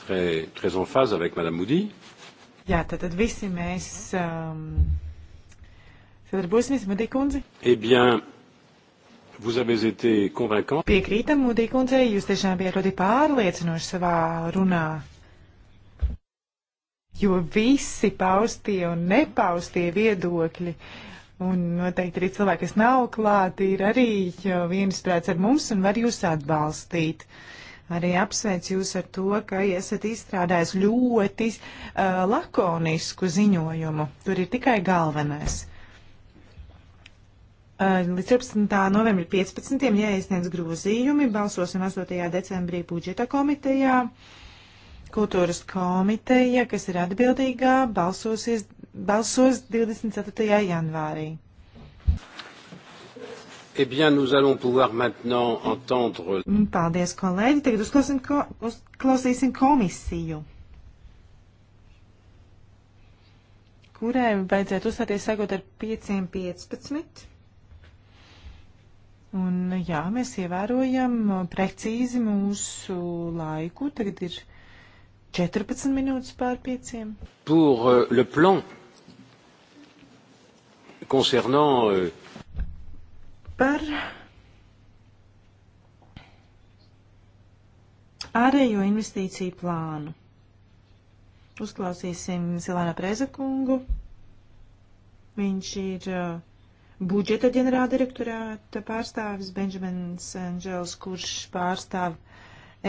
très, très en phase avec Madame Moody. Jā, tad, tad visi mēs um, sadarbosimies, Moody kundze. Eh bien, vous avez été convaincant. Piekrītam, Moody kundze, jūs tiešām bijat ļoti pārliecinoši savā runā. Jo visi paustie un nepaustie viedokļi Un noteikti arī cilvēki, kas nav klāti, ir arī viensprāts ar mums un var jūs atbalstīt. Uh, arī apsveic jūs ar to, ka esat izstrādājis ļoti uh, lakonisku ziņojumu. Tur ir tikai galvenais. Uh, līdz 13. novembrim 15. jāiesniedz grozījumi, balsosim 8. decembrī budžeta komitejā. Kultūras komiteja, kas ir atbildīgā, balsos 24. janvārī. Eh bien, nous allons pouvoir maintenant entendre. Mm, paldies, kolēģi. Tagad uzklausim, ko, uzklausīsim komisiju, kurai vajadzētu uzstāties sagot ar 5.15. Un jā, mēs ievērojam precīzi mūsu laiku. Tagad ir 14 minūtes pār 5. Pour euh, le plan concernant euh, par ārējo investīciju plānu. Uzklausīsim Silāna Prezakungu. Viņš ir uh, budžeta ģenerāldirektorāta pārstāvis Benžamins Anžels, kurš pārstāv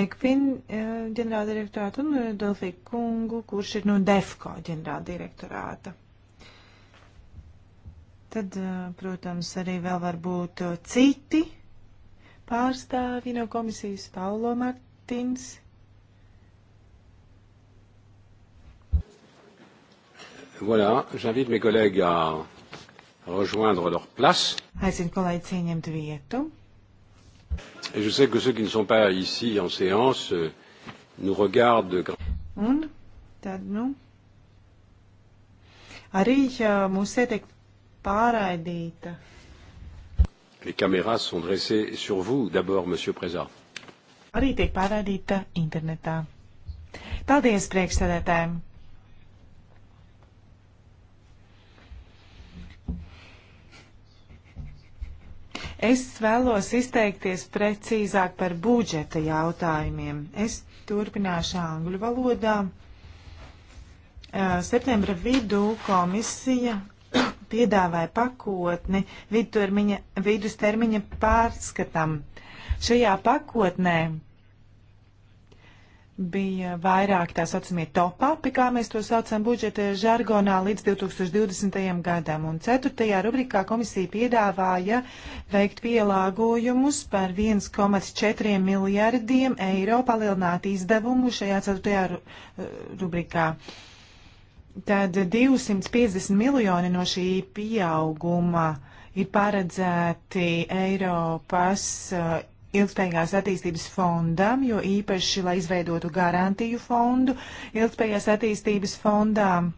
Ekfin uh, ģenerāldirektorātu un uh, Delfiju Kungu, kurš ir no DEFCO ģenerāldirektorāta. Tad, eh, protams, arī vēl var būt eh, citi pārstāvji no komisijas Paulo Martins. Voilà, j'invite mes collègues à rejoindre leur place. Aicinu kolēģi ieņemt vietu. Et je sais que ceux qui ne sont pas ici en séance euh, nous regardent. Un, tad, nu, arī uh, mūs ieteikt pārraidīta. Les caméras sont dressées sur vous d'abord, monsieur Prezā. Arī tiek pārraidīta internetā. Paldies priekšsēdētājiem! Es vēlos izteikties precīzāk par budžeta jautājumiem. Es turpināšu angļu valodā. Septembra vidū komisija piedāvāja pakotni vidurmiņa, vidustermiņa pārskatam. Šajā pakotnē bija vairāk tā saucamie top-upi, kā mēs to saucam budžeta žargonā, līdz 2020. gadam. Un ceturtajā rubrikā komisija piedāvāja veikt pielāgojumus par 1,4 miljardiem eiro palielināt izdevumu šajā ceturtajā eh, rubrikā. Uh, Tad 250 miljoni no šī pieauguma ir paredzēti Eiropas uh, ilgspējīgās attīstības fondam, jo īpaši, lai izveidotu garantiju fondu ilgspējīgās attīstības fondām,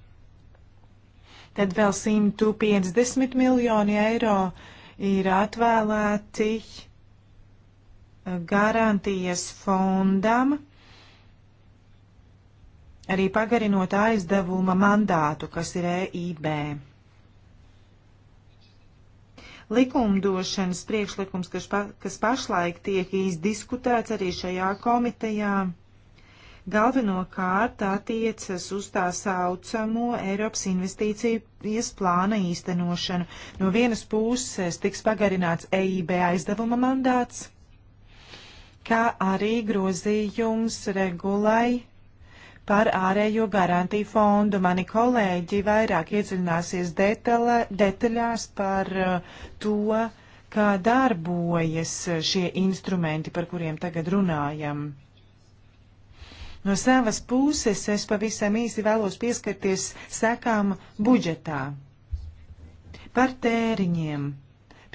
tad vēl 150 miljoni eiro ir atvēlēti uh, garantijas fondam arī pagarinot aizdevuma mandātu, kas ir EIB. Likumdošanas priekšlikums, kas, pa, kas pašlaik tiek izdiskutēts arī šajā komitejā, galvenokārt attiecas uz tā saucamo Eiropas investīcijas plāna īstenošanu. No vienas puses tiks pagarināts EIB aizdevuma mandāts, kā arī grozījums regulai par ārējo garantiju fondu. Mani kolēģi vairāk iedziļināsies detaļā, detaļās par eh, to, kā darbojas šie instrumenti, par kuriem tagad runājam. No savas puses es pavisam īsi vēlos pieskarties sekām budžetā. Par tēriņiem.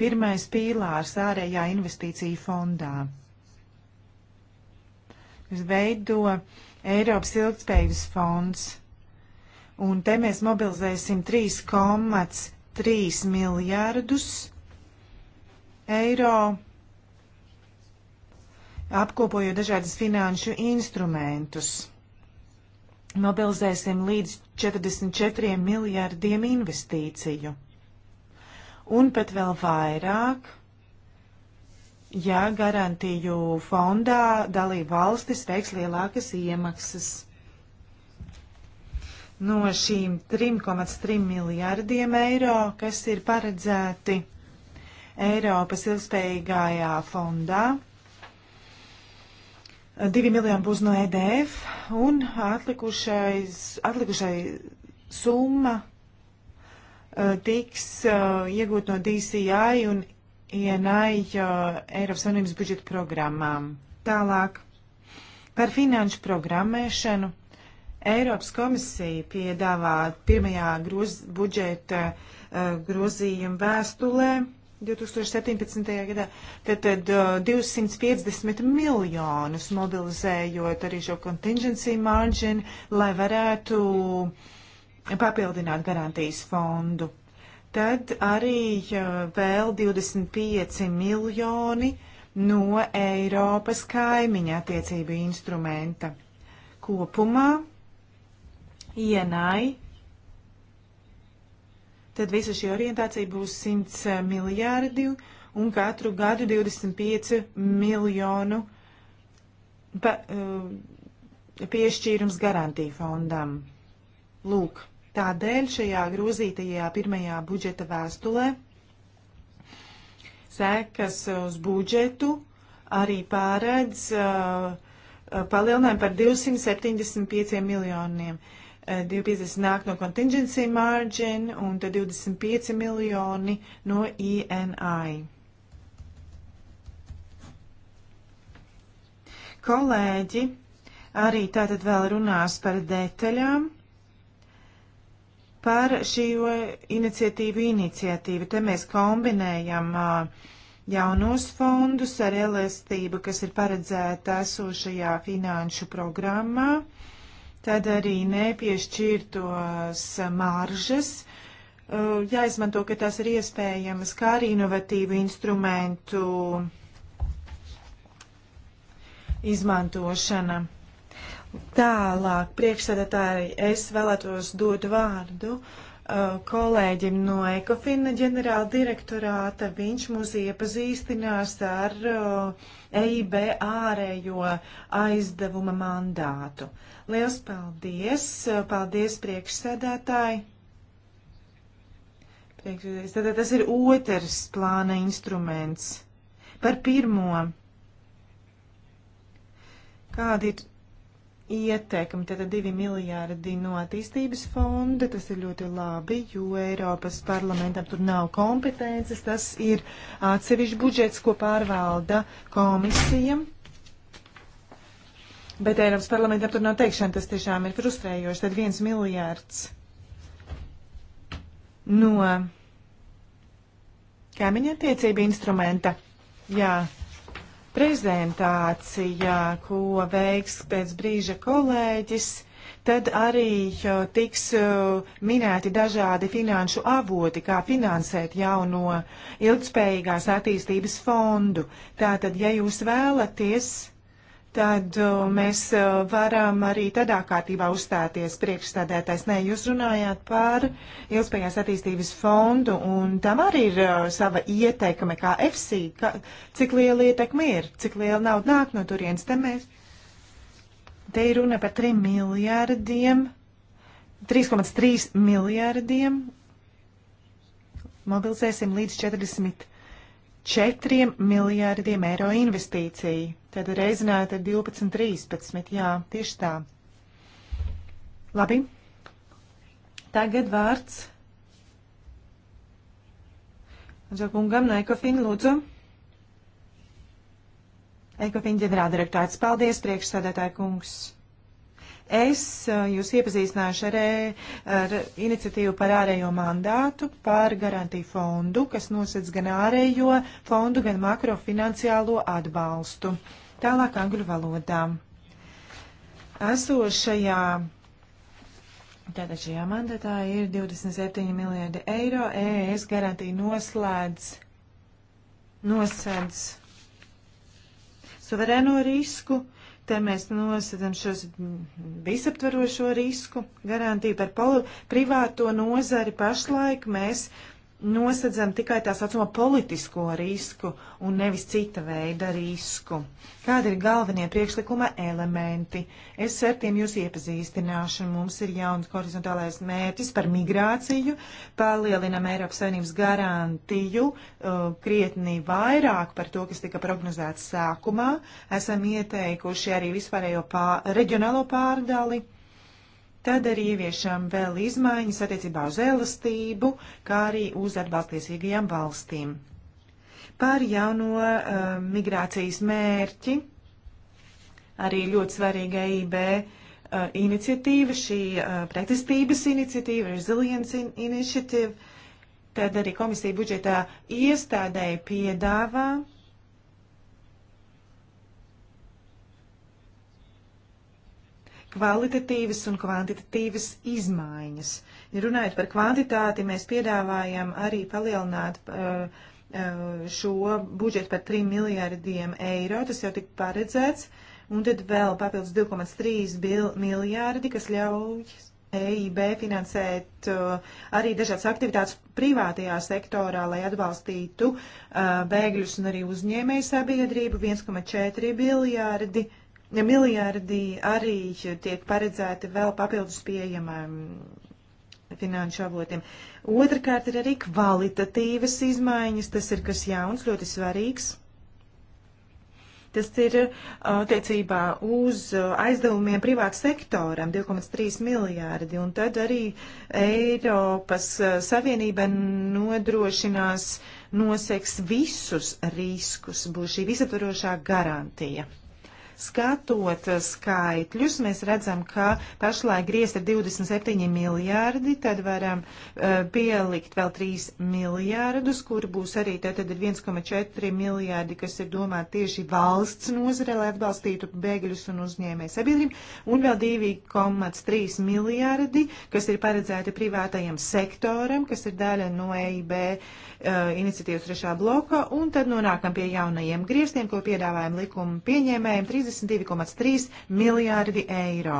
Pirmais pīlārs ārējā investīcija fondā. Es veido Eiropas ilgspējības fonds. Un te mēs mobilizēsim 3,3 miljārdus eiro, apkopojot dažādas finanšu instrumentus. Mobilizēsim līdz 44 miljārdiem investīciju. Un pat vēl vairāk ja garantiju fondā dalība valstis veiks lielākas iemaksas. No šīm 3,3 miljārdiem eiro, kas ir paredzēti Eiropas ilgspējīgajā fondā, 2 miljoni būs no EDF un atlikušai summa eh, tiks uh, iegūt no DCI un INI uh, Eiropas Savienības budžeta programmām. Tālāk par finanšu programmēšanu. Eiropas komisija piedāvā pirmajā groz, budžeta uh, grozījuma vēstulē 2017. gadā tad, tad uh, 250 miljonus mobilizējot arī šo contingency margin, lai varētu papildināt garantijas fondu. Tad arī vēl 25 miljoni no Eiropas kaimiņa attiecību instrumenta. Kopumā ienai, tad visa šī orientācija būs 100 miljārdi un katru gadu 25 miljonu pa, uh, piešķīrums garantija fondam. Lūk. Tādēļ šajā grozītajā pirmajā budžeta vēstulē sekas uz budžetu arī pārēdz uh, palielinājumu par 275 miljoniem. 250 uh, nāk no contingency margin un tad 25 miljoni no ENI. Kolēģi arī tātad vēl runās par detaļām Par šo iniciatīvu iniciatīvu te mēs kombinējam jaunos fondus ar elastību, kas ir paredzēta esošajā finanšu programmā, tad arī nepiešķirtos maržas, jāizmanto, ka tās ir iespējamas, kā arī inovatīvu instrumentu izmantošana. Tālāk, priekšsēdētāji, es vēlētos dot vārdu uh, kolēģim no Ekofina ģenerāla direktorāta. Viņš mūs iepazīstinās ar uh, EIB ārējo aizdevuma mandātu. Liels paldies! Uh, paldies, priekšsēdētāji! Priekšsēdētājs. Tātad tas ir otrs plāna instruments. Par pirmo. Kādi ir ietekmi. Tātad divi miljārdi no attīstības fonda, tas ir ļoti labi, jo Eiropas parlamentam tur nav kompetences. Tas ir atsevišķi budžets, ko pārvalda komisija. Bet Eiropas parlamentam tur nav teikšana, tas tiešām ir frustrējoši. Tad viens miljārds no kaimiņa attiecība instrumenta. Jā, prezentācijā, ko veiks pēc brīža kolēģis, tad arī tiks minēti dažādi finanšu avoti, kā finansēt jauno ilgspējīgās attīstības fondu. Tātad, ja jūs vēlaties tad uh, mēs uh, varam arī tādā kārtībā uzstāties priekšstādētais. Nē, jūs runājāt par ilgspējās attīstības fondu, un tam arī ir uh, sava ieteikme, kā FC, ka, cik liela ietekme ir, cik liela nauda nāk no turienes. Te, mēs, te ir runa par 3 miljārdiem, 3,3 miljārdiem. Mobilizēsim līdz 40 4 miljārdiem eiro investīciju. Tad reizināt ar 12,13. Jā, tieši tā. Labi. Tagad vārds. Džakungam, Nekofin, lūdzu. Ekofin ģenerāldirektāts, paldies, priekšsēdētāja kungs. Es eh, jūs iepazīstināšu ar, ar iniciatīvu par ārējo mandātu, par garantiju fondu, kas nosacīs gan ārējo fondu, gan makrofinanciālo atbalstu. Tālāk angļu valodā. Esošajā Tātad šajā mandatā ir 27 miljardi eiro. ES garantija noslēdz, noslēdz suverēno risku Te mēs nosacām šos visaptvarošo risku garantiju par privāto nozari pašlaik mēs nosedzam tikai tā saucamo politisko risku un nevis cita veida risku. Kādi ir galvenie priekšlikuma elementi? Es ar tiem jūs iepazīstināšu. Mums ir jauns horizontālais mērķis par migrāciju, palielinam Eiropas Savienības garantiju uh, krietni vairāk par to, kas tika prognozēts sākumā. Esam ieteikuši arī vispārējo pā, reģionālo pārdali Tad arī ieviešam vēl izmaiņas attiecībā uz elastību, kā arī uz atbalstiesīgajām valstīm. Par jauno uh, migrācijas mērķi arī ļoti svarīga EIB uh, eh, iniciatīva, šī uh, pretestības iniciatīva, Resilience in Initiative. Tad arī komisija budžetā iestādēji piedāvā uh, kvalitatīvas un kvantitatīvas izmaiņas. Runājot par kvantitāti, mēs piedāvājam arī palielināt uh, uh šo budžetu par 3 miljārdiem eiro, tas jau tika paredzēts, un tad vēl papildus 2,3 miljārdi, kas ļauj EIB finansēt uh, arī dažādas aktivitātes privātajā sektorā, lai atbalstītu uh, bēgļus un arī uzņēmēju sabiedrību 1,4 miljārdi eiro miljardi arī tiek paredzēti vēl papildus pieejamām finanšu avotiem. Otrakārt ir arī kvalitatīvas izmaiņas, tas ir kas jauns, ļoti svarīgs. Tas ir attiecībā uz aizdevumiem privātu sektoram 2,3 miljārdi, un tad arī Eiropas Savienība nodrošinās noseks visus riskus, būs šī visaptvarošā garantija. Skatot skaitļus, mēs redzam, ka pašlaik griezt ir 27 miljārdi, tad varam uh, pielikt vēl 3 miljārdus, kur būs arī tātad 1,4 miljārdi, kas ir domāti tieši valsts nozare, lai atbalstītu bēgļus un uzņēmēju sabiedrību, un vēl 2,3 miljārdi, kas ir paredzēti privātajam sektoram, kas ir daļa no EIB uh, eh, iniciatīvas trešā bloka, un tad nonākam pie jaunajiem grieztiem, ko piedāvājam likuma pieņēmējiem. 32,3 miljārdi eiro.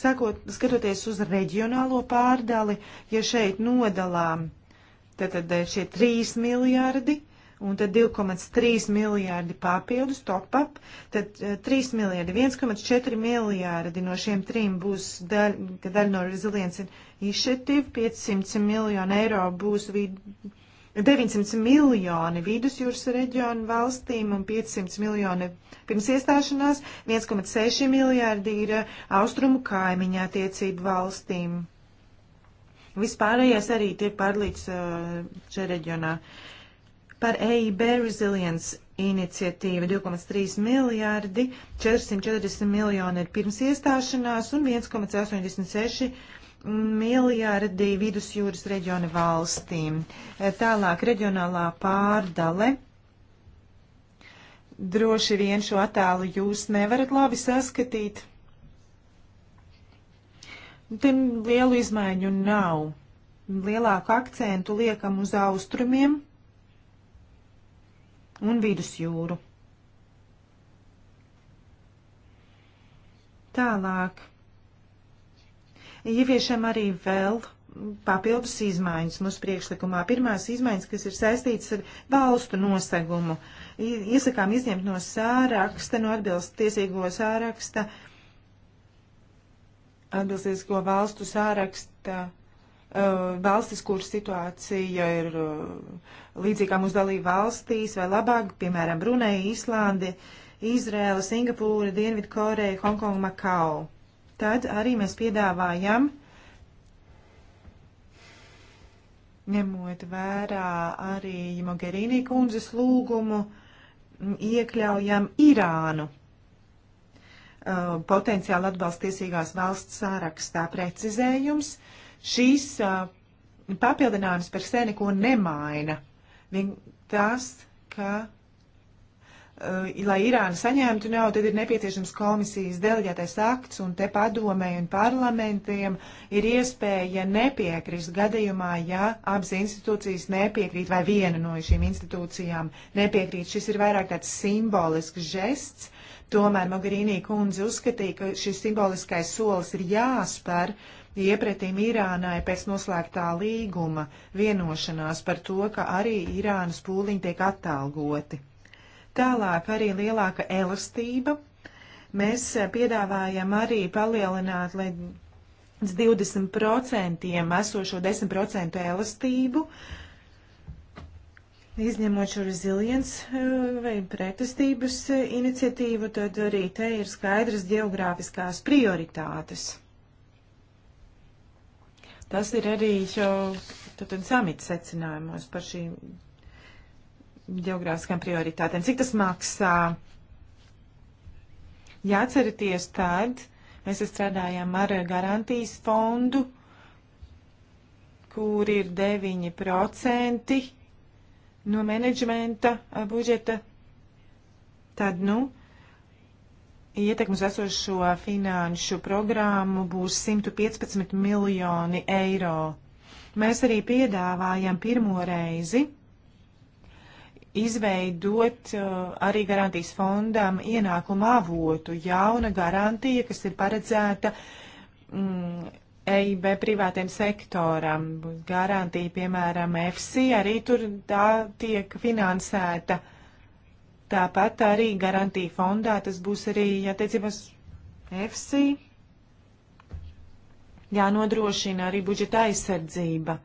Sākot, skatoties uz reģionālo pārdali, ja šeit nodalām, tad, tad eh, šie 3 miljārdi un tad 2,3 miljārdi papildus top-up, tad 3 eh, miljārdi, 1,4 miljārdi no šiem trim būs daļa, daļa no Resilience Initiative, 500 miljonu eiro būs vidi 900 miljoni vidusjūras reģionu valstīm un 500 miljoni pirms iestāšanās, 1,6 miljārdi ir eh, austrumu kaimiņā attiecību valstīm. Vispārējais arī tiek pārlīdz eh, šajā reģionā. Par EIB Resilience iniciatīva 2,3 miljārdi, 440 miljoni ir pirms iestāšanās un 1,86 miljārdi miljardi vidusjūras reģiona valstīm. E, tālāk reģionālā pārdale. Droši vien šo attēlu jūs nevarat labi saskatīt. Te lielu izmaiņu nav. Lielāku akcentu liekam uz austrumiem un vidusjūru. Tālāk ieviešam arī vēl papildus izmaiņas mūsu priekšlikumā. Pirmās izmaiņas, kas ir saistītas ar valstu nosegumu, iesakām izņemt no sāraksta, no atbilst tiesīgo sāraksta, atbilstīgo valstu sāraksta uh, valstis, kur situācija ir uh, līdzīgā mūsu dalību valstīs vai labāk, piemēram, Brunei, Īslandi, Izrēla, Singapūra, Dienvidkoreja, Hongkonga, Makau tad arī mēs piedāvājam, ņemot vērā arī Mogherīnī kundzes lūgumu, iekļaujam Irānu uh, potenciāli atbalstiesīgās valsts sārakstā precizējums. Šīs uh, papildinājums par sēni neko nemaina. Vien tas, ka Eh, lai Irāna saņemtu naudu, tad ir nepieciešams komisijas deleģētais akts, un te padomēji un parlamentiem ir iespēja nepiekrist gadījumā, ja abas institūcijas nepiekrīt vai viena no šīm institūcijām nepiekrīt. Šis ir vairāk tāds simbolisks žests. Tomēr Mogherīnī kundze uzskatīja, ka šis simboliskais solis ir jāspēr iepretīm Irānai pēc noslēgtā līguma vienošanās par to, ka arī Irānas pūliņi tiek attālgoti. Tālāk arī lielāka elastība. Mēs eh, piedāvājam arī palielināt līdz 20% esošo 10% elastību, Izņemot šo reziliens eh, vai pretestības eh, iniciatīvu, tad arī te ir skaidras geogrāfiskās prioritātes. Tas ir arī jau samita secinājumos par šīm geogrāfiskām prioritātēm. Cik tas maksā? Jāceraties tad, mēs strādājām ar garantijas fondu, kur ir 9% no menedžmenta budžeta. Tad, nu, ietekmes esošo finanšu programmu būs 115 miljoni eiro. Mēs arī piedāvājam pirmo reizi izveidot uh, arī garantijas fondam ienākumu avotu, jauna garantija, kas ir paredzēta mm, EIB privātiem sektoram. Garantija, piemēram, FC arī tur tā tiek finansēta. Tāpat arī garantija fondā tas būs arī attiecībās FC. Jānodrošina arī budžeta aizsardzība.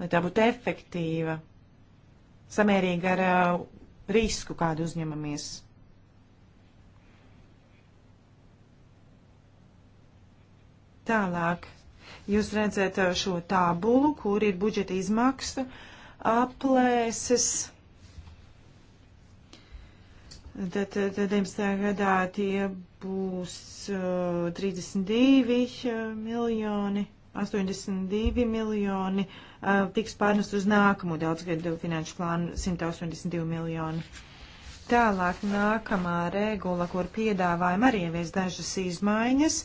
lai tā būtu efektīva, samērīga ar uh, risku, kādu uzņemamies. Tālāk, jūs redzat uh, šo tabulu, kur ir budžeta izmaksu aplēses. Tad, uh, tad 19. gadā tie būs uh, 32 uh, miljoni, 82 miljoni, uh, tiks pārnest uz nākamo daudzgadu finanšu plānu 182 miljonu. Tālāk nākamā regula, kur piedāvājam arī ievies dažas izmaiņas.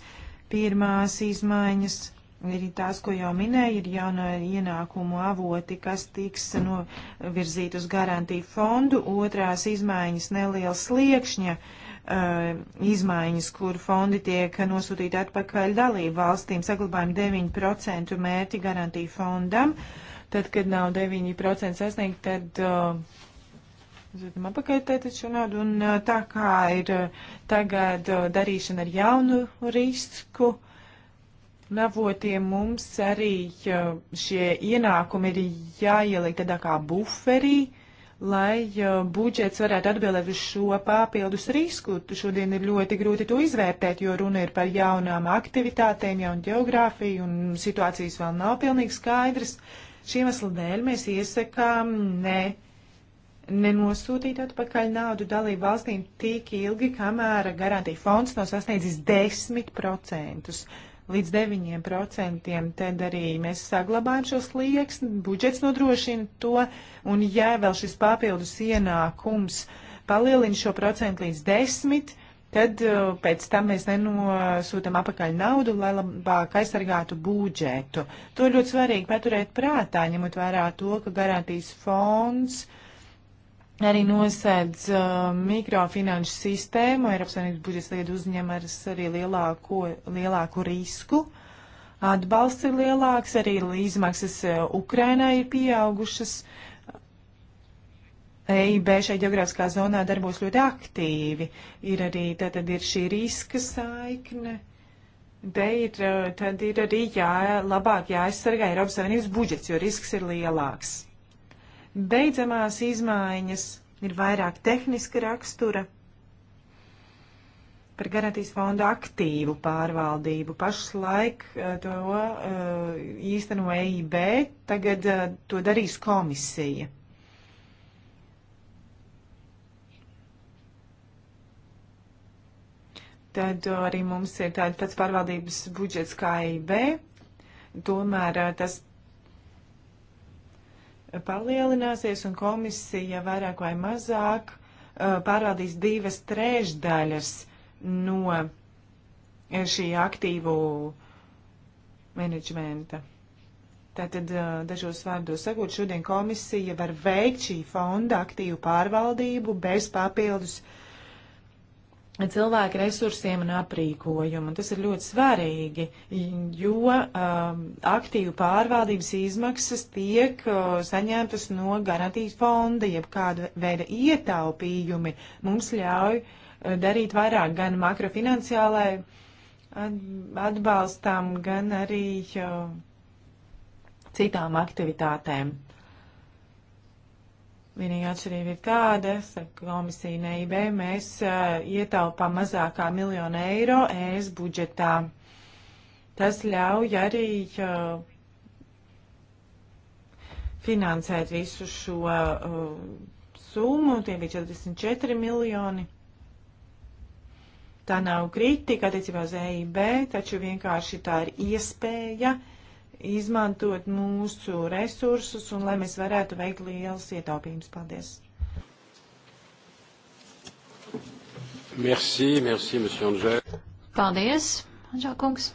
Pirmās izmaiņas ir tās, ko jau minēju, ir jauna ienākumu avoti, kas tiks novirzīt uz garantiju fondu. Otrās izmaiņas neliela sliekšņa uh, Uh, izmaiņas, kur fondi tiek nosūtīti atpakaļ dalību valstīm, saglabājam 9% mērķi garantiju fondam. Tad, kad nav 9% sasniegt, tad uh, apakaļ tētad šo naudu. Un uh, tā kā ir uh, tagad uh, darīšana ar jaunu risku, navotiem mums arī uh, šie ienākumi ir jāieliek tādā kā buferī. Uh, lai budžets varētu atbildēt uz šo papildus risku. Šodien ir ļoti grūti to izvērtēt, jo runa ir par jaunām aktivitātēm, jaunu geogrāfiju un situācijas vēl nav pilnīgi skaidrs. Šiem aslu dēļ mēs iesakām ne, nenosūtīt atpakaļ naudu dalību valstīm tik ilgi, kamēr garantija fonds nav sasniedzis 10% līdz 9%. Tad arī mēs saglabājam šo slieksni, budžets nodrošina to, un ja vēl šis papildus ienākums palielina šo procentu līdz 10%, tad uh, pēc tam mēs nenosūtam apakaļ naudu, lai labāk aizsargātu budžetu. To ļoti svarīgi paturēt prātā, ņemot vērā to, ka garantijas fonds uh, arī nosedz uh, mikrofinanšu sistēmu. Eiropas Savienības budžets lieta uzņemas arī lielāko, lielāku risku. Atbalsts ir lielāks, arī izmaksas uh, Ukrainai ir pieaugušas. EIB šai geogrāfiskā zonā darbos ļoti aktīvi. Ir arī tātad ir šī riska saikne. Te ir, uh, tad ir arī jā, labāk jāaizsargā Eiropas Savienības budžets, jo risks ir lielāks. Beidzamās izmaiņas ir vairāk tehniska rakstura par garantijas fonda aktīvu pārvaldību. Pašlaik eh, to eh, īsteno EIB, tagad eh, to darīs komisija. Tad arī mums ir tāds pats pārvaldības budžets kā EIB. Tomēr tas palielināsies un komisija vairāk vai mazāk uh, pārvaldīs divas trešdaļas no uh, šī aktīvu menedžmenta. Tātad uh, dažos vārdos sakot, šodien komisija var veikt šī fonda aktīvu pārvaldību bez papildus uh, cilvēku resursiem un aprīkojumu. Tas ir ļoti svarīgi, jo um, aktīvu pārvaldības izmaksas tiek uh, saņemtas no garantijas fonda, jeb kāda veida ietaupījumi mums ļauj uh, darīt vairāk gan makrofinanciālai atbalstam, gan arī uh, citām aktivitātēm. Vienīgā atšķirība ir tāda, saka komisija NIB, e mēs uh, ietaupām mazākā miljonu eiro ES budžetā. Tas ļauj arī uh, finansēt visu šo uh, summu, tie bija 44 miljoni. Tā nav kritika attiecībā uz EIB, taču vienkārši tā ir iespēja uh, izmantot mūsu resursus un lai mēs varētu veikt lielas ietaupījumus. Paldies! Merci, merci, monsieur Angel. Paldies, Anžēl kungs.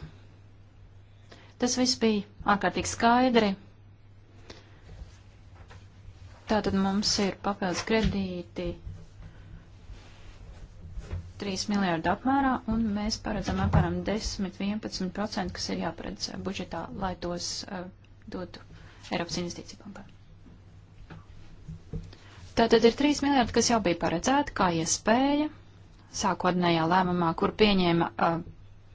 Tas viss bija ārkārtīgi skaidri. Tātad mums ir papildus kredīti 3 miljārdu apmērā, un mēs paredzam apmēram 10-11%, kas ir jāparedz eh, budžetā, lai tos uh, dotu Eiropas investīciju bankai. Tātad ir 3 miljārdi, kas jau bija paredzēti kā iespēja sākotnējā lēmumā, kur pieņēma uh,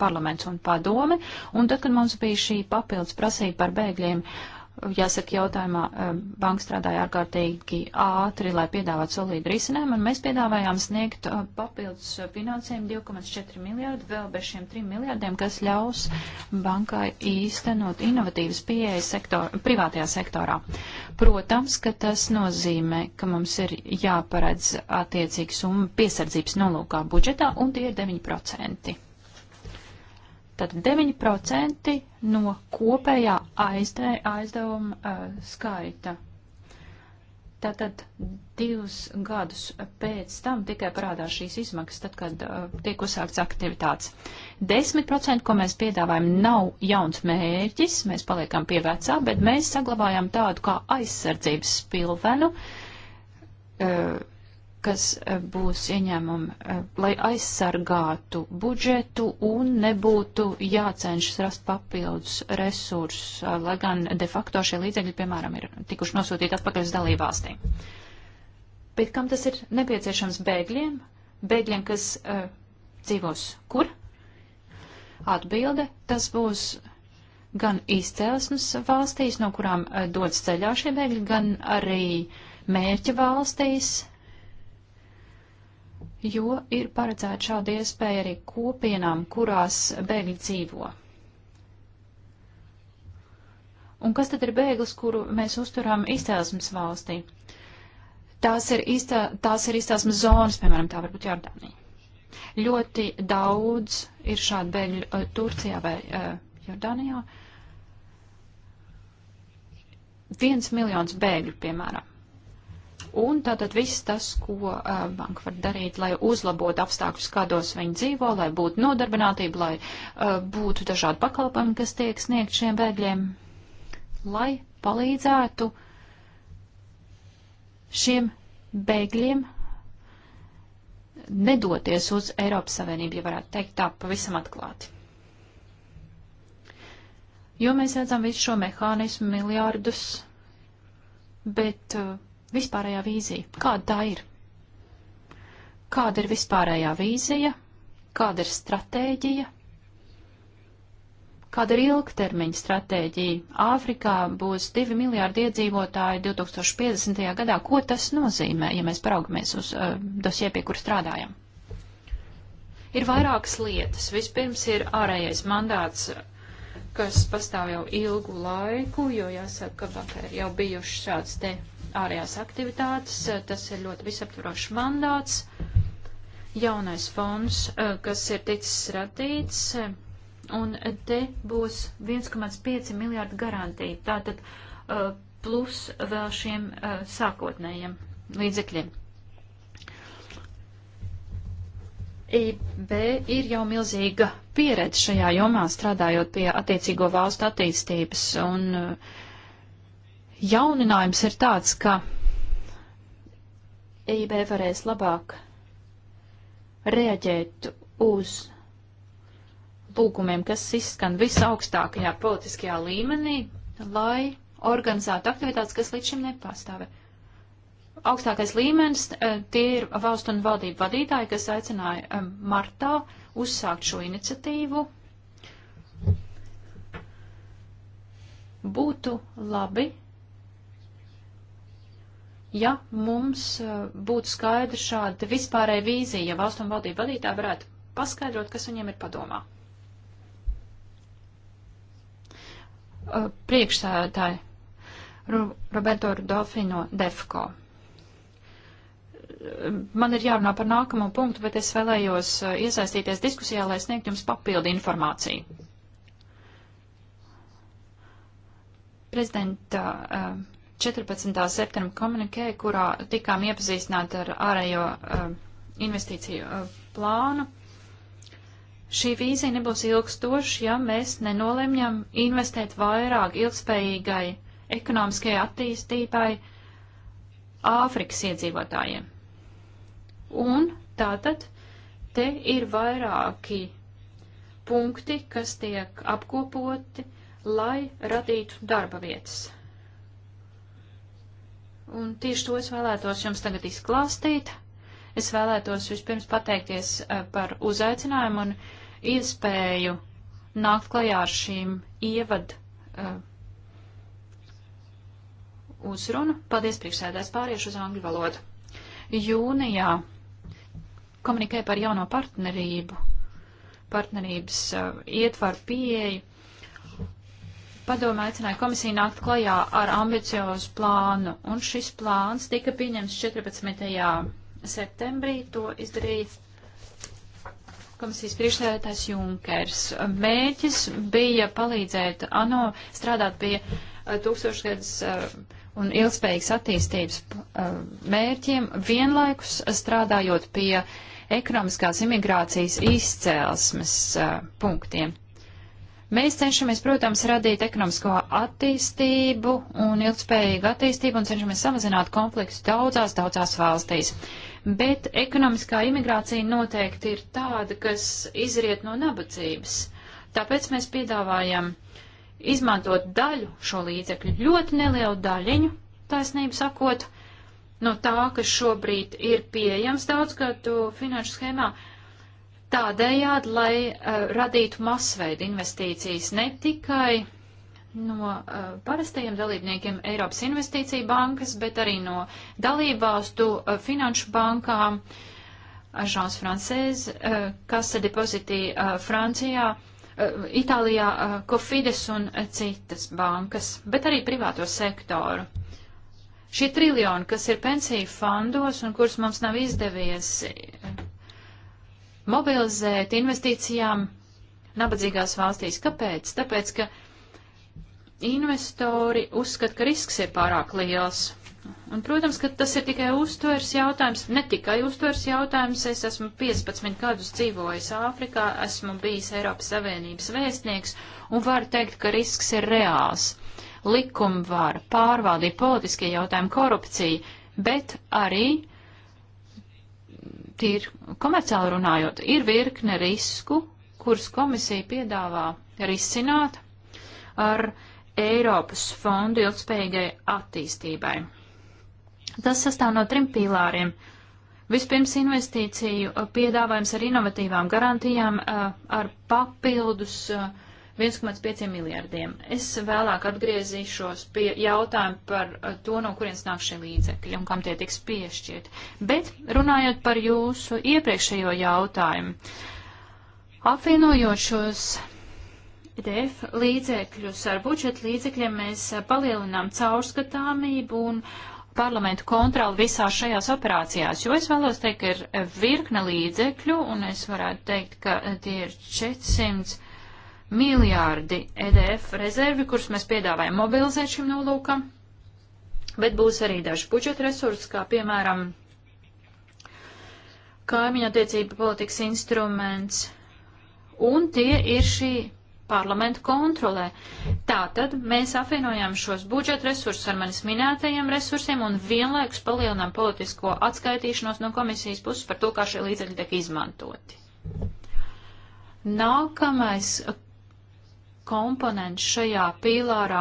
parlaments un padome, un tad, kad mums bija šī papildus prasība par bēgļiem, uh, Jāsaka, jautājumā eh, banka strādāja ārkārtīgi ātri, lai piedāvātu solīdu risinājumu, un mēs piedāvājām sniegt eh, papildus finansējumu 2,4 miljārdu, vēl bez šiem 3 miljārdiem, kas ļaus bankai īstenot inovatīvas pieejas sektor, privātajā sektorā. Protams, ka tas nozīmē, ka mums ir jāparedz attiecīgs summa piesardzības nolūkā budžetā, un tie ir 9%. Tad 9% no kopējā aizdē, aizdevuma uh, skaita. Tātad divus gadus pēc tam tikai parādās šīs izmaksas, tad, kad uh, tiek uzsākts aktivitātes. 10%, ko mēs piedāvājam, nav jauns mērķis, mēs paliekam pie vecā, bet mēs saglabājam tādu kā aizsardzības pilvenu. Uh, kas eh, būs ieņēmumi, eh, lai aizsargātu budžetu un nebūtu jācenšas rast papildus resursus, eh, lai gan de facto šie līdzekļi, piemēram, ir tikuši nosūtīti atpakaļ uz dalībvalstīm. Bet kam tas ir nepieciešams bēgļiem? Bēgļiem, kas uh, dzīvos kur? Atbilde, tas būs gan izcelsmes valstīs, no kurām uh, dodas ceļā šie bēgļi, gan arī mērķa valstīs, jo ir paredzēta šāda iespēja arī kopienām, kurās bēgļi dzīvo. Un kas tad ir bēglis, kuru mēs uzturām izcelsmes valstī? Tās ir, izcā, tās ir izcelsmes zonas, piemēram, tā varbūt Jordānija. Ļoti daudz ir šādu bēgļu uh, Turcijā vai uh, Jordānijā. Viens miljons bēgļu, piemēram. Un tātad viss tas, ko uh, banka var darīt, lai uzlabotu apstākļus, kādos viņi dzīvo, lai būtu nodarbinātība, lai uh, būtu dažādi pakalpojumi, kas tiek sniegt šiem bēgļiem, lai palīdzētu šiem bēgļiem nedoties uz Eiropas Savienību, ja varētu teikt tā pavisam atklāti. Jo mēs redzam visu šo mehānismu miljārdus, bet uh, vispārējā vīzija. Kāda tā ir? Kāda ir vispārējā vīzija? Kāda ir stratēģija? Kāda ir ilgtermiņa stratēģija? Āfrikā būs 2 miljārdi iedzīvotāji 2050. gadā. Ko tas nozīmē, ja mēs paraugamies uz uh, dosie, pie kur strādājam? Ir vairākas lietas. Vispirms ir ārējais mandāts, kas pastāv jau ilgu laiku, jo jāsaka, ka vakar jau bijuši šāds te ārējās aktivitātes. Eh, tas ir ļoti visaptvarošs mandāts. Jaunais fonds, eh, kas ir ticis radīts, eh, un te būs 1,5 miljārdu garantija. Tātad plus vēl šiem sākotnējiem līdzekļiem. EIB ir jau milzīga pieredze šajā jomā, strādājot pie attiecīgo valstu attīstības, un uh, Jauninājums ir tāds, ka EIB varēs labāk reaģēt uz lūgumiem, kas izskan visaugstākajā politiskajā līmenī, lai organizētu aktivitātes, kas līdz šim nepastāvē. Augstākais līmenis eh, tie ir valstu un valdību vadītāji, kas aicināja eh, martā uzsākt šo iniciatīvu. Būtu labi, ja mums eh, būtu skaidra šāda vispārēja vīzija, ja valstu un valdību vadītāji varētu paskaidrot, kas viņiem ir padomā. Eh, priekšsēdētāji Roberto Rudolfino Defko. Eh, man ir jārunā par nākamo punktu, bet es vēlējos iesaistīties diskusijā, lai sniegtu jums papildu informāciju. Prezidenta uh, 14. septembra komunikē, kurā tikām iepazīstināti ar ārējo uh, investīciju uh, plānu. Šī vīzija nebūs ilgstoša, ja mēs nenolemjam investēt vairāk ilgspējīgai ekonomiskajai attīstībai Āfrikas iedzīvotājiem. Un tātad te ir vairāki punkti, kas tiek apkopoti, lai radītu darba vietas. Un tieši to es vēlētos jums tagad izklāstīt. Es vēlētos vispirms pateikties eh, par uzaicinājumu un iespēju nākt klajā ar šīm ievad uh, uzrunu. Paldies, priekšsēdēs, pāriešu uz angļu valodu. Jūnijā komunikēja par jauno partnerību, partnerības uh, ietvaru pieeju Padoma aicināja komisiju nākt klajā ar ambiciozu plānu, un šis plāns tika pieņemts 14. septembrī. To izdarīja komisijas priekšsēdētājs Junkers. Mēķis bija palīdzēt ANO strādāt pie eh, tūkstošgadus eh, un ilgspējīgas attīstības eh, mērķiem, vienlaikus strādājot pie ekonomiskās imigrācijas izcēlesmes punktiem. Mēs cenšamies, protams, radīt ekonomisko attīstību un ilgspējīgu attīstību un cenšamies samazināt konfliktus daudzās, daudzās valstīs. Bet ekonomiskā imigrācija noteikti ir tāda, kas izriet no nabadzības. Tāpēc mēs piedāvājam izmantot daļu šo līdzekļu, ļoti nelielu daļiņu, taisnību sakot, no tā, kas šobrīd ir pieejams daudzgadu finanšu schēmā, tādējādi, lai uh, radītu masveidu investīcijas ne tikai no uh, parastajiem dalībniekiem Eiropas investīcija bankas, bet arī no dalībvalstu uh, finanšu bankām, Agence Française, uh, Kasa Depositī uh, Francijā, uh, Itālijā, uh, Cofides un uh, citas bankas, bet arī privāto sektoru. Šie triljoni, kas ir pensiju fondos un kurus mums nav izdevies uh, mobilizēt investīcijām nabadzīgās valstīs. Kāpēc? Tāpēc, ka investori uzskata, ka risks ir pārāk liels. Un, protams, ka tas ir tikai uztvers jautājums, ne tikai uztvers jautājums. Es esmu 15 gadus dzīvojis Āfrikā, esmu bijis Eiropas Savienības vēstnieks un varu teikt, ka risks ir reāls. Likuma var pārvaldīt politiskie jautājumi, korupcija, bet arī Tīri komerciāli runājot, ir virkne risku, kurus komisija piedāvā risināt ar Eiropas fondu ilgspējīgai attīstībai. Tas sastāv no trim pīlāriem. Vispirms investīciju piedāvājums ar inovatīvām garantijām, eh, ar papildus uh, 1,5 miljardiem. Es vēlāk atgriezīšos pie jautājuma par eh, to, no kurienes nāk šie līdzekļi un kam tie tiks piešķirt. Bet runājot par jūsu iepriekšējo jautājumu, apvienojot šos IDF e līdzekļus ar budžeta līdzekļiem, mēs eh, palielinām caurskatāmību un parlamentu kontroli visās šajās operācijās, jo es vēlos teikt, ka ir eh, virkne līdzekļu, un es varētu teikt, ka tie ir 400 miljārdi EDF rezervi, kurus mēs piedāvājam mobilizēt šim nolūkam, bet būs arī daži budžeta resursi, kā piemēram kaimiņa attiecība politikas instruments, un tie ir šī parlamenta kontrolē. Tātad mēs apvienojam šos budžeta resursus ar manis minētajiem resursiem un vienlaikus palielinām politisko atskaitīšanos no komisijas puses par to, kā šie līdzekļi tiek izmantoti. Nākamais komponents šajā pīlārā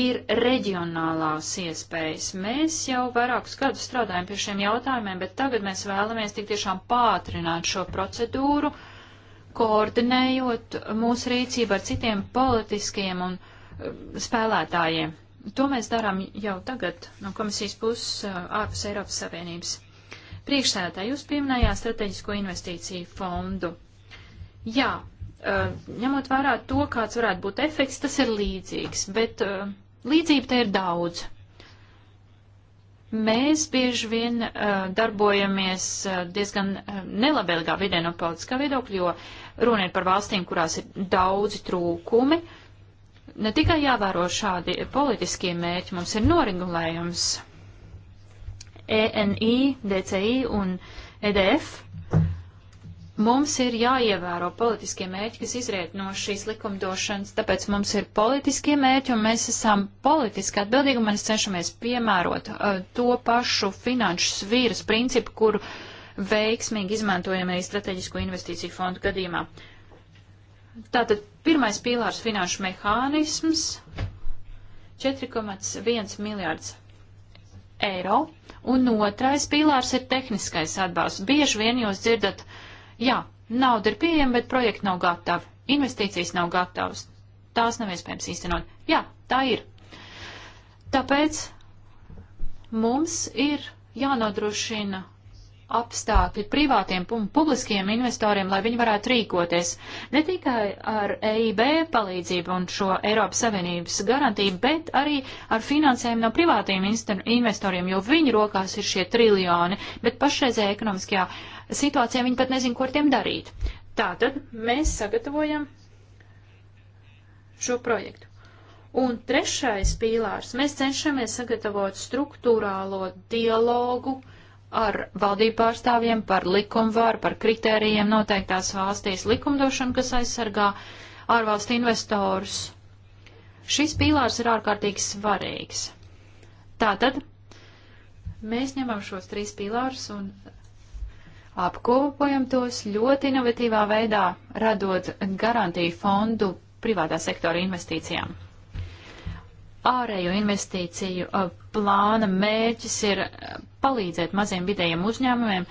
ir reģionālās iespējas. Mēs jau vairākus gadus strādājam pie šiem jautājumiem, bet tagad mēs vēlamies tik tiešām pātrināt šo procedūru, koordinējot mūsu rīcību ar citiem politiskiem un eh, spēlētājiem. To mēs darām jau tagad no komisijas puses eh, ārpus Eiropas Savienības. Priekšsēdētāji, jūs pieminējāt strateģisko investīciju fondu. Jā, Eh, ņemot vērā to, kāds varētu būt efekts, tas ir līdzīgs, bet eh, līdzība te ir daudz. Mēs bieži vien uh, darbojamies uh, diezgan uh, nelabvēlīgā vidē no politiskā viedokļa, jo runa ir par valstīm, kurās ir daudzi trūkumi. Ne tikai jāvēro šādi politiskie mērķi, mums ir noregulējums ENI, DCI un EDF. Uh, Mums ir jāievēro politiskie mērķi, kas izriet no šīs likumdošanas, tāpēc mums ir politiskie mērķi, un mēs esam politiski atbildīgi, un mēs cenšamies piemērot uh, to pašu finanšu svīras principu, kuru veiksmīgi izmantojam arī strateģisko investīciju fondu gadījumā. Tātad pirmais pīlārs finanšu mehānisms 4,1 miljārds eiro, un otrais pīlārs ir tehniskais atbalsts. Bieži vien jūs dzirdat Jā, nauda ir pieejama, bet projekti nav gatavi. Investīcijas nav gatavas. Tās nav iespējams īstenot. Jā, tā ir. Tāpēc mums ir jānodrošina apstākļi privātiem un publiskiem investoriem, lai viņi varētu rīkoties ne tikai ar EIB palīdzību un šo Eiropas Savienības garantiju, bet arī ar finansējumu no privātiem investoriem, jo viņu rokās ir šie triljoni, bet pašreizējā ekonomiskajā uh, situācijām viņi pat nezina, ko ar tiem darīt. Tātad mēs sagatavojam šo projektu. Un trešais pīlārs, mēs cenšamies sagatavot struktūrālo dialogu ar valdību pārstāvjiem par likumvaru, par kritērijiem noteiktās valstīs likumdošanu, kas aizsargā ārvalstu investors. Šis pīlārs ir ārkārtīgi svarīgs. Tātad mēs ņemam šos trīs pīlārus un apkopojam tos ļoti inovatīvā veidā, radot garantiju fondu privātā sektora investīcijām. Ārējo investīciju uh, plāna mērķis ir uh, palīdzēt maziem vidējiem uzņēmumiem,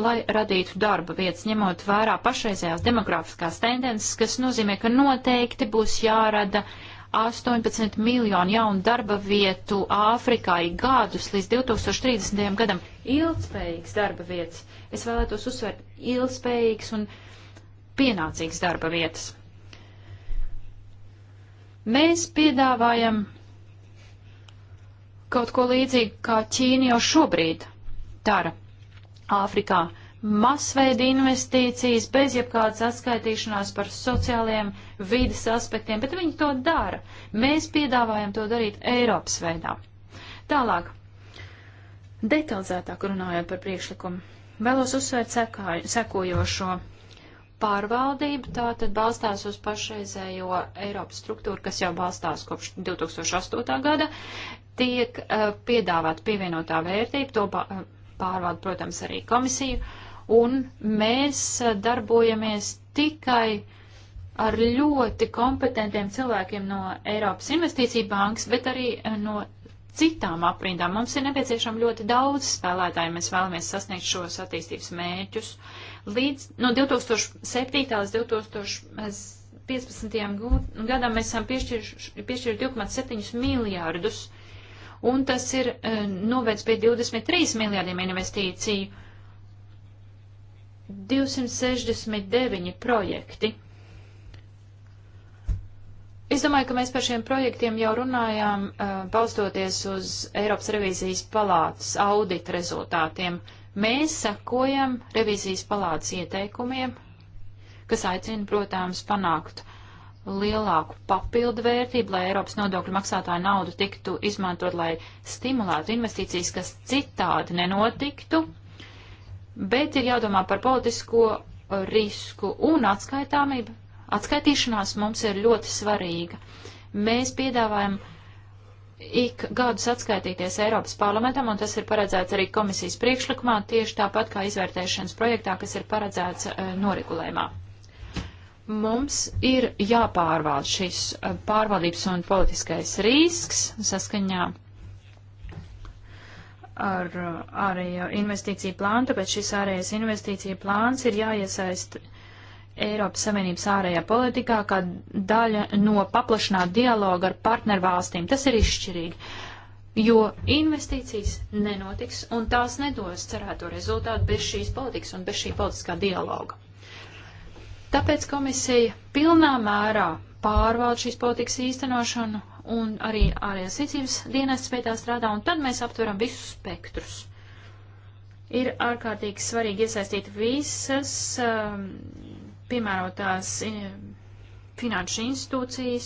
lai radītu darba vietas, ņemot vērā pašreizējās demografiskās tendences, kas nozīmē, ka noteikti būs jārada 18 miljonu jaunu darba vietu Āfrikā ik gadus līdz 2030. gadam ilgspējīgas darba vietas. Es vēlētos uzsvērt ilgspējīgas un pienācīgas darba vietas. Mēs piedāvājam kaut ko līdzīgu, kā Ķīna jau šobrīd dara Āfrikā. Masveida investīcijas bez jebkādas atskaitīšanās par sociālajiem vides aspektiem, bet viņi to dara. Mēs piedāvājam to darīt Eiropas veidā. Tālāk, detalizētāk runājot par priekšlikumu. Vēlos uzsvērt sekā, sekojošo pārvaldību, tā tad balstās uz pašreizējo Eiropas struktūru, kas jau balstās kopš 2008. gada, tiek uh, eh, piedāvāt pievienotā vērtība, to eh, pārvalda, protams, arī komisiju, un mēs uh, darbojamies tikai ar ļoti kompetentiem cilvēkiem no Eiropas investīcija bankas, bet arī no citām aprindām. Mums ir nepieciešama ļoti daudz spēlētāju, mēs vēlamies sasniegt šos attīstības mērķus. Līdz no 2007. līdz 2015. gadam mēs esam piešķīruši 2,7 miljārdus, un tas ir uh, eh, novēc pie 23 miljārdiem investīciju. 269 projekti Es domāju, ka mēs par šiem projektiem jau runājām, eh, balstoties uz Eiropas revīzijas palātas audita rezultātiem. Mēs sakojam revīzijas palātas ieteikumiem, kas aicina, protams, panākt lielāku papildu vērtību, lai Eiropas nodokļu maksātāju naudu tiktu izmantot, lai stimulētu investīcijas, kas citādi nenotiktu, bet ir jādomā par politisko risku un atskaitāmību Atskaitīšanās mums ir ļoti svarīga. Mēs piedāvājam ik gadus atskaitīties Eiropas parlamentam, un tas ir paredzēts arī komisijas priekšlikumā, tieši tāpat kā izvērtēšanas projektā, kas ir paredzēts uh, noregulējumā. Mums ir jāpārvalda šis uh, pārvaldības un politiskais risks saskaņā ar arī eh, investīciju plānu, tāpēc šis ārējais investīciju plāns ir jāiesaist Eiropas Savienības ārējā politikā kā daļa no paplašināt dialogu ar partnervalstīm. Tas ir izšķirīgi, jo investīcijas nenotiks un tās nedos cerēto rezultātu bez šīs politikas un bez šī politiskā dialoga. Tāpēc komisija pilnā mērā pārvalda šīs politikas īstenošanu un arī ārējās rīcības dienests pie tā strādā, un tad mēs aptveram visus spektrus ir ārkārtīgi svarīgi iesaistīt visas um, piemērotās eh, finanšu institūcijas.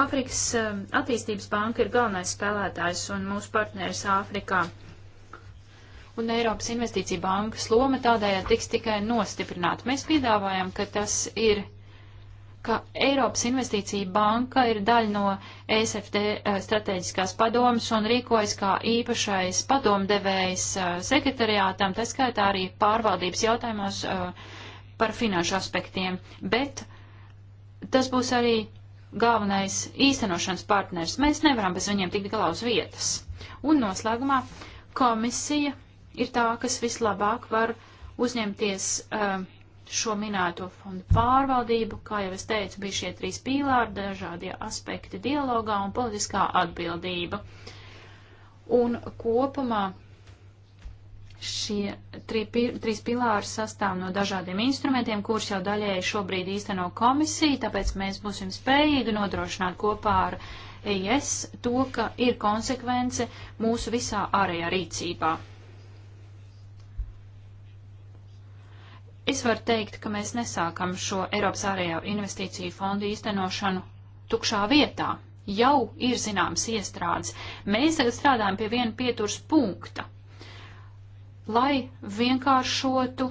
Āfrikas eh, attīstības banka ir galvenais spēlētājs un mūsu partneris Āfrikā. Un Eiropas investīcija bankas loma tādējā tiks tikai nostiprināta. Mēs piedāvājam, ka tas ir, ka Eiropas investīcija banka ir daļa no ESFD eh, strateģiskās padomas un rīkojas kā īpašais padomdevējs sekretariātam, tā skaitā arī pārvaldības jautājumos. Uh, par finanšu aspektiem, bet tas būs arī galvenais īstenošanas partners. Mēs nevaram bez viņiem tikt galā uz vietas. Un noslēgumā komisija ir tā, kas vislabāk var uzņemties uh, šo minēto fondu pārvaldību, kā jau es teicu, bija šie trīs pīlāri, dažādie aspekti dialogā un politiskā atbildība. Un kopumā Šie tri, trīs pilāri sastāv no dažādiem instrumentiem, kurus jau daļēji šobrīd īsteno komisija, tāpēc mēs būsim spējīgi nodrošināt kopā ar EIS to, ka ir konsekvence mūsu visā ārējā rīcībā. Es varu teikt, ka mēs nesākam šo Eiropas ārējo investīciju fondu īstenošanu tukšā vietā. Jau ir zināmas iestrādes. Mēs tagad strādājam pie viena pieturas punkta lai vienkāršotu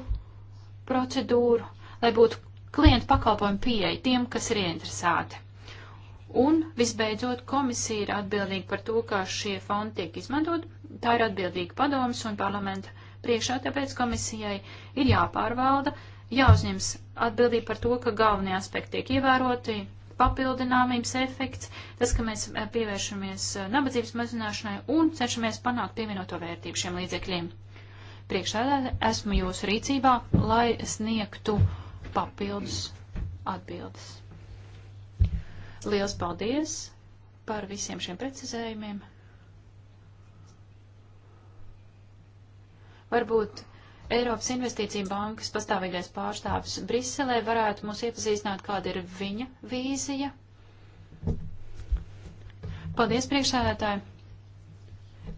procedūru, lai būtu klientu pakalpojumu pieeja tiem, kas ir ieinteresēti. Un, visbeidzot, komisija ir atbildīga par to, kā šie fondi tiek izmantot. Tā ir atbildīga padomas un parlamenta priekšā, tāpēc komisijai ir jāpārvalda, jāuzņems atbildība par to, ka galvenie aspekti tiek ievēroti, papildināmības efekts, tas, ka mēs eh, pievēršamies eh, nabadzības mazināšanai un cenšamies panākt pievienoto vērtību šiem līdzekļiem priekšsēdētāji, esmu jūsu rīcībā, lai sniegtu papildus atbildes. Liels paldies par visiem šiem precizējumiem. Varbūt Eiropas Investīcija bankas pastāvīgais pārstāvis Briselē varētu mūs iepazīstināt, kāda ir viņa vīzija. Paldies, priekšsēdētāji!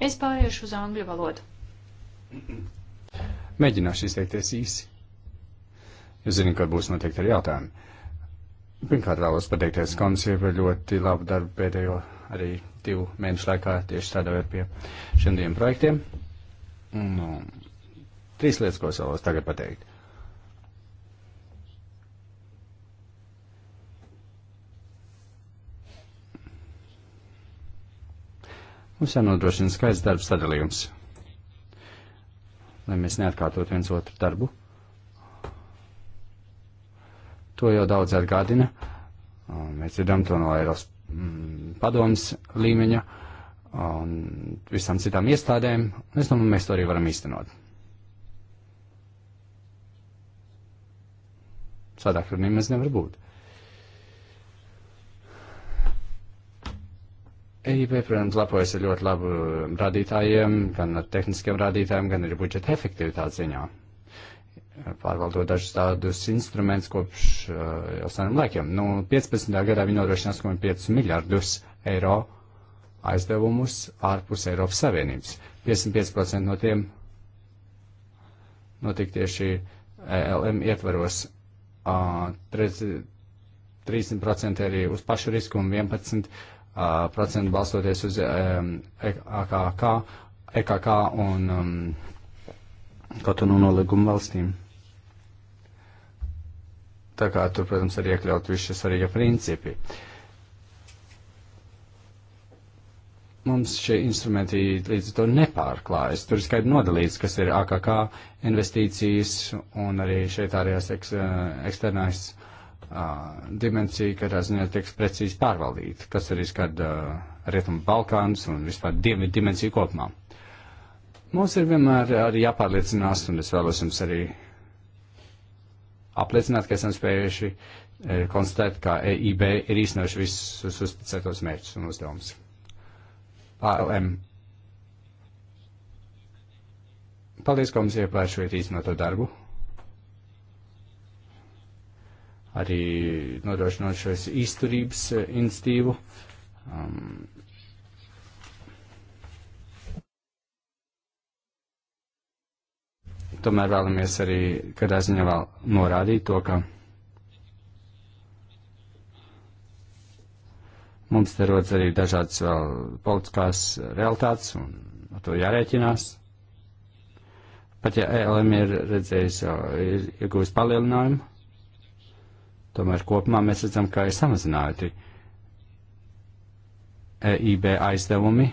Es pāriešu uz angļu valodu. <coughs> Mēģināšu izteikties īsi. Jūs zināt, ka būs noteikti arī jautājumi. Pirmkārt, vēlos pateikties komisijai par ļoti labu darbu pēdējo arī divu mēnešu laikā tieši strādājot pie šiem diviem projektiem. Nu, trīs lietas, ko es vēlos tagad pateikt. Mums jānodrošina skaidrs darbs sadalījums lai mēs neatkārtot viens otru darbu. To jau daudz atgādina. Mēs dzirdam to no Eiropas mm, padomas līmeņa un visām citām iestādēm. Es domāju, mēs to arī varam īstenot. Sadāk, tur nemaz nevar būt. EIB, protams, lepojas ar ļoti labu rādītājiem, gan ar tehniskiem rādītājiem, gan arī budžeta efektivitātes ziņā. Pārvaldot dažus tādus instrumentus kopš uh, jau seniem laikiem. Nu, 15. gadā viņi nodrošinās 8,5 miljardus eiro aizdevumus ārpus Eiropas Savienības. 55% no tiem notika tieši e LM ietvaros. Uh, 30% arī uz pašu risku un 11% procentu balstoties uz um, EKK, EKK un um, Kotonu nolīgumu valstīm. Tā kā tur, protams, ir iekļaut visi šie svarīgie principi. Mums šie instrumenti līdz to nepārklājas. Tur ir skaidri nodalīts, kas ir AKK investīcijas un arī šeit arī eks, eksternais uh, dimensija, katrā ziņā tiks precīzi pārvaldīta, kas arī skar uh, Rietumu Balkānus un vispār Dienvidu dimensiju kopumā. Mums ir vienmēr arī jāpārliecinās, un es vēlos jums arī apliecināt, ka esam spējuši e, konstatēt, ka EIB ir īstenojuši visus uzticētos mērķus un uzdevumus. PLM. Paldies komisijai par šo īstenoto darbu. arī nodrošinot šos izturības eh, institīvu. Um, tomēr vēlamies arī kādā ziņā vēl norādīt to, ka mums te rodas arī dažādas vēl politiskās realitātes un ar to jārēķinās. Pat ja ELM ir redzējis, ir iegūst palielinājumu, Tomēr kopumā mēs redzam, ka ir samazināti EIB aizdevumi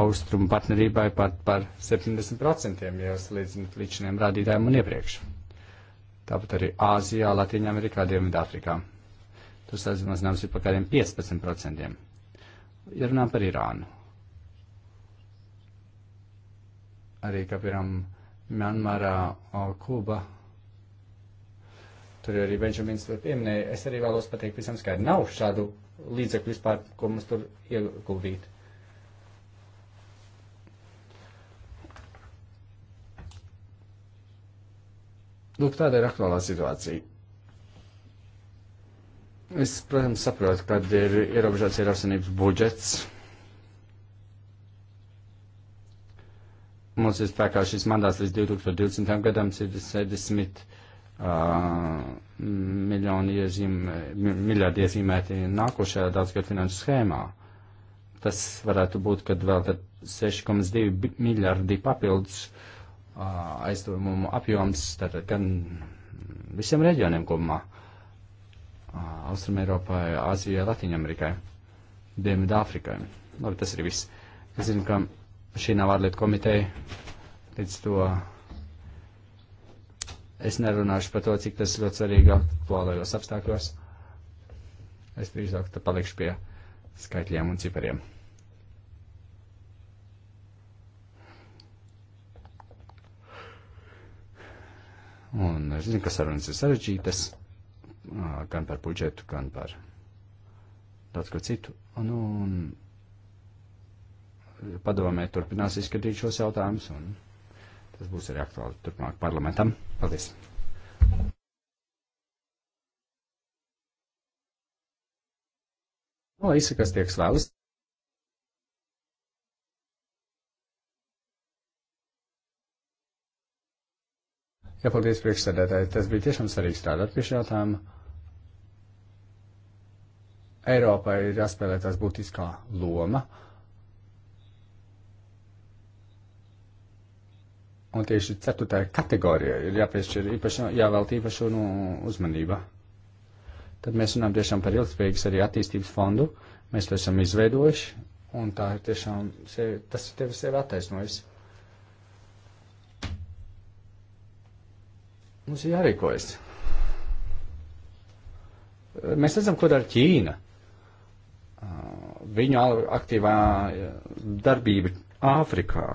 austrumu partnerībai pat par 70%, ja salīdzinām līdz šiem rādītājiem un iepriekš. Tāpat arī Āzijā, Latvijā, Amerikā, Dienvidāfrikā. Tur samazinājums ir par kādiem 15%. Ja runājam par Irānu. Arī, kā piemēram, Mjanmarā, Kuba. Uh, Tur arī Benžamins to pieminēja. Es arī vēlos pateikt visam skaidri. Nav šādu līdzekļu vispār, ko mums tur ieguldīt. Lūk, tāda ir aktuālā situācija. Es, protams, saprotu, kad ir ierobežots Eiropas Savienības budžets. Mums ir spēkā šis mandāts līdz 2020. gadam, ir 70 miljoni iezīmē, miljardi iezīmēti nākošajā daudzgad finanšu schēmā. Tas varētu būt, kad vēl tad 6,2 miljardi papildus aizdevumu apjoms tātad gan visiem reģioniem kopumā. Austrum Eiropai, Āzijai, Latviņamerikai, Dienvidāfrikai. Labi, tas ir viss. Es zinu, ka šī nav ārlietu komiteja, līdz to Es nerunāšu par to, cik tas ļoti svarīgi aktuālajos apstākļos. Es drīzāk palikšu pie skaitļiem un cipariem. Un es zinu, ka sarunas ir sarežģītas, gan par budžetu, gan par daudz ko citu. Un, un padomē turpinās izskatīt šos jautājumus. Un, Tas būs arī aktuāli turpmāk parlamentam. Paldies! No, nu, izsakas tiek slēgts. Jā, ja, paldies priekšsēdētāji. Tas bija tiešām svarīgi strādāt pie šī jautājuma. Eiropai ir jāspēlē tās būtiskā loma. Uh, Un tieši ceturtajai kategorijai ir jāpiešķir īpaši, jāvēlta īpašu nu, uzmanība. Tad mēs runājam tiešām par ilgspējīgas arī attīstības fondu. Mēs to esam izveidojuši, un tā ir tiešām, sevi, tas ir tevi sevi attaisnojis. Mums ir jārīkojas. Mēs redzam, ko dara Ķīna. Viņu aktīvā darbība Āfrikā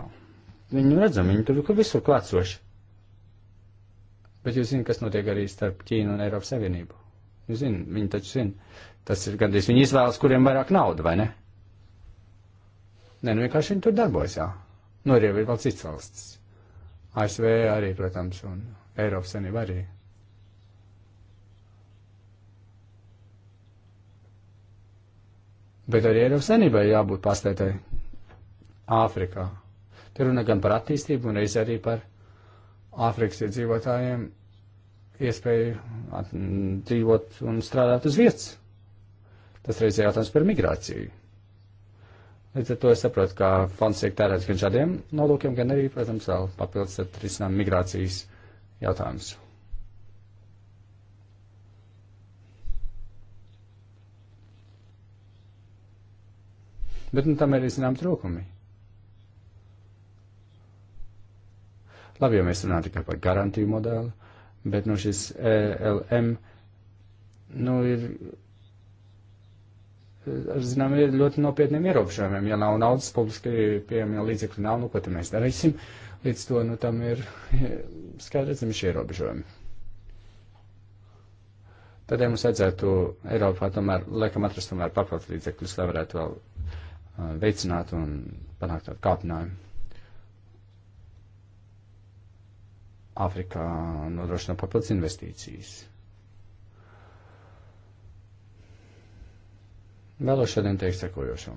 Viņu nu redzam, viņi tur ir visur klātsoši. Bet jūs zināt, kas notiek arī starp Ķīnu un Eiropas Savienību? Jūs zināt, viņi taču zina. Tas ir gandrīz viņi izvēlas, kuriem vairāk nauda, vai ne? Nē, nu vienkārši viņi tur darbojas, jā. Nu, arī ir vēl cits valsts. ASV arī, protams, un Eiropas Savienība arī. Bet arī Eiropas Savienībai jābūt pārstāvētai Āfrikā. Te runa gan par attīstību, un reiz arī par Āfrikas iedzīvotājiem iespēju dzīvot un strādāt uz vietas. Tas reiz ir jautājums par migrāciju. Līdz ar to es saprotu, ka fonds tiek tērēts gan šādiem nolūkiem, gan arī, protams, vēl papildus ar risinām migrācijas jautājumus. Bet nu, tam ir izņēmumi trūkumi. Labi, ja mēs runājam tikai par garantiju modeli, bet no nu, šis ELM, nu, ir, zinām, ir ļoti nopietniem ierobežojumiem. Ja nav naudas, publiski pieejamie līdzekļi nav, nu, ko tad mēs darīsim? Līdz to, nu, tam ir <laughs> skaidrs, šie ierobežojumi. Tad ja mums vajadzētu Eiropā tomēr, laikam, atrast tomēr papildus līdzekļus, lai varētu vēl uh, veicināt un panākt tādu kāpinājumu. Āfrikā nodrošina papildus investīcijas. Vēlos šodien teikt sekojošo.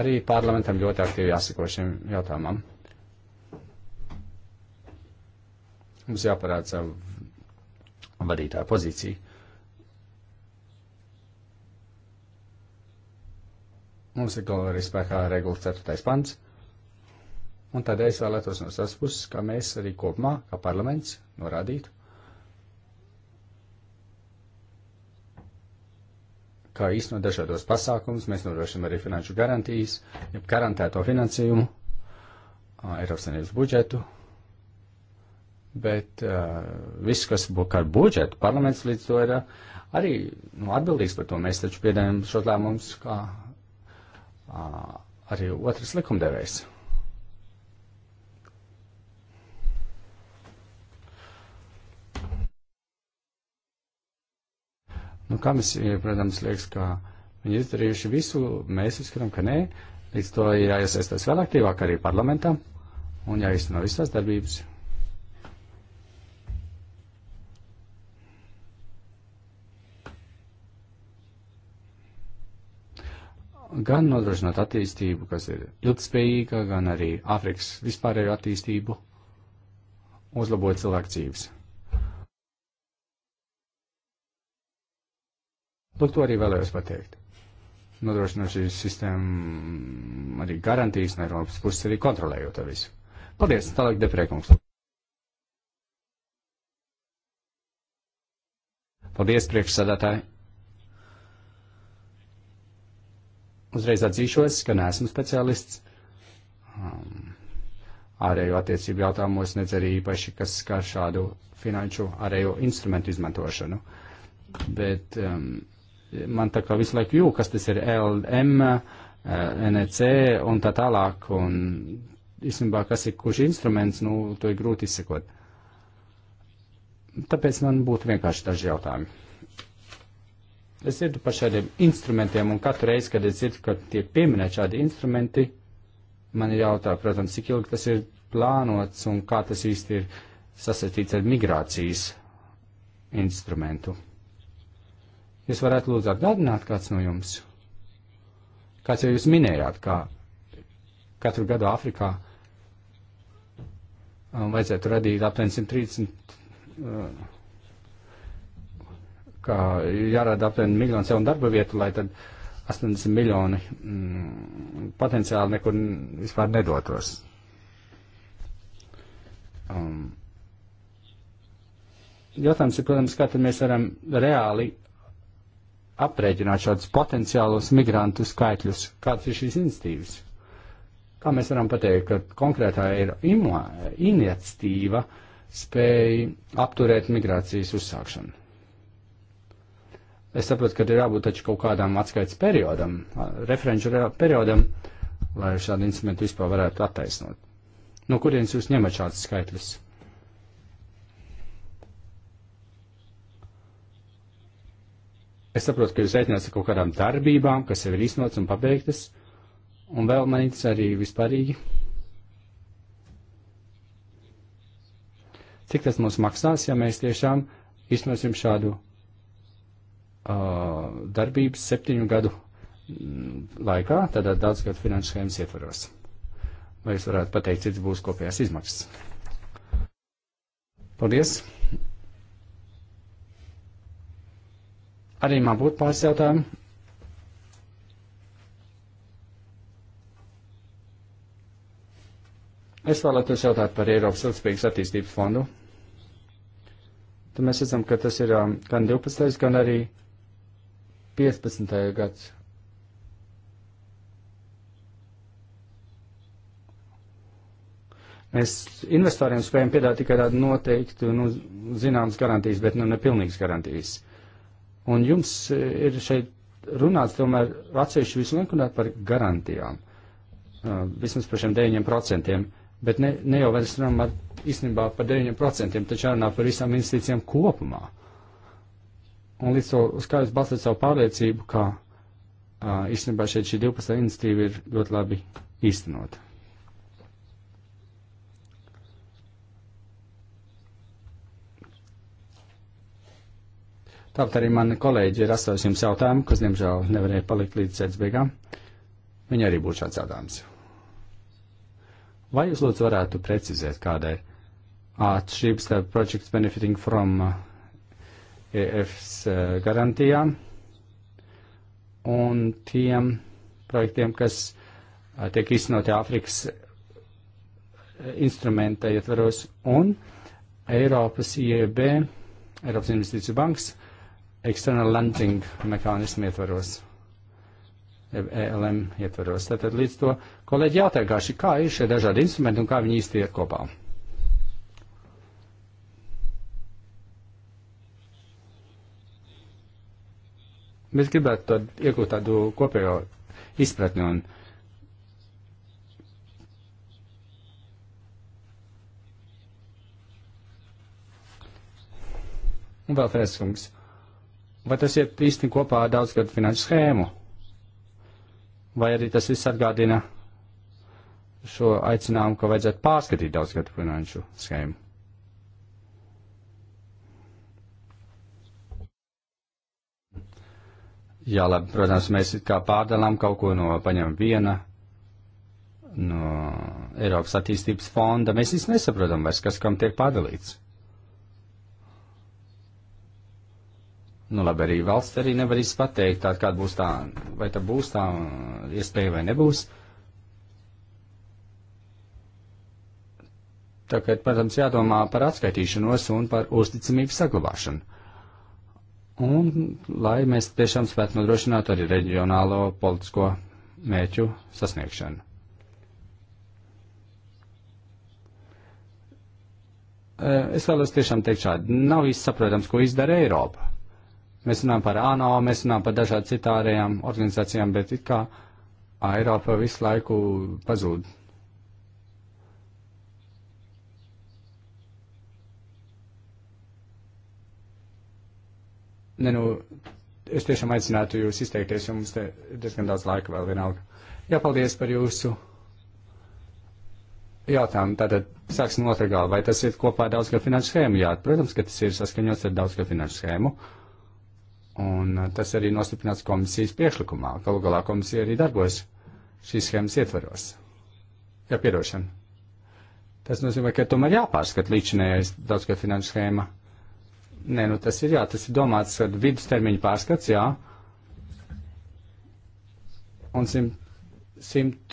Arī parlamentam ļoti aktīvi jāsako šim jautājumam. Mums jāparāda savu vadītāju pozīciju. Mums ir galvā arī spēkā regula 4. pants. Un tādēļ es vēlētos no savas puses, kā mēs arī kopumā, kā parlaments, norādītu, kā īstenot dažādos pasākumus, mēs nodrošinām arī finanšu garantijas, ja garantēto finansējumu, Eiropas Savienības budžetu, bet uh, viss, kas būtu ar budžetu, parlaments līdz to ir arī nu, atbildīgs par to. Mēs taču piedējam šos lēmumus kā uh, arī otrs likumdevējs. Nu, komisija, protams, liekas, ka viņi izdarījuši visu, mēs uzskatām, ka nē, līdz to ir jāiesaistās vēl aktīvāk arī parlamentā un jāizteno visās darbības. Gan nodrošināt attīstību, kas ir ilgspējīga, gan arī Āfrikas vispārējo attīstību, uzlabot cilvēku dzīves. Lūk, to arī vēlējos pateikt. Nodrošinot šīs sistēmu mm, arī garantijas no Eiropas puses, arī kontrolējot to visu. Paldies, tālāk deprēkums. Paldies, priekšsādātāji. Uzreiz atzīšos, ka neesmu speciālists. Um, ārējo attiecību jautājumos, nedz arī īpaši, kas skar šādu finanšu ārējo instrumentu izmantošanu. Bet um, man tā kā visu laiku jū, kas tas ir LM, eh, NEC un tā tālāk, un īstenībā, kas ir kurš instruments, nu, to ir grūti izsekot. Tāpēc man būtu vienkārši daži jautājumi. Es dzirdu par šādiem instrumentiem, un katru reizi, kad es dzirdu, ka tiek pieminēti šādi instrumenti, man ir jautā, protams, cik ilgi tas ir plānots un kā tas īsti ir sasaistīts ar migrācijas instrumentu. Jūs varētu lūdzu atgādināt kāds no jums, kāds jau jūs minējāt, kā katru gadu Āfrikā um, vajadzētu radīt aptuveni 130, um, uh, kā jārada aptuveni miljonu jaunu darba vietu, lai tad 80 miljoni mm, potenciāli nekur vispār nedotos. Um, jautājums ir, protams, kā tad mēs varam reāli aprēķināt šādus potenciālos migrantu skaitļus? Kāds ir šīs institīvas? Kā mēs varam pateikt, ka konkrētā ir iniciatīva spēja apturēt migrācijas uzsākšanu? Es saprotu, ka ir jābūt taču kaut kādam atskaits periodam, referenču periodam, lai šādu instrumentu vispār varētu attaisnot. No kurienes jūs ņemat šādas skaitļus? Es saprotu, ka jūs aicināt kaut kādām darbībām, kas jau ir iznots un pabeigtas, un vēl man interesē arī vispārīgi. Cik tas mums maksās, ja mēs tiešām iznosim šādu uh, darbības septiņu gadu mm, laikā, tādā daudz gadu finanšu schēmas ietvaros? Vai jūs varētu pateikt, cik būs kopējās izmaksas? Paldies! Arī man būtu pāris jautājumi. Es vēlētos jautāt par Eiropas ilgspējīgas attīstības fondu. Tad mēs redzam, ka tas ir um, gan 12. gan arī 15. gads. Mēs investoriem spējam piedāt tikai tādu noteiktu, nu, zināmas garantijas, bet nu nepilnīgas garantijas. Un jums ir šeit runāts tomēr atsevišķi visu laiku par garantijām. Uh, vismaz par šiem 9%, bet ne, ne jau vairs runām ar, īstenībā par 9%, taču jārunā par visām investīcijām kopumā. Un līdz to, uz kā jūs balstāt savu pārliecību, ka uh, īstenībā šeit šī 12. iniciatīva ir ļoti labi īstenota. Tāpat arī mani kolēģi ir atstājuši jums jautājumu, kas, diemžēl, nevarēja palikt līdz sēdes beigām. Viņa arī būtu šāds jautājums. Vai jūs lūdzu varētu precizēt, kāda ir atšķirība starp projects benefiting from uh, EFS uh, garantijām un tiem projektiem, kas uh, tiek iznoti Āfrikas instrumenta ietvaros un Eiropas IEB, Eiropas Investīciju banks external landing mehānismu ietvaros, ELM e ietvaros. Tātad līdz to kolēģi jātaigāši, kā ir šie dažādi instrumenti un kā viņi īsti iet kopā. Mēs gribētu tad iegūt tādu kopējo izpratni un Un vēl Fēskungs. Vai tas iet īsti kopā ar daudzgadu finanšu schēmu? Vai arī tas viss atgādina šo aicinājumu, ka vajadzētu pārskatīt daudzgadu finanšu schēmu? Jā, labi, protams, mēs kā pārdalām kaut ko no paņem viena, no Eiropas attīstības fonda. Mēs īsti nesaprotam vairs, kas kam tiek pārdalīts. Nu, labi, arī valsts arī nevarīs pateikt, tā, kāda būs tā, vai tā būs tā iespēja vai nebūs. Tagad, protams, jādomā par atskaitīšanos un par uzticamību saglabāšanu. Un lai mēs tiešām spētu nodrošināt arī reģionālo politisko mērķu sasniegšanu. Eh, es vēlos tiešām teikt šādi. Nav īsti saprotams, ko izdara Eiropa Mēs runājam par ANO, mēs runājam par dažādu citārējām organizācijām, bet it kā Eiropa visu laiku pazūd. Ne, nu, es tiešām aicinātu jūs izteikties, jo mums te diezgan daudz laika vēl vienalga. Jā, paldies par jūsu jautājumu. Tātad sāksim otrā galā. Vai tas ir kopā ar daudzgad finanšu schēmu? Jā, protams, ka tas ir saskaņots ar daudzgad finanšu schēmu. Uh, Un eh, tas arī nostiprināts komisijas priekšlikumā. Galu galā komisija arī darbojas šīs schēmas ietvaros. Jā, piedošana. Tas nozīmē, ka tomēr jāpārskat līdzinējais daudzgad finanšu schēma. Nē, nu tas ir jā, tas ir domāts, ka vidustermiņa pārskats, jā. Un 150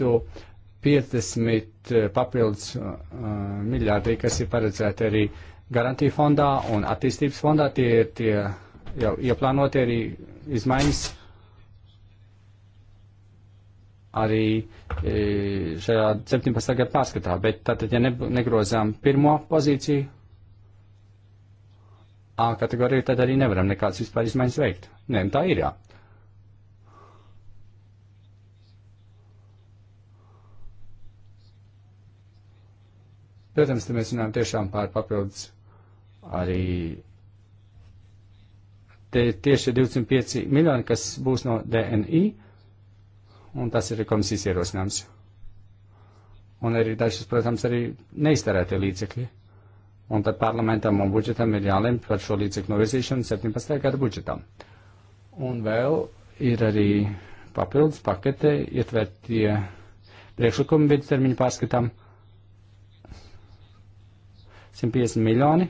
eh, papildus uh, miljārdi, kas ir paredzēti arī garantija fondā un attīstības fondā, tie ir tie. Uh, jau ieplānoti arī izmaiņas arī e, šajā 17. gadu pārskatā, bet tātad, ja negrozām pirmo pozīciju, A kategoriju, tad arī nevaram nekādas vispār izmaiņas veikt. Nē, nu tā ir jā. Protams, te mēs runājam tiešām par papildus arī Te ir tieši 25 miljoni, kas būs no DNI, un tas ir komisijas ierosinājums. Un arī dažas, protams, arī neiztērētie līdzekļi. Un tad parlamentam un budžetam ir jālemj par šo līdzekļu novirzīšanu 17. gada budžetam. Un vēl ir arī papildus pakete ietvertie priekšlikumi vidustermiņu pārskatām 150 miljoni,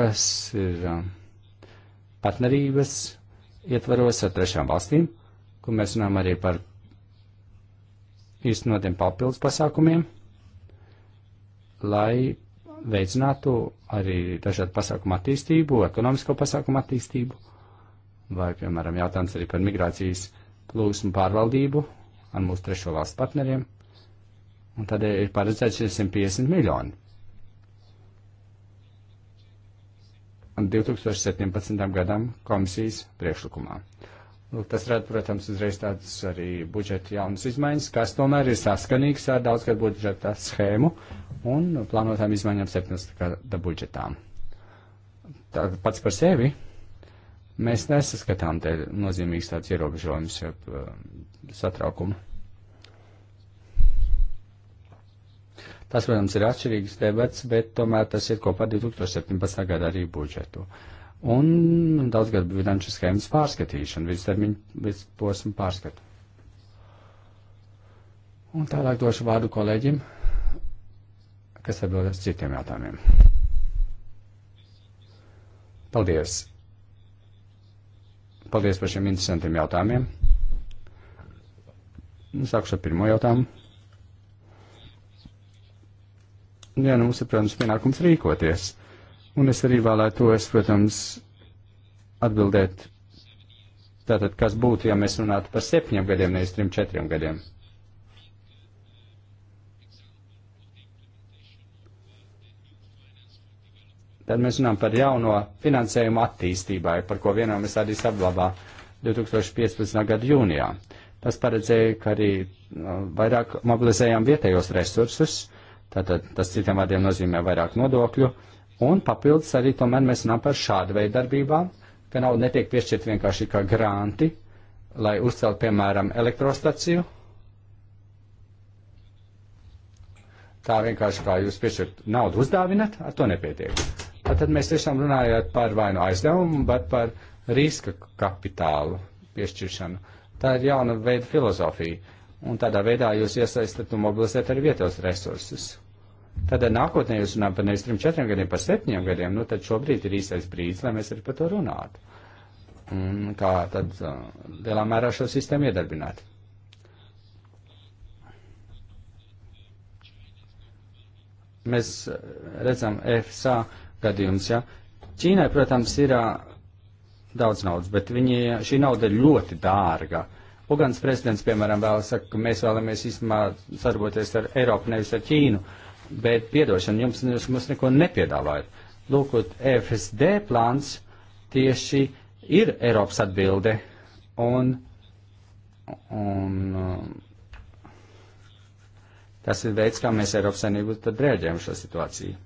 kas ir. Um, partnerības ietvaros ar trešām valstīm, kur mēs runājam arī par īstenotiem papildus pasākumiem, lai veicinātu arī dažādu pasākumu attīstību, ekonomisko pasākumu attīstību, vai, piemēram, jautājums arī par migrācijas plūsmu pārvaldību ar mūsu trešo valstu partneriem. Un tādēļ ir paredzēts 150 miljoni un 2017. gadam komisijas priekšlikumā. Nu, tas rada, protams, uzreiz tādas arī budžeta jaunas izmaiņas, kas tomēr ir saskanīgs ar daudzgadu budžeta schēmu un plānotām izmaiņām 17. gada budžetām. Tā, pats par sevi mēs nesaskatām te nozīmīgs tāds ierobežojums, jeb um, satraukumu. Tas, protams, ir atšķirīgs debats, bet tomēr tas ir kopā 2017. gada arī budžetu. Un daudzgadu finanšu schēmas pārskatīšana, vidustermiņu vidusposmu pārskatu. Un tālāk došu vārdu kolēģim, kas atbildēs citiem jautājumiem. Paldies! Paldies par šiem interesantiem jautājumiem. Nu, Sākšu ar pirmo jautājumu. jā, nu, mums ir, protams, pienākums rīkoties. Un es arī vēlētos, protams, atbildēt, tātad, kas būtu, ja mēs runātu par septiņiem gadiem, nevis trim, četriem gadiem. Tad mēs runājam par jauno finansējumu attīstībai, par ko vienojamies Adis Ababā 2015. gada jūnijā. Tas paredzēja, ka arī nu, vairāk mobilizējām vietējos resursus, Tātad tas citiem vārdiem nozīmē vairāk nodokļu, un papildus arī tomēr mēs runājam par šādu veidu darbībām, ka nauda netiek piešķirt vienkārši kā granti, lai uzcelt, piemēram, elektrostaciju. Tā vienkārši kā jūs piešķirt naudu uzdāvinat, ar to nepietiek. Tātad mēs tiešām runājam par vai nu aizdevumu, bet par riska kapitālu piešķiršanu. Tā ir jauna veida filozofija un tādā veidā jūs iesaistat un mobilizēt arī vietos resursus. Tādēļ nākotnē jūs runājat par nevis 3, 4 gadiem, par 7 gadiem, nu tad šobrīd ir īstais brīdis, lai mēs arī par to runātu. Un kā tad uh, lielā mērā šo sistēmu iedarbināt. Mēs uh, redzam FSA gadījums, ja. Ķīnai, protams, ir uh, daudz naudas, bet viņi, šī nauda ir ļoti dārga. Uh, Ugandas prezidents, piemēram, vēl saka, ka mēs vēlamies īstenībā sadarboties ar Eiropu, nevis ar Ķīnu, bet piedošana jums, jūs mums neko nepiedāvājat. Lūkot, EFSD plāns tieši ir Eiropas atbilde un, un tas ir veids, kā mēs Eiropas saimnību tad rēģējam šo situāciju.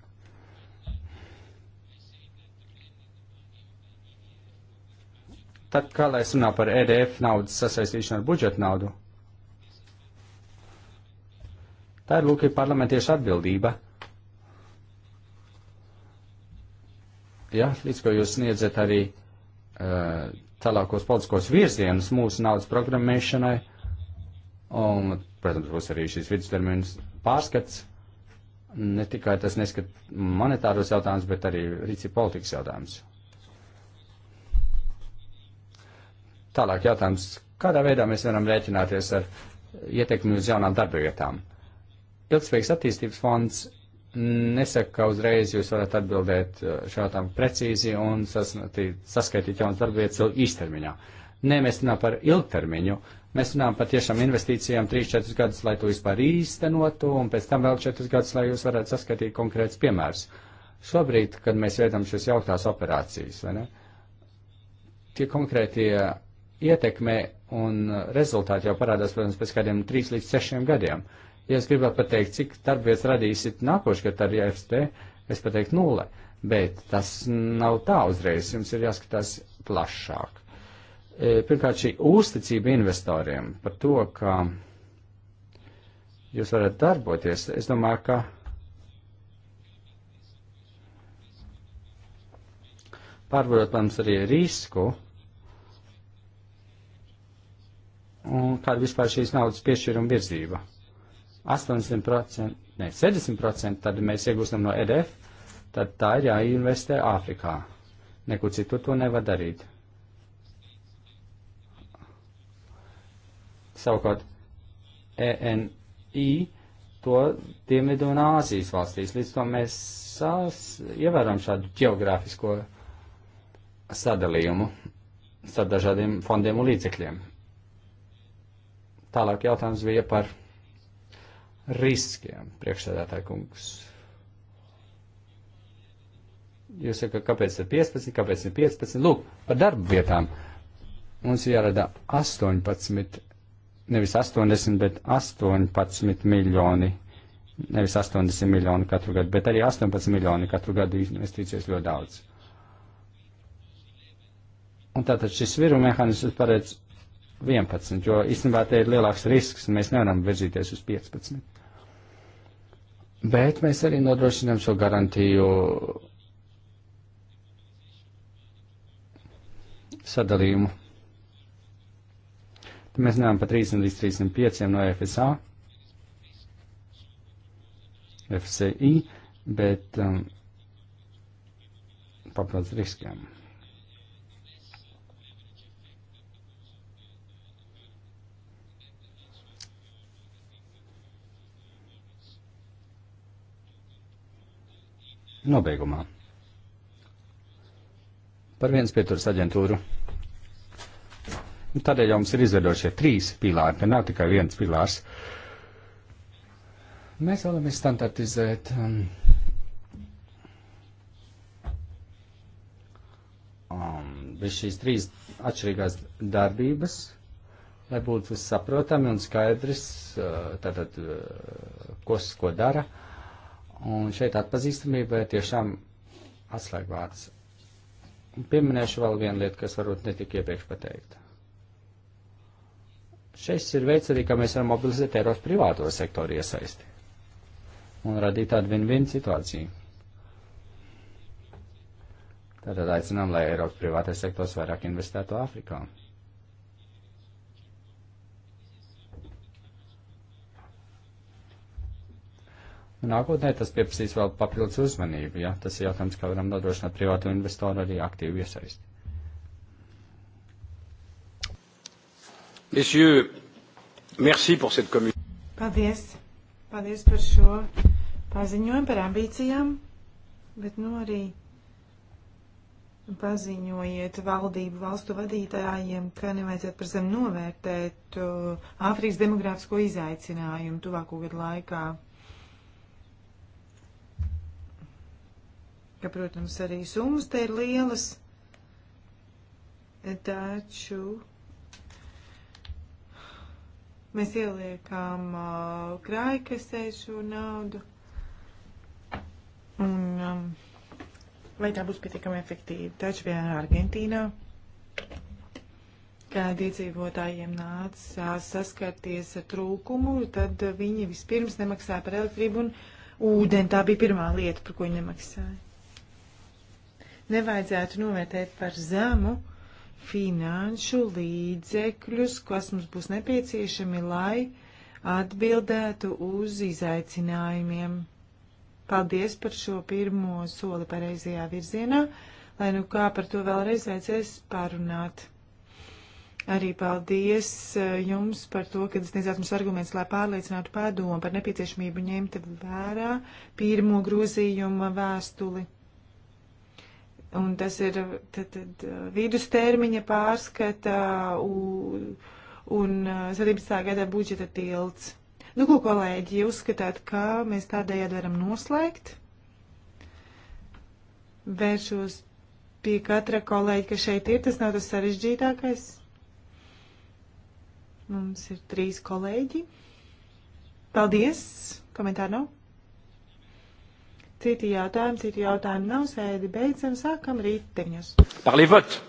Tad kā lai es runāju par EDF naudas sasaistīšanu ar budžetu naudu? Tā ir lūk ir parlamentieša atbildība. Ja, līdz ko jūs sniedzat arī uh, tālākos politiskos virzienus mūsu naudas programmēšanai, un, protams, būs arī šis vidustermiņas pārskats, ne tikai tas neskat monetāros jautājums, bet arī rīci politikas jautājums. Tālāk jautājums, kādā veidā mēs varam rēķināties ar ietekmi uz jaunām darba vietām? Ilgspējīgs attīstības fonds nesaka, ka uzreiz jūs varat atbildēt uh, šādām precīzi un sasnatīt, saskaitīt jaunas darba vietas īstermiņā. Nē, mēs runājam par ilgtermiņu, mēs runājam par tiešām investīcijām 3-4 gadus, lai to vispār īstenotu, un pēc tam vēl 4 gadus, lai jūs varētu saskatīt konkrēts piemērs. Šobrīd, kad mēs veidam šīs jauktās operācijas, vai ne, tie konkrētie ietekme un rezultāti jau parādās, protams, pēc kādiem 3 līdz 6 gadiem. Ja es gribētu pateikt, cik darbvietas radīsit nākošgad ar IFT, es pateiktu nulle, bet tas nav tā uzreiz, jums ir jāskatās plašāk. E, pirmkārt, šī uzticība investoriem par to, ka jūs varat darboties, es domāju, ka pārvarot, protams, arī risku, un kāda vispār šīs naudas piešķiruma virzība. 80%, ne, 70% tad mēs iegūstam no EDF, tad tā ir jāinvestē Āfrikā. Nekur citur to nevar darīt. Savukārt ENI to Dienvidu un Āzijas valstīs. Līdz to mēs sās, ievēram šādu ģeogrāfisko sadalījumu starp dažādiem fondiem un līdzekļiem. Tālāk jautājums bija par riskiem, priekšsēdētāji kungs. Jūs sakat, kāpēc ir 15, kāpēc ir 15? Lūk, par darba vietām. Mums jārada 18, nevis 80, bet 18 miljoni. Nevis 80 miljoni katru gadu, bet arī 18 miljoni katru gadu investīcijas ļoti daudz. Un tātad šis viru mehānisms paredz 11, jo īstenībā te ir lielāks risks, un mēs nevaram virzīties uz 15. Bet mēs arī nodrošinām šo garantiju sadalījumu. Tad mēs nevaram pa 30 līdz 35 no FSA, FCI, bet um, papildus riskiem. Nobeigumā. Par viens pieturas aģentūru. Nu, tādēļ jau mums ir izveidošie trīs pīlāri, te nav tikai viens pīlārs. Mēs vēlamies standartizēt um, um, bez šīs trīs atšķirīgās darbības, lai būtu saprotami un skaidrs, uh, tātad, uh, kos ko dara. Uh, Un šeit atpazīstamība ir tiešām atslēgvārds. Pieminēšu vēl vienu lietu, kas varbūt netika iepriekš pateikta. Šis ir veids arī, kā mēs varam mobilizēt Eiropas privāto sektoru iesaisti un radīt tādu vien-vien situāciju. Tātad aicinām, lai Eiropas privātais sektors vairāk investētu Āfrikā. Nākotnē tas pieprasīs vēl papildus uzmanību, ja tas ir jautājums, kā varam nodrošināt privātu investoru arī aktīvu iesaisti. Messieurs, merci pour cette commune. Paldies. Paldies par šo paziņojumu, par ambīcijām, bet nu arī paziņojiet valdību valstu vadītājiem, ka nevajadzētu par zem novērtēt uh, Āfrikas demogrāfisko izaicinājumu tuvāko gadu laikā. ka, protams, arī summas te ir lielas, taču mēs ieliekām uh, krājkasē šo naudu. Un, um, vai tā būs pietiekami efektīva? Taču vienā Argentīnā, kad iedzīvotājiem nāca saskarties ar trūkumu, tad viņi vispirms nemaksāja par elektrību un ūdeni. Tā bija pirmā lieta, par ko viņi nemaksāja nevajadzētu novērtēt par zemu finanšu līdzekļus, kas mums būs nepieciešami, lai atbildētu uz izaicinājumiem. Paldies par šo pirmo soli pareizajā virzienā, lai nu kā par to vēlreiz vajadzēs pārunāt. Arī paldies eh, jums par to, ka sniedzāt mums arguments, lai pārliecinātu padomu par nepieciešamību ņemt vērā pirmo grozījumu vēstuli. Un tas ir tad, tad, uh, vidustermiņa pārskata un, un uh, 17. gada budžeta tilts. Nu, ko, kolēģi, jūs skatāt, kā mēs tādējādi varam noslēgt? Vēršos pie katra kolēģa, kas šeit ir. Tas nav tas sarežģītākais. Mums ir trīs kolēģi. Paldies! Komentāru nav? No? Citi jautājumi, citi jautājumi nav sēdi. Beidzam, sākam riteņus. Par les votes.